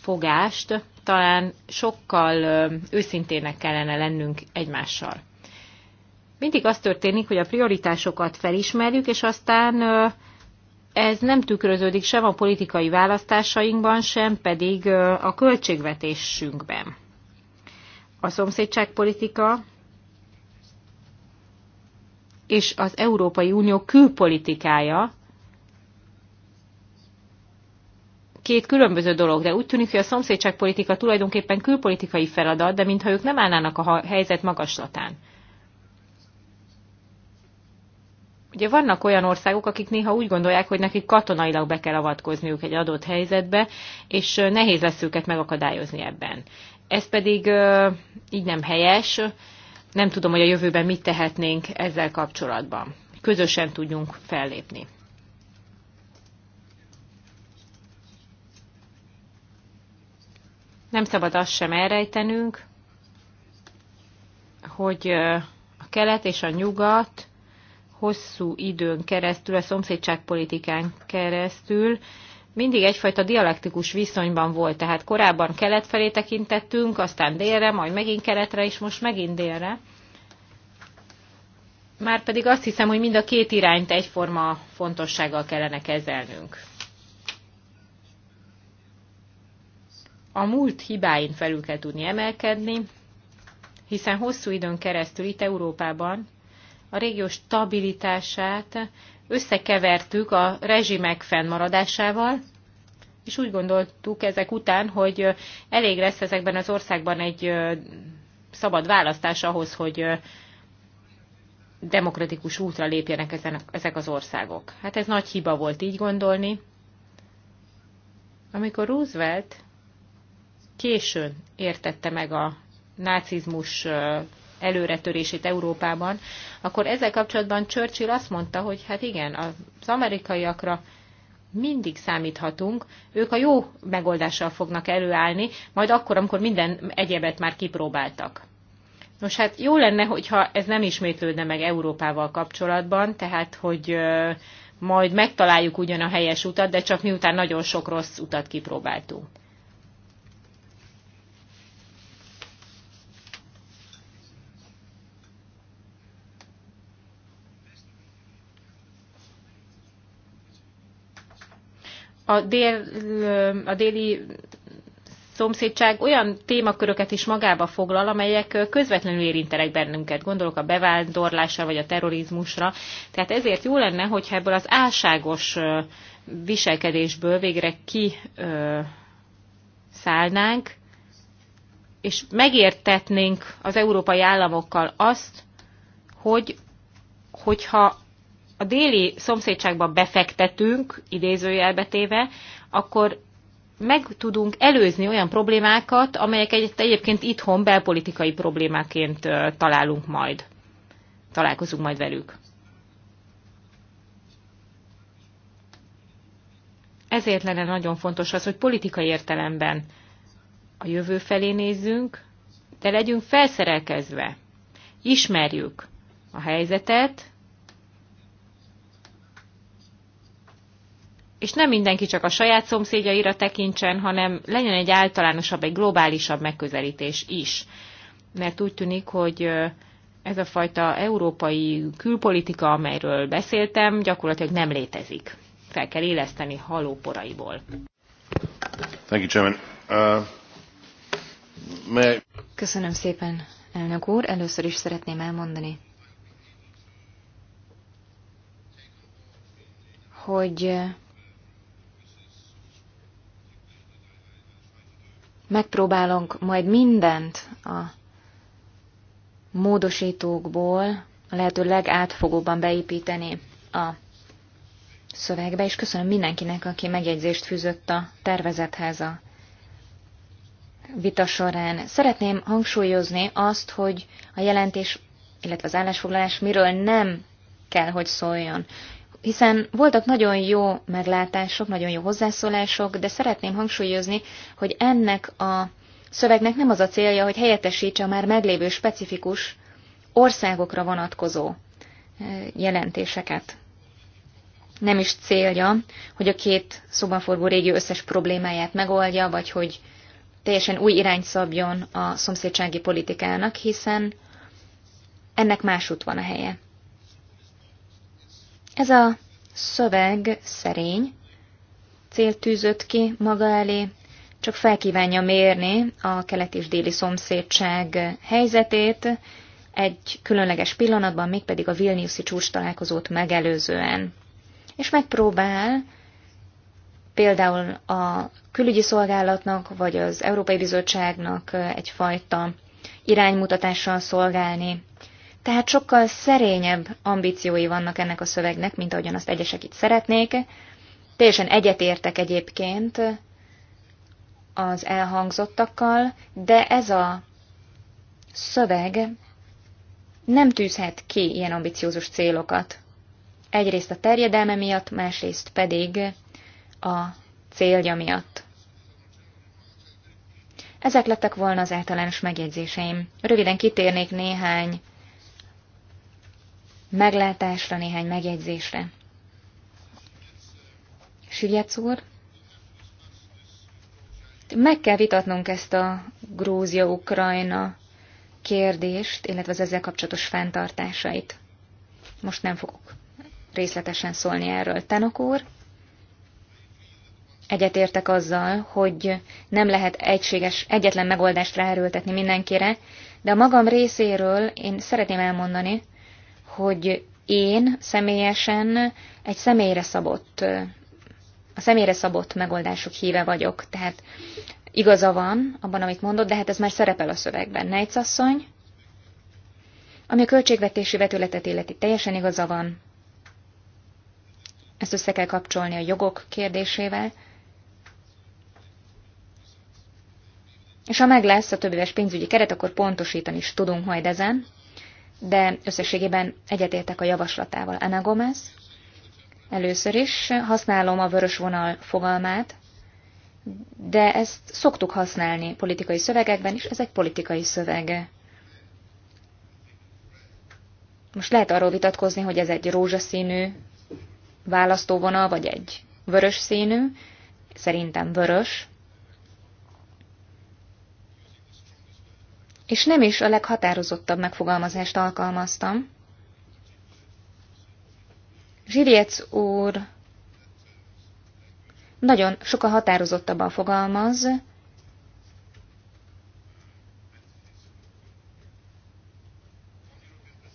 fogást, talán sokkal őszintének kellene lennünk egymással mindig az történik, hogy a prioritásokat felismerjük, és aztán ez nem tükröződik sem a politikai választásainkban, sem pedig a költségvetésünkben. A szomszédságpolitika és az Európai Unió külpolitikája két különböző dolog, de úgy tűnik, hogy a szomszédságpolitika tulajdonképpen külpolitikai feladat, de mintha ők nem állnának a helyzet magaslatán. Ugye vannak olyan országok, akik néha úgy gondolják, hogy nekik katonailag be kell avatkozniuk egy adott helyzetbe, és nehéz lesz őket megakadályozni ebben. Ez pedig így nem helyes. Nem tudom, hogy a jövőben mit tehetnénk ezzel kapcsolatban. Közösen tudjunk fellépni. Nem szabad azt sem elrejtenünk, hogy a kelet és a nyugat hosszú időn keresztül, a szomszédságpolitikán keresztül mindig egyfajta dialektikus viszonyban volt. Tehát korábban kelet felé tekintettünk, aztán délre, majd megint keletre, és most megint délre. Márpedig azt hiszem, hogy mind a két irányt egyforma fontossággal kellene kezelnünk. A múlt hibáin felül kell tudni emelkedni, hiszen hosszú időn keresztül itt Európában a régió stabilitását összekevertük a rezsimek fennmaradásával, és úgy gondoltuk ezek után, hogy elég lesz ezekben az országban egy szabad választás ahhoz, hogy demokratikus útra lépjenek ezek az országok. Hát ez nagy hiba volt így gondolni. Amikor Roosevelt későn értette meg a nácizmus előretörését Európában, akkor ezzel kapcsolatban Churchill azt mondta, hogy hát igen, az amerikaiakra mindig számíthatunk, ők a jó megoldással fognak előállni, majd akkor, amikor minden egyebet már kipróbáltak. Nos hát jó lenne, hogyha ez nem ismétlődne meg Európával kapcsolatban, tehát hogy majd megtaláljuk ugyan a helyes utat, de csak miután nagyon sok rossz utat kipróbáltunk. a, dél, a déli szomszédság olyan témaköröket is magába foglal, amelyek közvetlenül érintenek bennünket. Gondolok a bevándorlásra vagy a terrorizmusra. Tehát ezért jó lenne, hogyha ebből az álságos viselkedésből végre kiszállnánk, és megértetnénk az európai államokkal azt, hogy hogyha a déli szomszédságba befektetünk, idézőjelbe téve, akkor meg tudunk előzni olyan problémákat, amelyek egyébként itthon belpolitikai problémáként találunk majd. Találkozunk majd velük. Ezért lenne nagyon fontos az, hogy politikai értelemben a jövő felé nézzünk, de legyünk felszerelkezve. Ismerjük a helyzetet, és nem mindenki csak a saját szomszédjaira tekintsen, hanem legyen egy általánosabb, egy globálisabb megközelítés is. Mert úgy tűnik, hogy ez a fajta európai külpolitika, amelyről beszéltem, gyakorlatilag nem létezik. Fel kell éleszteni halóporaiból. Thank you, Chairman. Uh, may... Köszönöm szépen, elnök úr. Először is szeretném elmondani, hogy Megpróbálunk majd mindent a módosítókból a lehető legátfogóban beépíteni a szövegbe, és köszönöm mindenkinek, aki megjegyzést fűzött a tervezethez a vita során. Szeretném hangsúlyozni azt, hogy a jelentés, illetve az állásfoglalás miről nem kell, hogy szóljon hiszen voltak nagyon jó meglátások, nagyon jó hozzászólások, de szeretném hangsúlyozni, hogy ennek a szövegnek nem az a célja, hogy helyettesítse a már meglévő specifikus országokra vonatkozó e, jelentéseket. Nem is célja, hogy a két forgó régió összes problémáját megoldja, vagy hogy teljesen új irányt szabjon a szomszédsági politikának, hiszen ennek út van a helye. Ez a szöveg szerény, cél tűzött ki maga elé, csak felkívánja mérni a kelet és déli szomszédság helyzetét egy különleges pillanatban, mégpedig a Vilniuszi csúcs találkozót megelőzően. És megpróbál például a külügyi szolgálatnak, vagy az Európai Bizottságnak egyfajta iránymutatással szolgálni tehát sokkal szerényebb ambíciói vannak ennek a szövegnek, mint ahogyan azt egyesek itt szeretnék. Teljesen egyetértek egyébként az elhangzottakkal, de ez a szöveg nem tűzhet ki ilyen ambiciózus célokat. Egyrészt a terjedelme miatt, másrészt pedig a célja miatt. Ezek lettek volna az általános megjegyzéseim. Röviden kitérnék néhány meglátásra, néhány megjegyzésre. Sügyec úr, meg kell vitatnunk ezt a Grúzia-Ukrajna kérdést, illetve az ezzel kapcsolatos fenntartásait. Most nem fogok részletesen szólni erről. Tenok úr, egyetértek azzal, hogy nem lehet egységes, egyetlen megoldást ráerőltetni mindenkire, de a magam részéről én szeretném elmondani, hogy én személyesen egy személyre szabott, a személyre szabott megoldások híve vagyok. Tehát igaza van abban, amit mondott, de hát ez már szerepel a szövegben. Nejc asszony, ami a költségvetési vetületet illeti, teljesen igaza van. Ezt össze kell kapcsolni a jogok kérdésével. És ha meg lesz a többéves pénzügyi keret, akkor pontosítani is tudunk majd ezen de összességében egyetértek a javaslatával. Ana Gomez, először is használom a vörös vonal fogalmát, de ezt szoktuk használni politikai szövegekben, és ez egy politikai szöveg. Most lehet arról vitatkozni, hogy ez egy rózsaszínű választóvonal, vagy egy vörös színű, szerintem vörös, és nem is a leghatározottabb megfogalmazást alkalmaztam. Zsiriec úr nagyon sokkal határozottabban fogalmaz,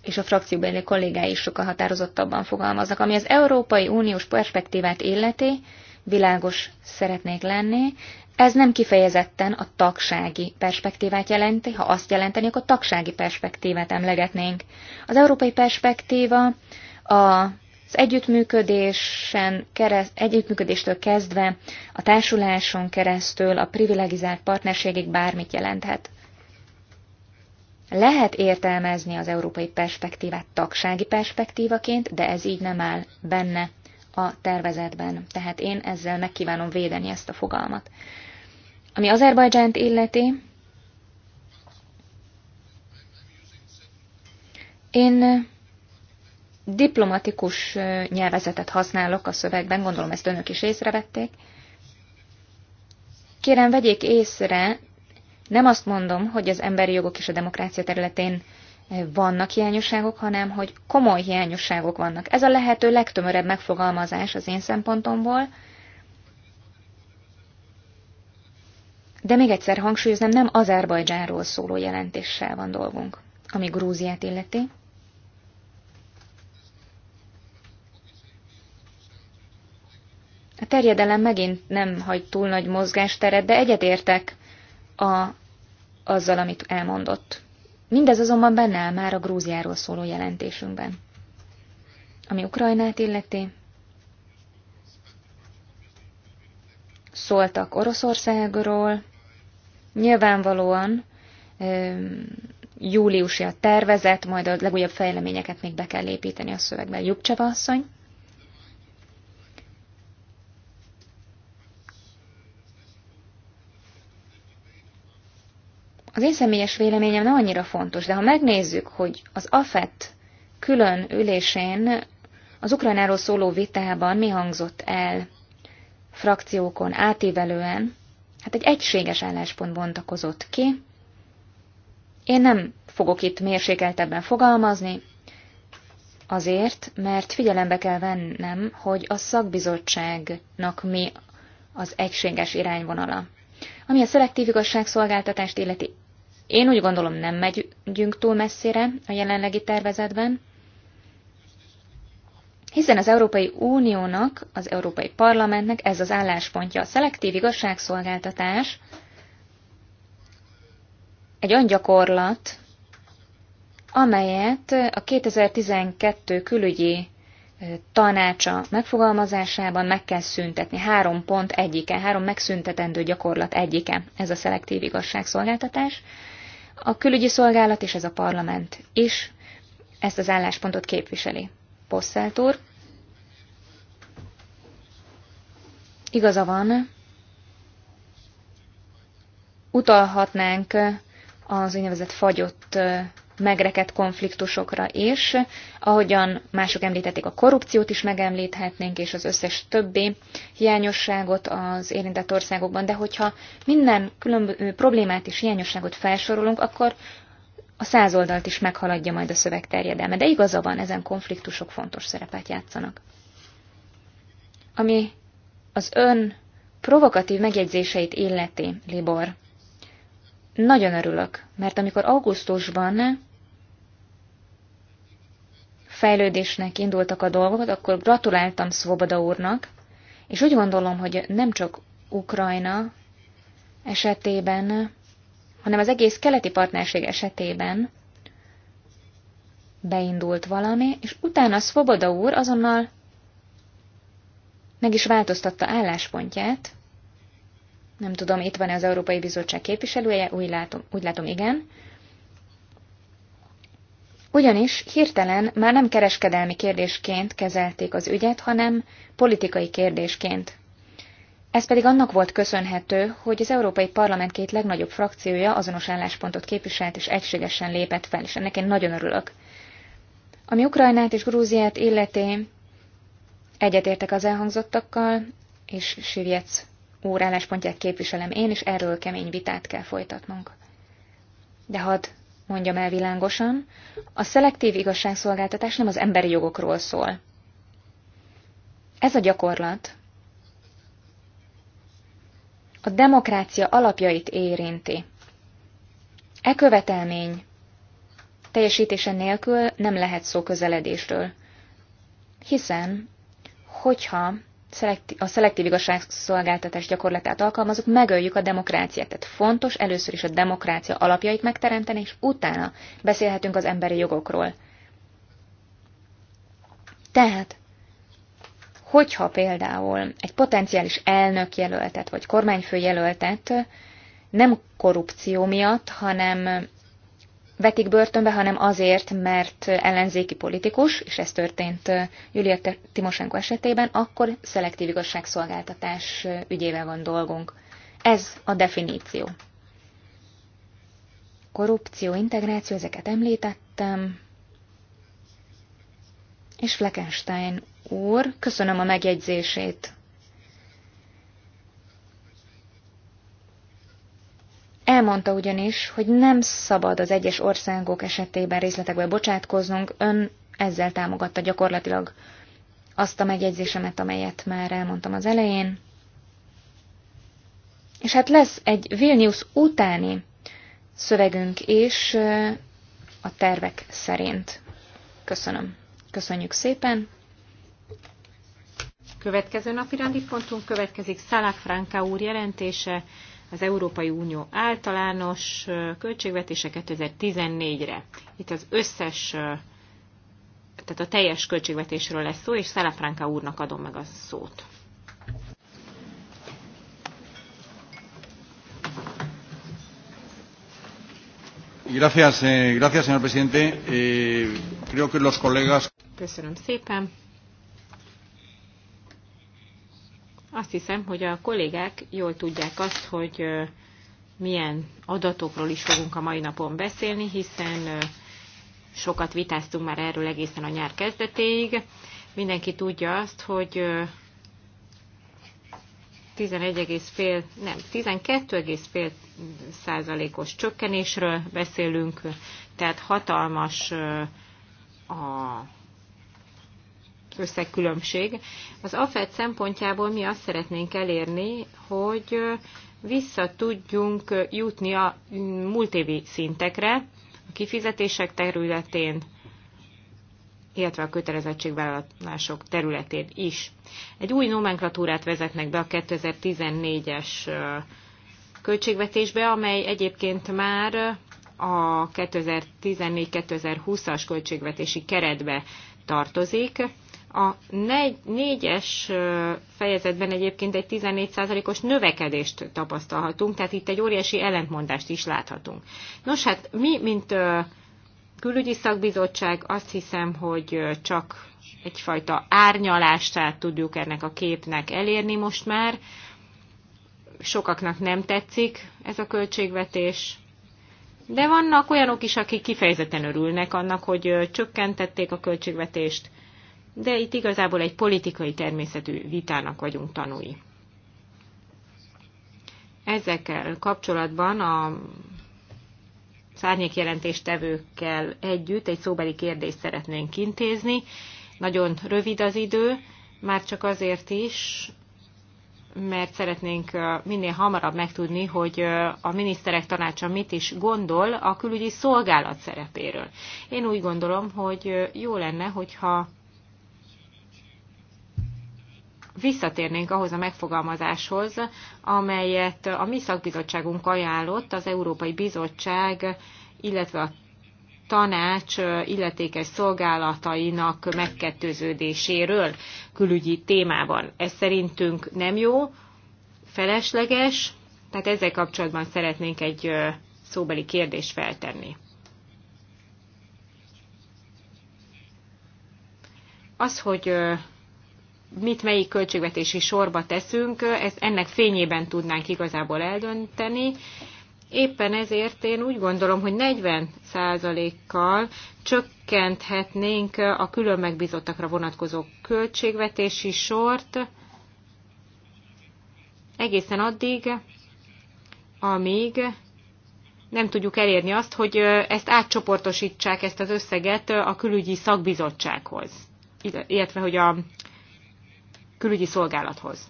és a frakcióbeli kollégái is sokkal határozottabban fogalmaznak. Ami az Európai Uniós perspektívát illeti, világos szeretnék lenni. Ez nem kifejezetten a tagsági perspektívát jelenti, ha azt jelenteni, akkor tagsági perspektívát emlegetnénk. Az európai perspektíva a az együttműködésen kereszt, együttműködéstől kezdve a társuláson keresztül a privilegizált partnerségig bármit jelenthet. Lehet értelmezni az európai perspektívát tagsági perspektívaként, de ez így nem áll benne a tervezetben. Tehát én ezzel megkívánom védeni ezt a fogalmat. Ami Azerbajdzsánt illeti, én diplomatikus nyelvezetet használok a szövegben, gondolom ezt önök is észrevették. Kérem, vegyék észre, nem azt mondom, hogy az emberi jogok és a demokrácia területén vannak hiányosságok, hanem hogy komoly hiányosságok vannak. Ez a lehető legtömörebb megfogalmazás az én szempontomból. De még egyszer hangsúlyoznám, nem Azerbajdzsánról szóló jelentéssel van dolgunk, ami Grúziát illeti. A terjedelem megint nem hagy túl nagy mozgásteret, de egyetértek a, azzal, amit elmondott. Mindez azonban benne áll már a Grúziáról szóló jelentésünkben. Ami Ukrajnát illeti, szóltak Oroszországról, nyilvánvalóan júliusi a tervezet, majd a legújabb fejleményeket még be kell építeni a szövegben. Jubcseva asszony. Az én személyes véleményem nem annyira fontos, de ha megnézzük, hogy az AFET külön ülésén az Ukrajnáról szóló vitában mi hangzott el frakciókon átívelően, hát egy egységes álláspont bontakozott ki. Én nem fogok itt mérsékeltebben fogalmazni, azért, mert figyelembe kell vennem, hogy a szakbizottságnak mi az egységes irányvonala. Ami a szelektív igazságszolgáltatást illeti, én úgy gondolom, nem megyünk túl messzire a jelenlegi tervezetben, hiszen az Európai Uniónak, az Európai Parlamentnek ez az álláspontja. A szelektív igazságszolgáltatás egy olyan gyakorlat, amelyet a 2012 külügyi tanácsa megfogalmazásában meg kell szüntetni. Három pont egyike, három megszüntetendő gyakorlat egyike ez a szelektív igazságszolgáltatás. A külügyi szolgálat és ez a parlament is ezt az álláspontot képviseli. Posszelt úr, igaza van, utalhatnánk az úgynevezett fagyott megreket konfliktusokra is, ahogyan mások említették, a korrupciót is megemlíthetnénk, és az összes többi hiányosságot az érintett országokban, de hogyha minden különböző problémát és hiányosságot felsorolunk, akkor a száz oldalt is meghaladja majd a szöveg terjedelme, de igaza van, ezen konfliktusok fontos szerepet játszanak. Ami az ön provokatív megjegyzéseit illeti, Libor. Nagyon örülök, mert amikor augusztusban fejlődésnek indultak a dolgok, akkor gratuláltam Szvoboda úrnak, és úgy gondolom, hogy nem csak Ukrajna esetében, hanem az egész keleti partnerség esetében beindult valami, és utána Szvoboda úr azonnal meg is változtatta álláspontját. Nem tudom, itt van-e az Európai Bizottság képviselője, úgy látom, úgy látom igen. Ugyanis hirtelen már nem kereskedelmi kérdésként kezelték az ügyet, hanem politikai kérdésként. Ez pedig annak volt köszönhető, hogy az Európai Parlament két legnagyobb frakciója azonos álláspontot képviselt és egységesen lépett fel, és ennek én nagyon örülök. Ami Ukrajnát és Grúziát illeté, egyetértek az elhangzottakkal, és Sivjec úr álláspontját képviselem én, és erről kemény vitát kell folytatnunk. De hadd mondjam el világosan, a szelektív igazságszolgáltatás nem az emberi jogokról szól. Ez a gyakorlat a demokrácia alapjait érinti. E követelmény teljesítése nélkül nem lehet szó közeledésről, hiszen, hogyha a szelektív igazságszolgáltatás gyakorlatát alkalmazunk, megöljük a demokráciát. Tehát fontos először is a demokrácia alapjait megteremteni, és utána beszélhetünk az emberi jogokról. Tehát, hogyha például egy potenciális elnök jelöltet, vagy kormányfő jelöltet nem korrupció miatt, hanem vetik börtönbe, hanem azért, mert ellenzéki politikus, és ez történt Julia Timosenko esetében, akkor szelektív igazságszolgáltatás ügyével van dolgunk. Ez a definíció. Korrupció, integráció, ezeket említettem. És Fleckenstein úr, köszönöm a megjegyzését. Elmondta ugyanis, hogy nem szabad az egyes országok esetében részletekbe bocsátkoznunk, ön ezzel támogatta gyakorlatilag azt a megjegyzésemet, amelyet már elmondtam az elején. És hát lesz egy Vilnius utáni szövegünk és a tervek szerint. Köszönöm. Köszönjük szépen. Következő napi rendi pontunk következik Szalák Franka úr jelentése az Európai Unió általános költségvetése 2014-re. Itt az összes, tehát a teljes költségvetésről lesz szó, és Szelefránka úrnak adom meg a szót. Gracias, eh, gracias, señor presidente. Eh, creo que los colegas. Köszönöm szépen. Azt hiszem, hogy a kollégák jól tudják azt, hogy milyen adatokról is fogunk a mai napon beszélni, hiszen sokat vitáztunk már erről egészen a nyár kezdetéig. Mindenki tudja azt, hogy 11,5, nem, 12,5 százalékos csökkenésről beszélünk, tehát hatalmas a összegkülönbség. Az AFED szempontjából mi azt szeretnénk elérni, hogy vissza tudjunk jutni a múltévi szintekre, a kifizetések területén, illetve a kötelezettségvállalások területén is. Egy új nomenklatúrát vezetnek be a 2014-es költségvetésbe, amely egyébként már a 2014-2020-as költségvetési keretbe tartozik. A negy, négyes fejezetben egyébként egy 14%-os növekedést tapasztalhatunk, tehát itt egy óriási ellentmondást is láthatunk. Nos, hát mi, mint külügyi szakbizottság, azt hiszem, hogy csak egyfajta árnyalását tudjuk ennek a képnek elérni most már. Sokaknak nem tetszik ez a költségvetés, de vannak olyanok is, akik kifejezetten örülnek annak, hogy csökkentették a költségvetést, de itt igazából egy politikai természetű vitának vagyunk tanúi. Ezekkel kapcsolatban a szárnyékjelentéstevőkkel együtt egy szóbeli kérdést szeretnénk intézni. Nagyon rövid az idő, már csak azért is, mert szeretnénk minél hamarabb megtudni, hogy a miniszterek tanácsa mit is gondol a külügyi szolgálat szerepéről. Én úgy gondolom, hogy jó lenne, hogyha visszatérnénk ahhoz a megfogalmazáshoz, amelyet a mi szakbizottságunk ajánlott az Európai Bizottság, illetve a tanács illetékes szolgálatainak megkettőződéséről külügyi témában. Ez szerintünk nem jó, felesleges, tehát ezzel kapcsolatban szeretnénk egy szóbeli kérdést feltenni. Az, hogy mit melyik költségvetési sorba teszünk, ez ennek fényében tudnánk igazából eldönteni. Éppen ezért én úgy gondolom, hogy 40%-kal csökkenthetnénk a külön megbízottakra vonatkozó költségvetési sort egészen addig, amíg nem tudjuk elérni azt, hogy ezt átcsoportosítsák, ezt az összeget a külügyi szakbizottsághoz, illetve hogy a külügyi szolgálathoz.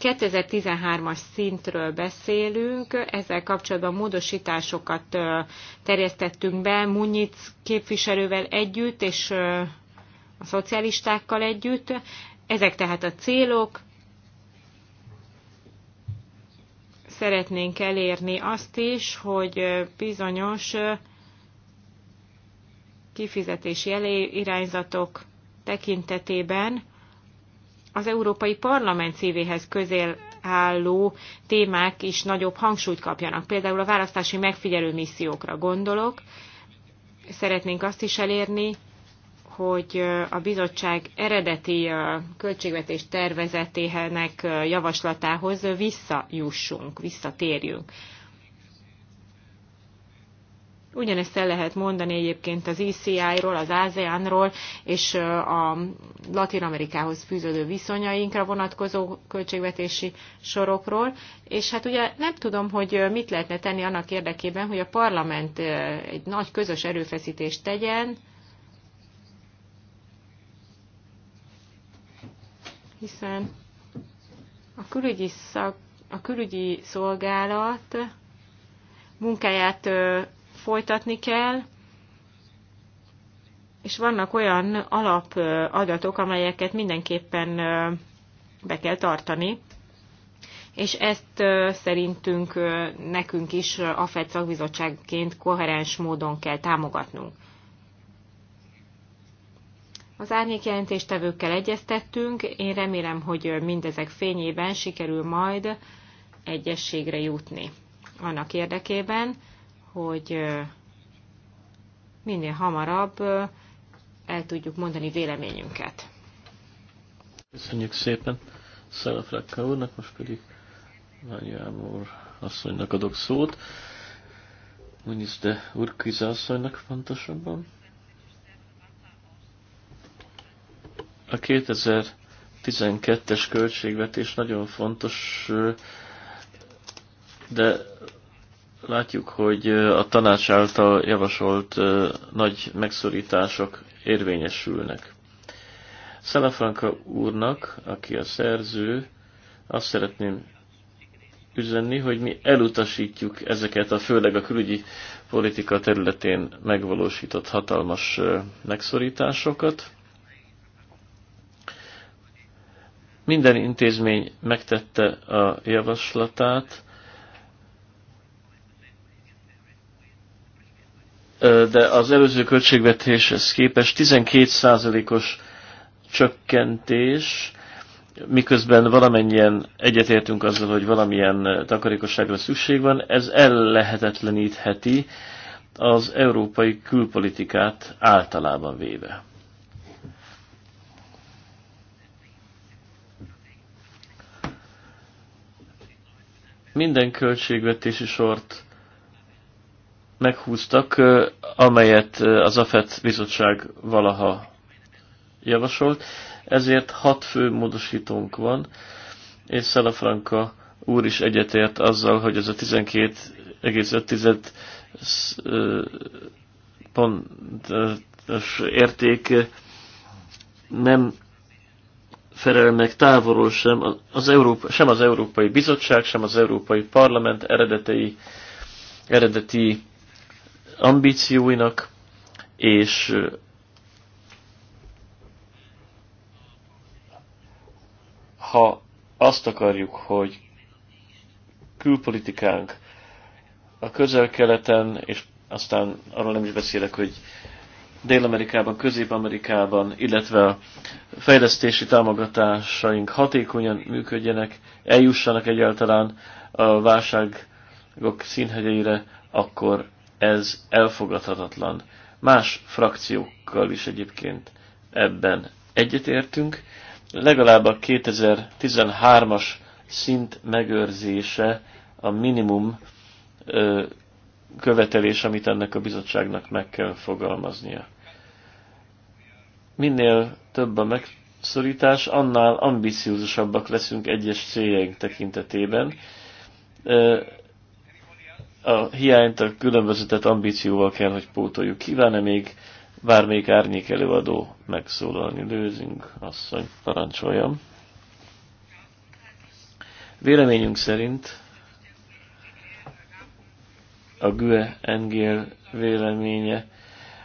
2013-as szintről beszélünk, ezzel kapcsolatban módosításokat terjesztettünk be Munyic képviselővel együtt és a szocialistákkal együtt. Ezek tehát a célok. Szeretnénk elérni azt is, hogy bizonyos kifizetési irányzatok tekintetében az Európai Parlament szívéhez közél álló témák is nagyobb hangsúlyt kapjanak. Például a választási megfigyelő missziókra gondolok. Szeretnénk azt is elérni, hogy a bizottság eredeti költségvetés tervezetének javaslatához visszajussunk, visszatérjünk. Ugyanezt el lehet mondani egyébként az ECI-ról, az ASEAN-ról és a Latin Amerikához fűződő viszonyainkra vonatkozó költségvetési sorokról. És hát ugye nem tudom, hogy mit lehetne tenni annak érdekében, hogy a parlament egy nagy közös erőfeszítést tegyen, hiszen a külügyi, szak, a külügyi szolgálat munkáját folytatni kell, és vannak olyan alapadatok, amelyeket mindenképpen be kell tartani, és ezt szerintünk nekünk is a FED szakbizottságként koherens módon kell támogatnunk. Az árnyékjelentéstevőkkel egyeztettünk, én remélem, hogy mindezek fényében sikerül majd egyességre jutni annak érdekében, hogy minél hamarabb el tudjuk mondani véleményünket. Köszönjük szépen Szelefrekka úrnak, most pedig Nagy Ámor asszonynak adok szót. Mondjuk, de úr asszonynak fontosabban. A 2012-es költségvetés nagyon fontos, de látjuk, hogy a tanács által javasolt nagy megszorítások érvényesülnek. Szelefranka úrnak, aki a szerző, azt szeretném üzenni, hogy mi elutasítjuk ezeket a főleg a külügyi politika területén megvalósított hatalmas megszorításokat. Minden intézmény megtette a javaslatát, de az előző költségvetéshez képest 12%-os csökkentés, miközben valamennyien egyetértünk azzal, hogy valamilyen takarékosságra szükség van, ez ellehetetlenítheti az európai külpolitikát általában véve. Minden költségvetési sort meghúztak, amelyet az AFET bizottság valaha javasolt. Ezért hat fő módosítónk van, és Szelafranka úr is egyetért azzal, hogy ez a 12,5 pontos érték nem felel meg távolról sem az, Európa, sem az Európai Bizottság, sem az Európai Parlament eredetei, eredeti ambícióinak, és ha azt akarjuk, hogy külpolitikánk a közel-keleten, és aztán arról nem is beszélek, hogy Dél-Amerikában, Közép-Amerikában, illetve a fejlesztési támogatásaink hatékonyan működjenek, eljussanak egyáltalán a válságok színhegyeire, akkor ez elfogadhatatlan. Más frakciókkal is egyébként ebben egyetértünk. Legalább a 2013-as szint megőrzése a minimum ö, követelés, amit ennek a bizottságnak meg kell fogalmaznia. Minél több a megszorítás, annál ambiciózusabbak leszünk egyes céljaink tekintetében. Ö, a hiányt a különböztetett ambícióval kell, hogy pótoljuk. Kíván-e még bármelyik árnyék előadó megszólalni? Lőzünk, asszony, parancsoljam. Véleményünk szerint a Gue Engél véleménye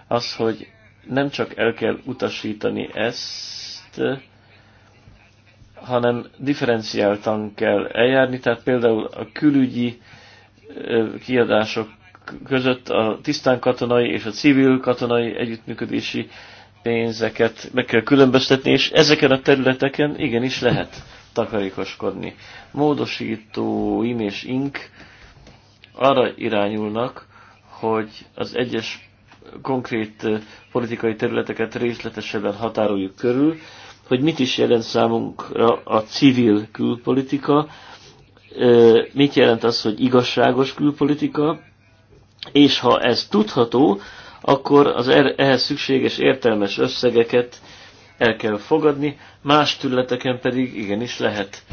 az, hogy nem csak el kell utasítani ezt, hanem differenciáltan kell eljárni, tehát például a külügyi kiadások között a tisztán katonai és a civil katonai együttműködési pénzeket meg kell különböztetni, és ezeken a területeken igenis lehet takarékoskodni. im és ink arra irányulnak, hogy az egyes konkrét politikai területeket részletesebben határoljuk körül, hogy mit is jelent számunkra a civil külpolitika, mit jelent az, hogy igazságos külpolitika, és ha ez tudható, akkor az er-, ehhez szükséges értelmes összegeket el kell fogadni, más tületeken pedig igenis lehet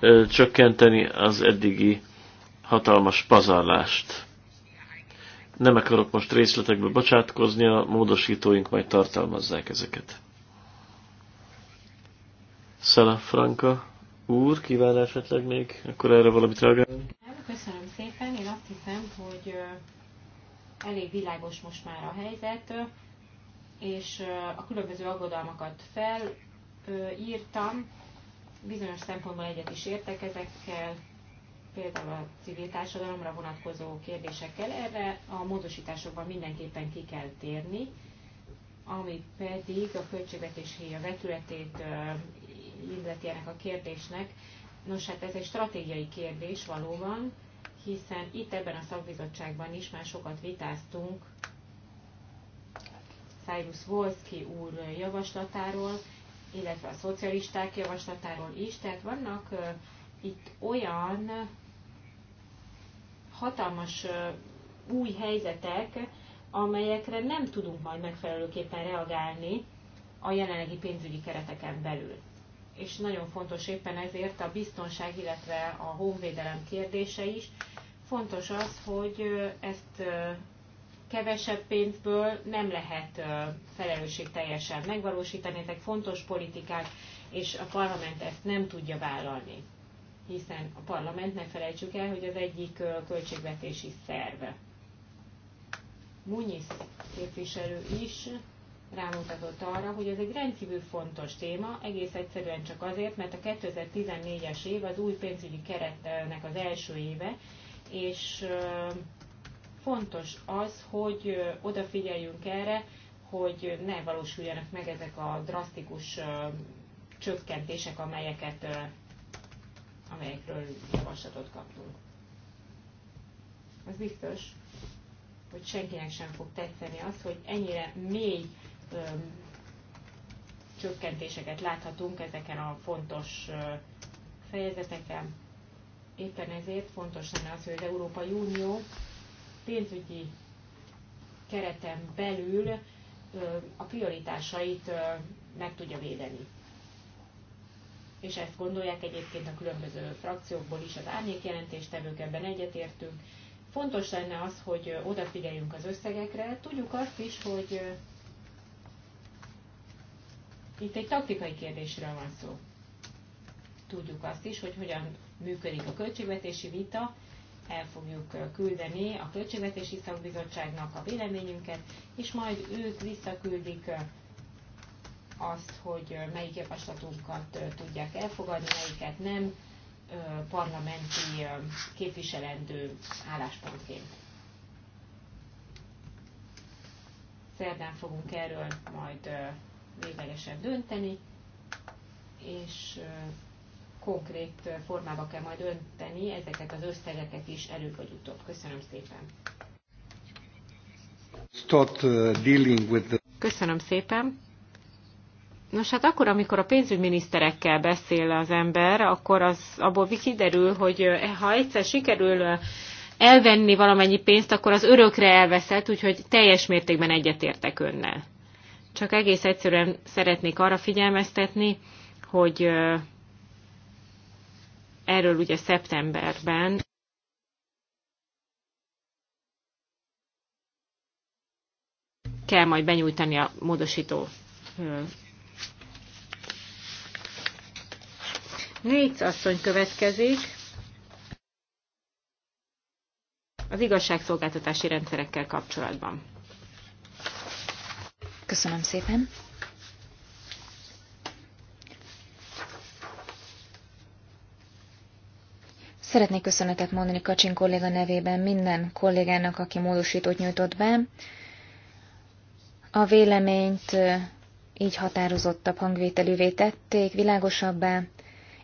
ö, csökkenteni az eddigi hatalmas pazarlást. Nem akarok most részletekbe bocsátkozni, a módosítóink majd tartalmazzák ezeket. Szala Franka úr kíván esetleg még akkor erre valamit reagálni? Köszönöm szépen. Én azt hiszem, hogy elég világos most már a helyzet, és a különböző aggodalmakat felírtam. Bizonyos szempontból egyet is értek ezekkel, például a civil társadalomra vonatkozó kérdésekkel. Erre a módosításokban mindenképpen ki kell térni, ami pedig a helye vetületét ennek a kérdésnek. Nos, hát ez egy stratégiai kérdés valóban, hiszen itt ebben a szakbizottságban is már sokat vitáztunk Cyrus Wolski úr javaslatáról, illetve a szocialisták javaslatáról is, tehát vannak itt olyan hatalmas új helyzetek, amelyekre nem tudunk majd megfelelőképpen reagálni a jelenlegi pénzügyi kereteken belül és nagyon fontos éppen ezért a biztonság, illetve a honvédelem kérdése is. Fontos az, hogy ezt kevesebb pénzből nem lehet felelősség teljesen megvalósítani, ezek fontos politikák, és a parlament ezt nem tudja vállalni. Hiszen a parlament, ne felejtsük el, hogy az egyik költségvetési szerve. Munyisz képviselő is rámutatott arra, hogy ez egy rendkívül fontos téma, egész egyszerűen csak azért, mert a 2014-es év az új pénzügyi keretnek az első éve, és fontos az, hogy odafigyeljünk erre, hogy ne valósuljanak meg ezek a drasztikus csökkentések, amelyeket, amelyekről javaslatot kaptunk. Az biztos, hogy senkinek sem fog tetszeni az, hogy ennyire mély csökkentéseket láthatunk ezeken a fontos fejezeteken. Éppen ezért fontos lenne az, hogy az Európai Unió pénzügyi kereten belül a prioritásait meg tudja védeni. És ezt gondolják egyébként a különböző frakciókból is, az árnyékjelentéstevők ebben egyetértünk. Fontos lenne az, hogy odafigyeljünk az összegekre. Tudjuk azt is, hogy itt egy taktikai kérdésről van szó. Tudjuk azt is, hogy hogyan működik a költségvetési vita, el fogjuk küldeni a Költségvetési Szakbizottságnak a véleményünket, és majd ők visszaküldik azt, hogy melyik javaslatunkat tudják elfogadni, melyiket nem parlamenti képviselendő álláspontként. Szerdán fogunk erről majd véglegesen dönteni, és konkrét formába kell majd önteni ezeket az összegeket is előbb vagy utóbb. Köszönöm szépen. Start, uh, dealing with the... Köszönöm szépen. Nos hát akkor, amikor a pénzügyminiszterekkel beszél az ember, akkor az abból kiderül, hogy e, ha egyszer sikerül elvenni valamennyi pénzt, akkor az örökre elveszett, úgyhogy teljes mértékben egyetértek önnel. Csak egész egyszerűen szeretnék arra figyelmeztetni, hogy erről ugye szeptemberben kell majd benyújtani a módosító Négy asszony következik. Az igazságszolgáltatási rendszerekkel kapcsolatban. Köszönöm szépen. Szeretnék köszönetet mondani Kacsin kolléga nevében minden kollégának, aki módosítót nyújtott be. A véleményt így határozottabb hangvételűvé tették, világosabbá,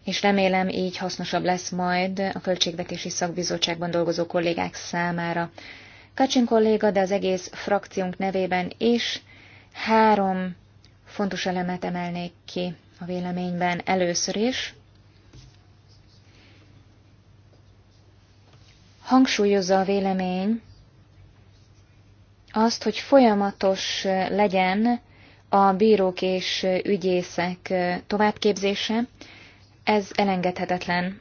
és remélem így hasznosabb lesz majd a Költségvetési Szakbizottságban dolgozó kollégák számára. Kacsin kolléga, de az egész frakciónk nevében is Három fontos elemet emelnék ki a véleményben először is. Hangsúlyozza a vélemény azt, hogy folyamatos legyen a bírók és ügyészek továbbképzése, ez elengedhetetlen.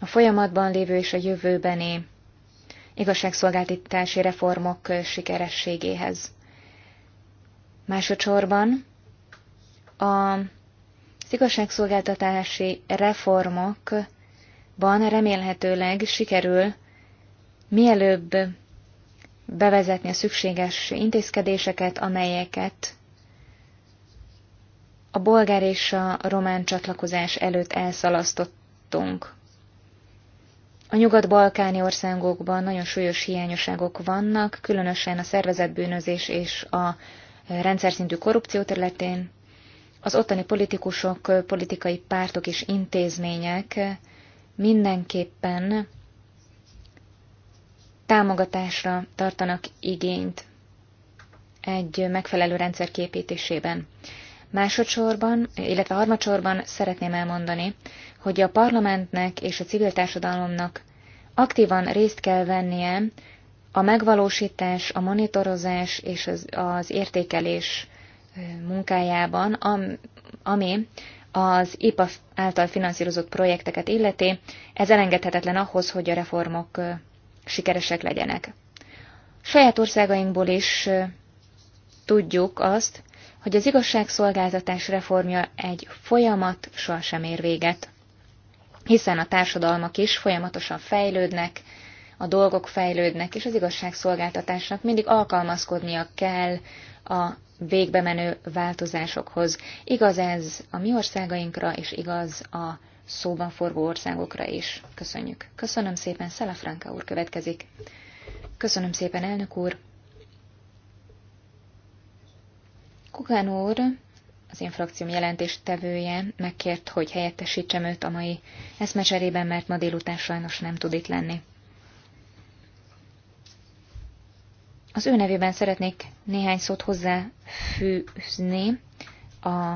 A folyamatban lévő és a jövőbeni igazságszolgáltatási reformok sikerességéhez. Másodszorban a igazságszolgáltatási reformokban remélhetőleg sikerül mielőbb bevezetni a szükséges intézkedéseket, amelyeket a bolgár és a román csatlakozás előtt elszalasztottunk. A nyugat-balkáni országokban nagyon súlyos hiányosságok vannak, különösen a szervezetbűnözés és a rendszer szintű korrupció területén, az ottani politikusok, politikai pártok és intézmények mindenképpen támogatásra tartanak igényt egy megfelelő rendszer képítésében. Másodszorban, illetve harmadsorban szeretném elmondani, hogy a parlamentnek és a civil társadalomnak aktívan részt kell vennie a megvalósítás, a monitorozás és az, az értékelés munkájában, am, ami az IPA által finanszírozott projekteket illeti, ez elengedhetetlen ahhoz, hogy a reformok sikeresek legyenek. Saját országainkból is tudjuk azt, hogy az igazságszolgáltatás reformja egy folyamat sohasem ér véget, hiszen a társadalmak is folyamatosan fejlődnek, a dolgok fejlődnek, és az igazságszolgáltatásnak mindig alkalmazkodnia kell a végbe menő változásokhoz. Igaz ez a mi országainkra, és igaz a szóban forgó országokra is. Köszönjük. Köszönöm szépen, Franka úr következik. Köszönöm szépen, elnök úr. Kukán úr, az én frakcióm jelentéstevője megkért, hogy helyettesítsem őt a mai eszmecserében, mert ma délután sajnos nem tud itt lenni. Az ő nevében szeretnék néhány szót hozzáfűzni a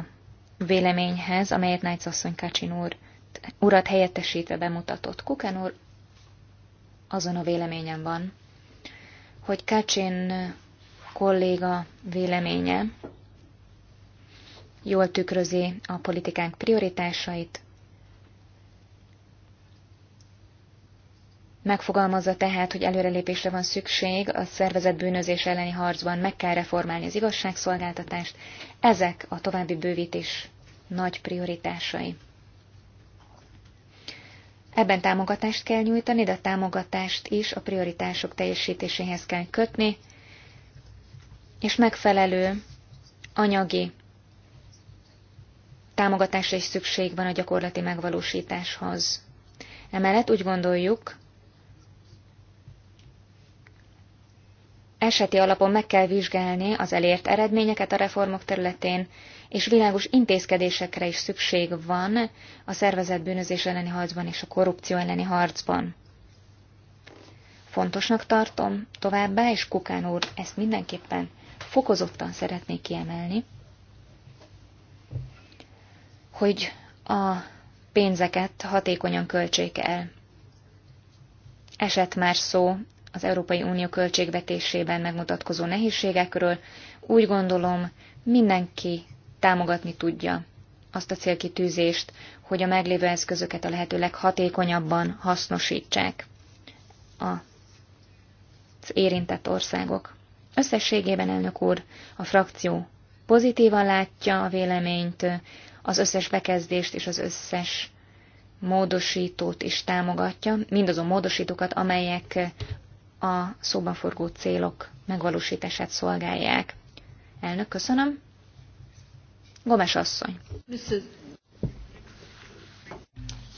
véleményhez, amelyet Nájc asszony Kacsin úr urat helyettesítve bemutatott. Kukán úr azon a véleményen van, hogy Kacsin kolléga véleménye jól tükrözi a politikánk prioritásait, Megfogalmazza tehát, hogy előrelépésre van szükség a szervezet bűnözés elleni harcban, meg kell reformálni az igazságszolgáltatást. Ezek a további bővítés nagy prioritásai. Ebben támogatást kell nyújtani, de a támogatást is a prioritások teljesítéséhez kell kötni, és megfelelő anyagi támogatásra is szükség van a gyakorlati megvalósításhoz. Emellett úgy gondoljuk, eseti alapon meg kell vizsgálni az elért eredményeket a reformok területén, és világos intézkedésekre is szükség van a szervezett bűnözés elleni harcban és a korrupció elleni harcban. Fontosnak tartom továbbá, és Kukán úr ezt mindenképpen fokozottan szeretnék kiemelni, hogy a pénzeket hatékonyan költsék el. Esett már szó az Európai Unió költségvetésében megmutatkozó nehézségekről, úgy gondolom mindenki támogatni tudja azt a célkitűzést, hogy a meglévő eszközöket a lehető leghatékonyabban hasznosítsák az érintett országok. Összességében, elnök úr, a frakció pozitívan látja a véleményt, az összes bekezdést és az összes módosítót is támogatja, mindazon módosítókat, amelyek a szóban forgó célok megvalósítását szolgálják. Elnök, köszönöm. Gomes asszony.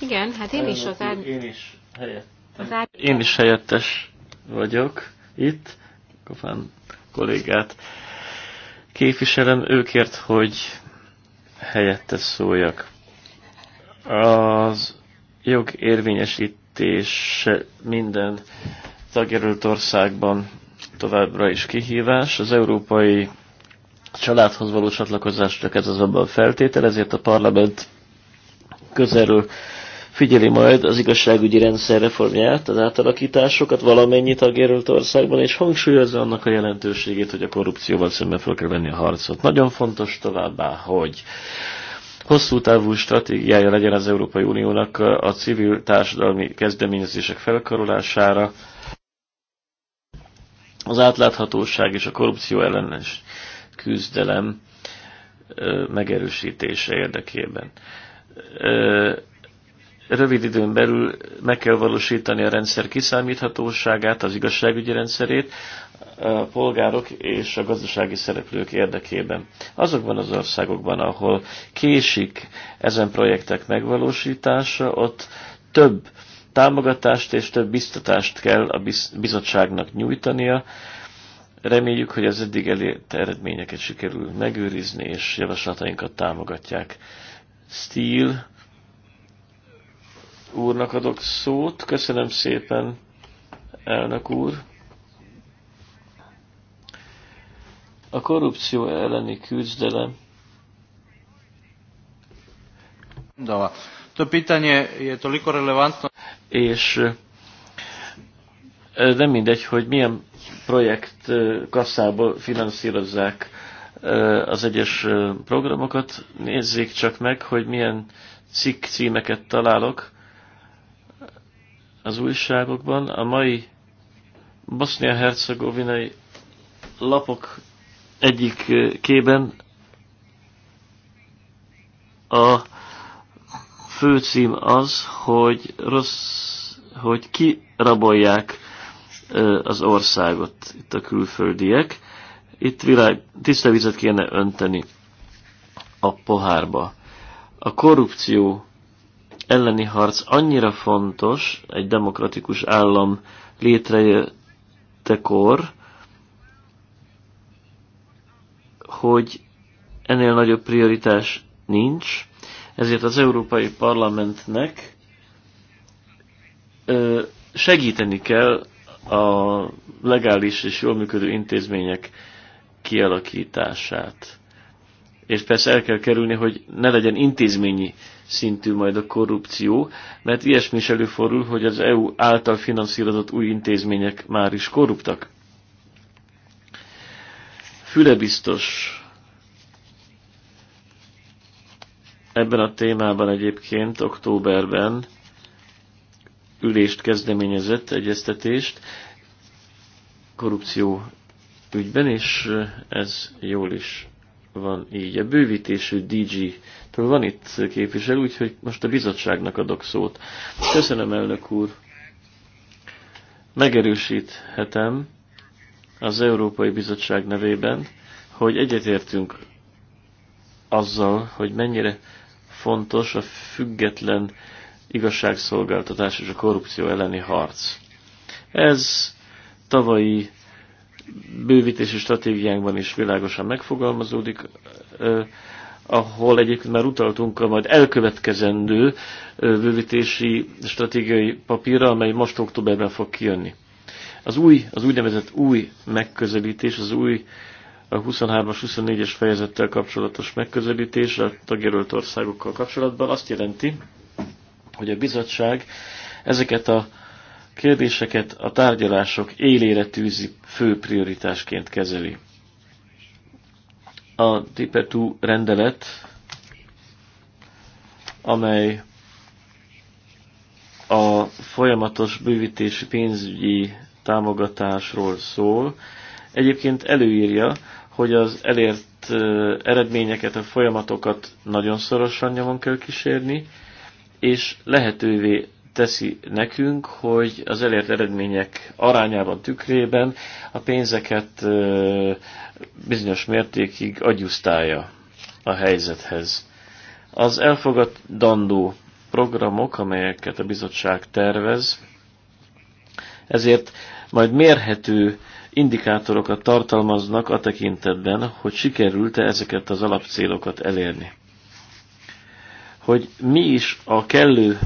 Igen, hát én is az ár... Én is helyettes. Ár... Én is helyettes vagyok itt. Kofán kollégát képviselem. Ő kért, hogy helyettes szóljak. Az jog érvényesítése minden tagjelölt országban továbbra is kihívás. Az európai családhoz való csatlakozás csak ez azonban feltétel, ezért a parlament közelről figyeli majd az igazságügyi rendszer reformját, az átalakításokat valamennyi tagjelölt országban, és hangsúlyozza annak a jelentőségét, hogy a korrupcióval szemben fel kell venni a harcot. Nagyon fontos továbbá, hogy hosszú távú stratégiája legyen az Európai Uniónak a civil társadalmi kezdeményezések felkarolására, az átláthatóság és a korrupció ellenes küzdelem megerősítése érdekében. Rövid időn belül meg kell valósítani a rendszer kiszámíthatóságát, az igazságügyi rendszerét a polgárok és a gazdasági szereplők érdekében. Azokban az országokban, ahol késik ezen projektek megvalósítása, ott több támogatást és több biztatást kell a bizottságnak nyújtania. Reméljük, hogy az eddig elért eredményeket sikerül megőrizni, és javaslatainkat támogatják. Steel úrnak adok szót. Köszönöm szépen, elnök úr. A korrupció elleni küzdelem. Dava. To pitanje je toliko relevantno és nem mindegy, hogy milyen projekt kasszából finanszírozzák az egyes programokat. Nézzék csak meg, hogy milyen cikk címeket találok az újságokban. A mai bosznia-hercegovinai lapok egyik kében a főcím az, hogy, rossz, hogy kirabolják az országot, itt a külföldiek. Itt világ, tiszta vizet kéne önteni a pohárba. A korrupció elleni harc annyira fontos egy demokratikus állam létrejöttekor, hogy ennél nagyobb prioritás nincs, ezért az Európai Parlamentnek segíteni kell a legális és jól működő intézmények kialakítását. És persze el kell kerülni, hogy ne legyen intézményi szintű majd a korrupció, mert ilyesmi is előfordul, hogy az EU által finanszírozott új intézmények már is korruptak. Füle biztos Ebben a témában egyébként októberben ülést kezdeményezett, egyeztetést korrupció ügyben, és ez jól is van így. A bővítésű DG-től van itt képviselő, úgyhogy most a bizottságnak adok szót. Köszönöm, elnök úr! Megerősíthetem az Európai Bizottság nevében, hogy egyetértünk azzal, hogy mennyire fontos a független igazságszolgáltatás és a korrupció elleni harc. Ez tavalyi bővítési stratégiánkban is világosan megfogalmazódik, ahol egyébként már utaltunk a majd elkövetkezendő bővítési stratégiai papírra, amely most októberben fog kijönni. Az új, az úgynevezett új megközelítés, az új a 23-as, 24-es fejezettel kapcsolatos megközelítés a tagjelölt országokkal kapcsolatban azt jelenti, hogy a bizottság ezeket a kérdéseket a tárgyalások élére tűzi fő prioritásként kezeli. A Tipetú rendelet, amely a folyamatos bővítési pénzügyi támogatásról szól, egyébként előírja hogy az elért eredményeket, a folyamatokat nagyon szorosan nyomon kell kísérni, és lehetővé teszi nekünk, hogy az elért eredmények arányában, tükrében a pénzeket bizonyos mértékig agyusztálja a helyzethez. Az elfogadandó programok, amelyeket a bizottság tervez, ezért majd mérhető indikátorokat tartalmaznak a tekintetben, hogy sikerült-e ezeket az alapcélokat elérni. Hogy mi is a kellő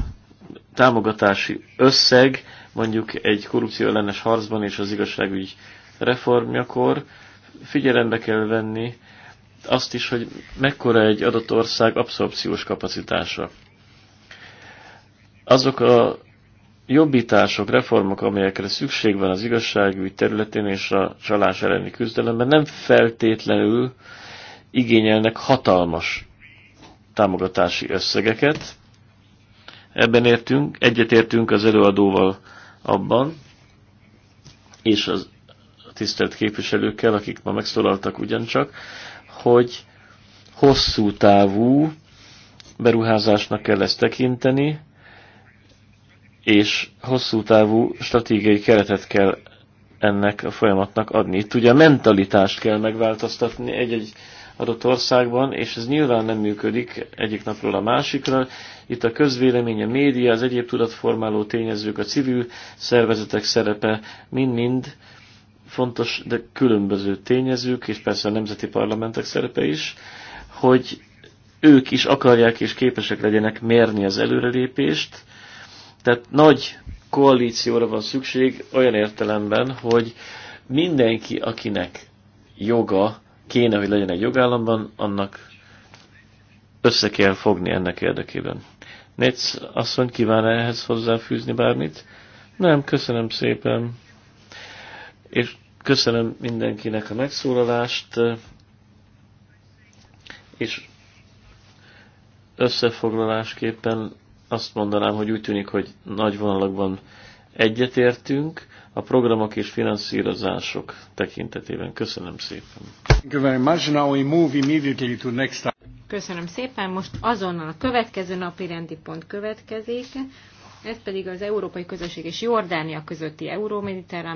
támogatási összeg mondjuk egy korrupció ellenes harcban és az igazságügy reformjakor figyelembe kell venni azt is, hogy mekkora egy adott ország abszorpciós kapacitása. Azok a jobbítások, reformok, amelyekre szükség van az igazságügy területén és a csalás elleni küzdelemben, nem feltétlenül igényelnek hatalmas támogatási összegeket. Ebben értünk, egyetértünk az előadóval abban, és az tisztelt képviselőkkel, akik ma megszólaltak ugyancsak, hogy hosszú távú beruházásnak kell ezt tekinteni, és hosszú távú stratégiai keretet kell ennek a folyamatnak adni. Itt ugye a mentalitást kell megváltoztatni egy-egy adott országban, és ez nyilván nem működik egyik napról a másikra. Itt a közvélemény, a média, az egyéb tudatformáló tényezők, a civil szervezetek szerepe mind-mind fontos, de különböző tényezők, és persze a nemzeti parlamentek szerepe is, hogy ők is akarják és képesek legyenek mérni az előrelépést, tehát nagy koalícióra van szükség olyan értelemben, hogy mindenki, akinek joga, kéne, hogy legyen egy jogállamban, annak össze kell fogni ennek érdekében. Nétsz asszony kíván -e ehhez hozzáfűzni bármit? Nem, köszönöm szépen. És köszönöm mindenkinek a megszólalást, és összefoglalásképpen azt mondanám, hogy úgy tűnik, hogy nagy vonalakban egyetértünk a programok és finanszírozások tekintetében. Köszönöm szépen. Köszönöm szépen. Most azonnal a következő napi rendi pont következik. Ez pedig az Európai Közösség és Jordánia közötti euró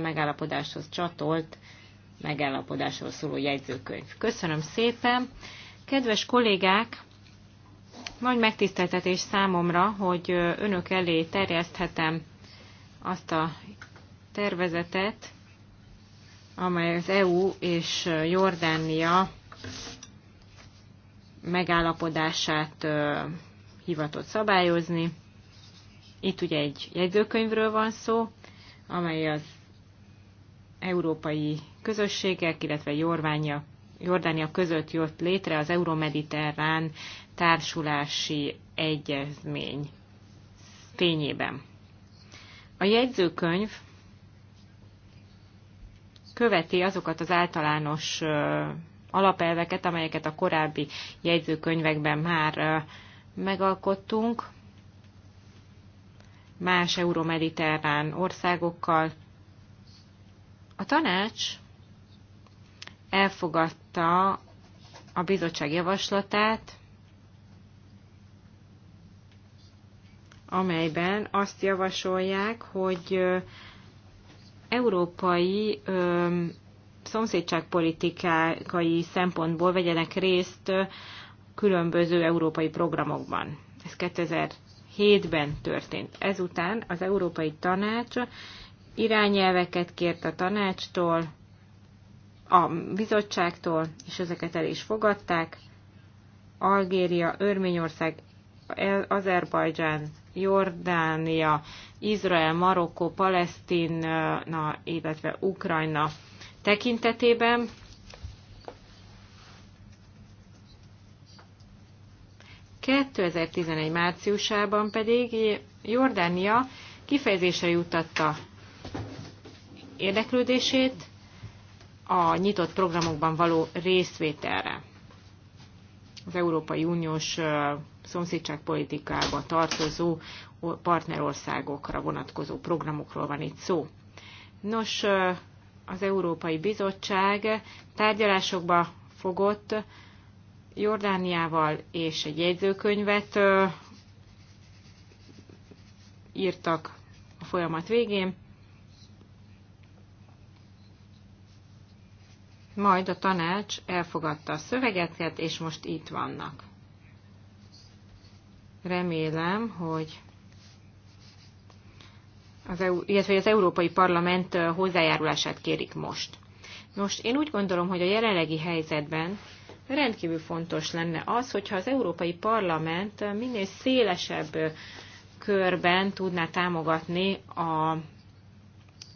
megállapodáshoz csatolt megállapodásról szóló jegyzőkönyv. Köszönöm szépen. Kedves kollégák, nagy megtiszteltetés számomra, hogy önök elé terjeszthetem azt a tervezetet, amely az EU és Jordánia megállapodását hivatott szabályozni. Itt ugye egy jegyzőkönyvről van szó, amely az európai közösségek, illetve Jorvánia, Jordánia között jött létre az euromediterrán társulási egyezmény fényében. A jegyzőkönyv követi azokat az általános alapelveket, amelyeket a korábbi jegyzőkönyvekben már megalkottunk más euromediterrán országokkal. A tanács elfogadta a bizottság javaslatát amelyben azt javasolják, hogy európai szomszédságpolitikai szempontból vegyenek részt különböző európai programokban. Ez 2007-ben történt. Ezután az Európai Tanács irányelveket kért a tanácstól, a bizottságtól, és ezeket el is fogadták. Algéria, Örményország, Azerbajdzsán, Jordánia, Izrael, Marokkó, Palesztina, illetve Ukrajna tekintetében. ...2011 márciusában pedig Jordánia kifejezésre jutatta érdeklődését a nyitott programokban való részvételre az Európai Uniós szomszédságpolitikába tartozó partnerországokra vonatkozó programokról van itt szó. Nos, az Európai Bizottság tárgyalásokba fogott Jordániával és egy jegyzőkönyvet írtak a folyamat végén. majd a tanács elfogadta a szövegeket, és most itt vannak. Remélem, hogy az EU, illetve az Európai Parlament hozzájárulását kérik most. Nos, én úgy gondolom, hogy a jelenlegi helyzetben rendkívül fontos lenne az, hogyha az Európai Parlament minél szélesebb körben tudná támogatni a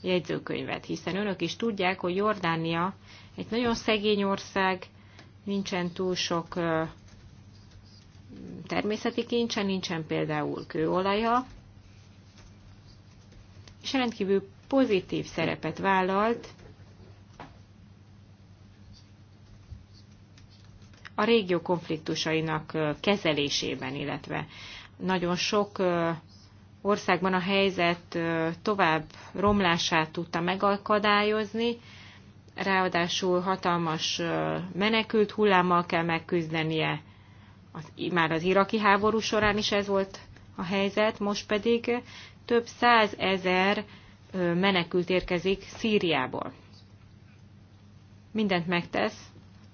jegyzőkönyvet, hiszen önök is tudják, hogy Jordánia egy nagyon szegény ország, nincsen túl sok természeti kincse, nincsen például kőolaja, és rendkívül pozitív szerepet vállalt a régió konfliktusainak kezelésében, illetve nagyon sok országban a helyzet tovább romlását tudta megakadályozni, ráadásul hatalmas menekült hullámmal kell megküzdenie. Az, már az iraki háború során is ez volt a helyzet, most pedig több százezer menekült érkezik Szíriából. Mindent megtesz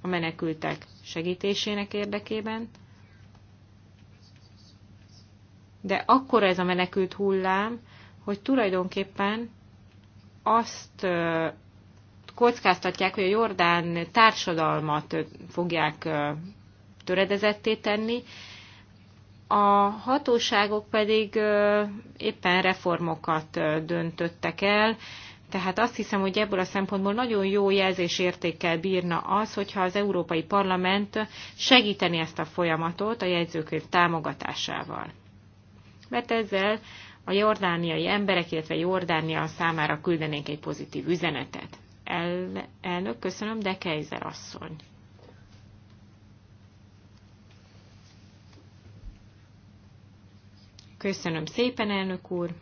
a menekültek segítésének érdekében, de akkor ez a menekült hullám, hogy tulajdonképpen azt kockáztatják, hogy a Jordán társadalmat fogják töredezetté tenni, a hatóságok pedig éppen reformokat döntöttek el, tehát azt hiszem, hogy ebből a szempontból nagyon jó jelzésértékkel bírna az, hogyha az Európai Parlament segíteni ezt a folyamatot a jegyzőkönyv támogatásával. Mert ezzel a jordániai emberek, illetve Jordánia számára küldenénk egy pozitív üzenetet el, elnök, köszönöm, de Kejzer asszony. Köszönöm szépen, elnök úr.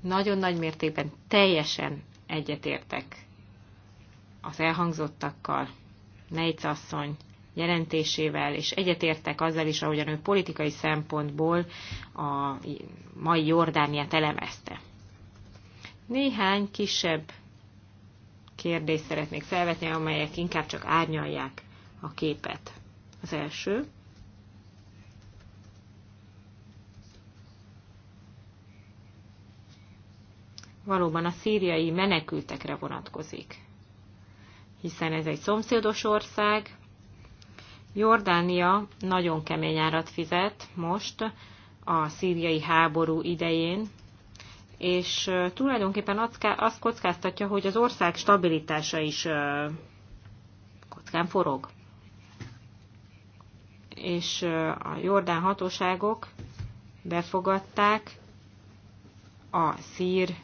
Nagyon nagy mértékben teljesen egyetértek az elhangzottakkal. Nejc asszony, jelentésével, és egyetértek azzal is, ahogyan ő politikai szempontból a mai Jordániát elemezte. Néhány kisebb kérdést szeretnék felvetni, amelyek inkább csak árnyalják a képet. Az első. Valóban a szíriai menekültekre vonatkozik, hiszen ez egy szomszédos ország, Jordánia nagyon kemény árat fizet most a szíriai háború idején, és tulajdonképpen azt kockáztatja, hogy az ország stabilitása is kockán forog. És a jordán hatóságok befogadták a szír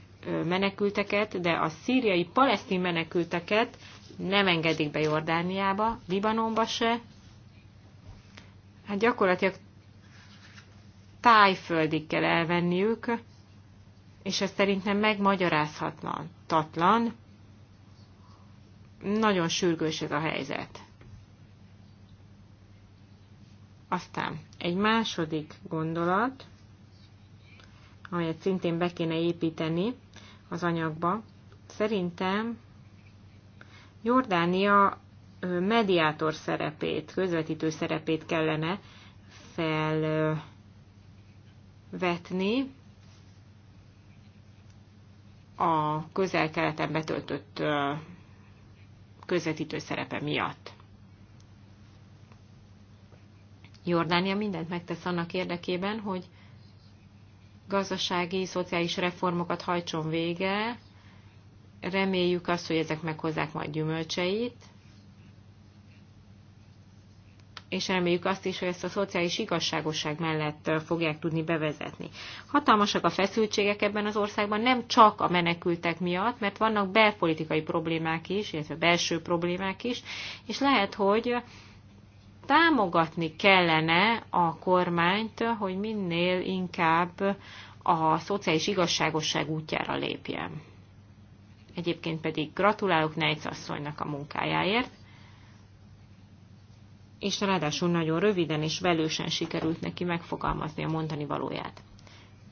menekülteket, de a szíriai palesztin menekülteket nem engedik be Jordániába, Libanonba se, hát gyakorlatilag tájföldig kell elvenniük, és ez szerintem megmagyarázhatlan, tatlan. Nagyon sürgős ez a helyzet. Aztán egy második gondolat, amelyet szintén be kéne építeni az anyagba. Szerintem Jordánia mediátor szerepét, közvetítő szerepét kellene felvetni a közel-keleten betöltött közvetítő szerepe miatt. Jordánia mindent megtesz annak érdekében, hogy gazdasági, szociális reformokat hajtson vége, reméljük azt, hogy ezek meghozzák majd gyümölcseit, és reméljük azt is, hogy ezt a szociális igazságosság mellett fogják tudni bevezetni. Hatalmasak a feszültségek ebben az országban, nem csak a menekültek miatt, mert vannak belpolitikai problémák is, illetve belső problémák is, és lehet, hogy támogatni kellene a kormányt, hogy minél inkább a szociális igazságosság útjára lépjen. Egyébként pedig gratulálok Nejc asszonynak a munkájáért és ráadásul nagyon röviden és velősen sikerült neki megfogalmazni a mondani valóját.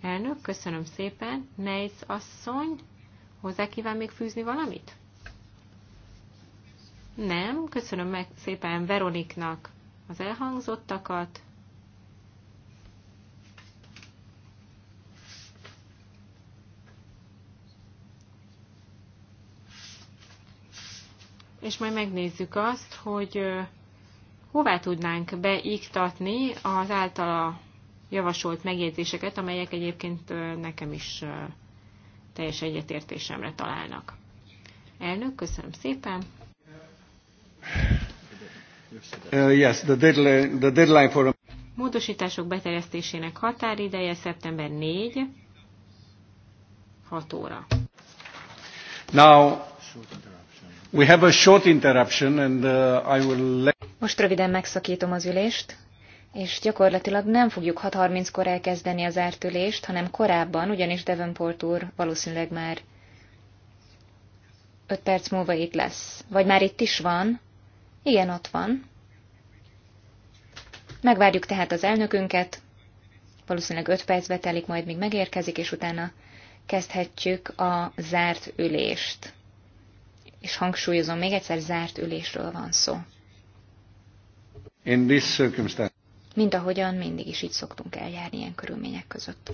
Elnök, köszönöm szépen. Neis asszony, hozzá kíván még fűzni valamit? Nem, köszönöm meg szépen Veroniknak az elhangzottakat. És majd megnézzük azt, hogy hová tudnánk beiktatni az általa javasolt megjegyzéseket, amelyek egyébként nekem is teljes egyetértésemre találnak. Elnök, köszönöm szépen. Uh, yes, the deadline, the deadline for a... Módosítások beterjesztésének határideje szeptember 4, 6 óra. Now, we have a short interruption and uh, I will let... Most röviden megszakítom az ülést, és gyakorlatilag nem fogjuk 6.30-kor elkezdeni az ártülést, hanem korábban, ugyanis Devonport úr valószínűleg már 5 perc múlva itt lesz. Vagy már itt is van? Igen, ott van. Megvárjuk tehát az elnökünket, valószínűleg 5 percbe telik, majd még megérkezik, és utána kezdhetjük a zárt ülést. És hangsúlyozom, még egyszer zárt ülésről van szó. In this circumstance. Mint ahogyan mindig is így szoktunk eljárni ilyen körülmények között.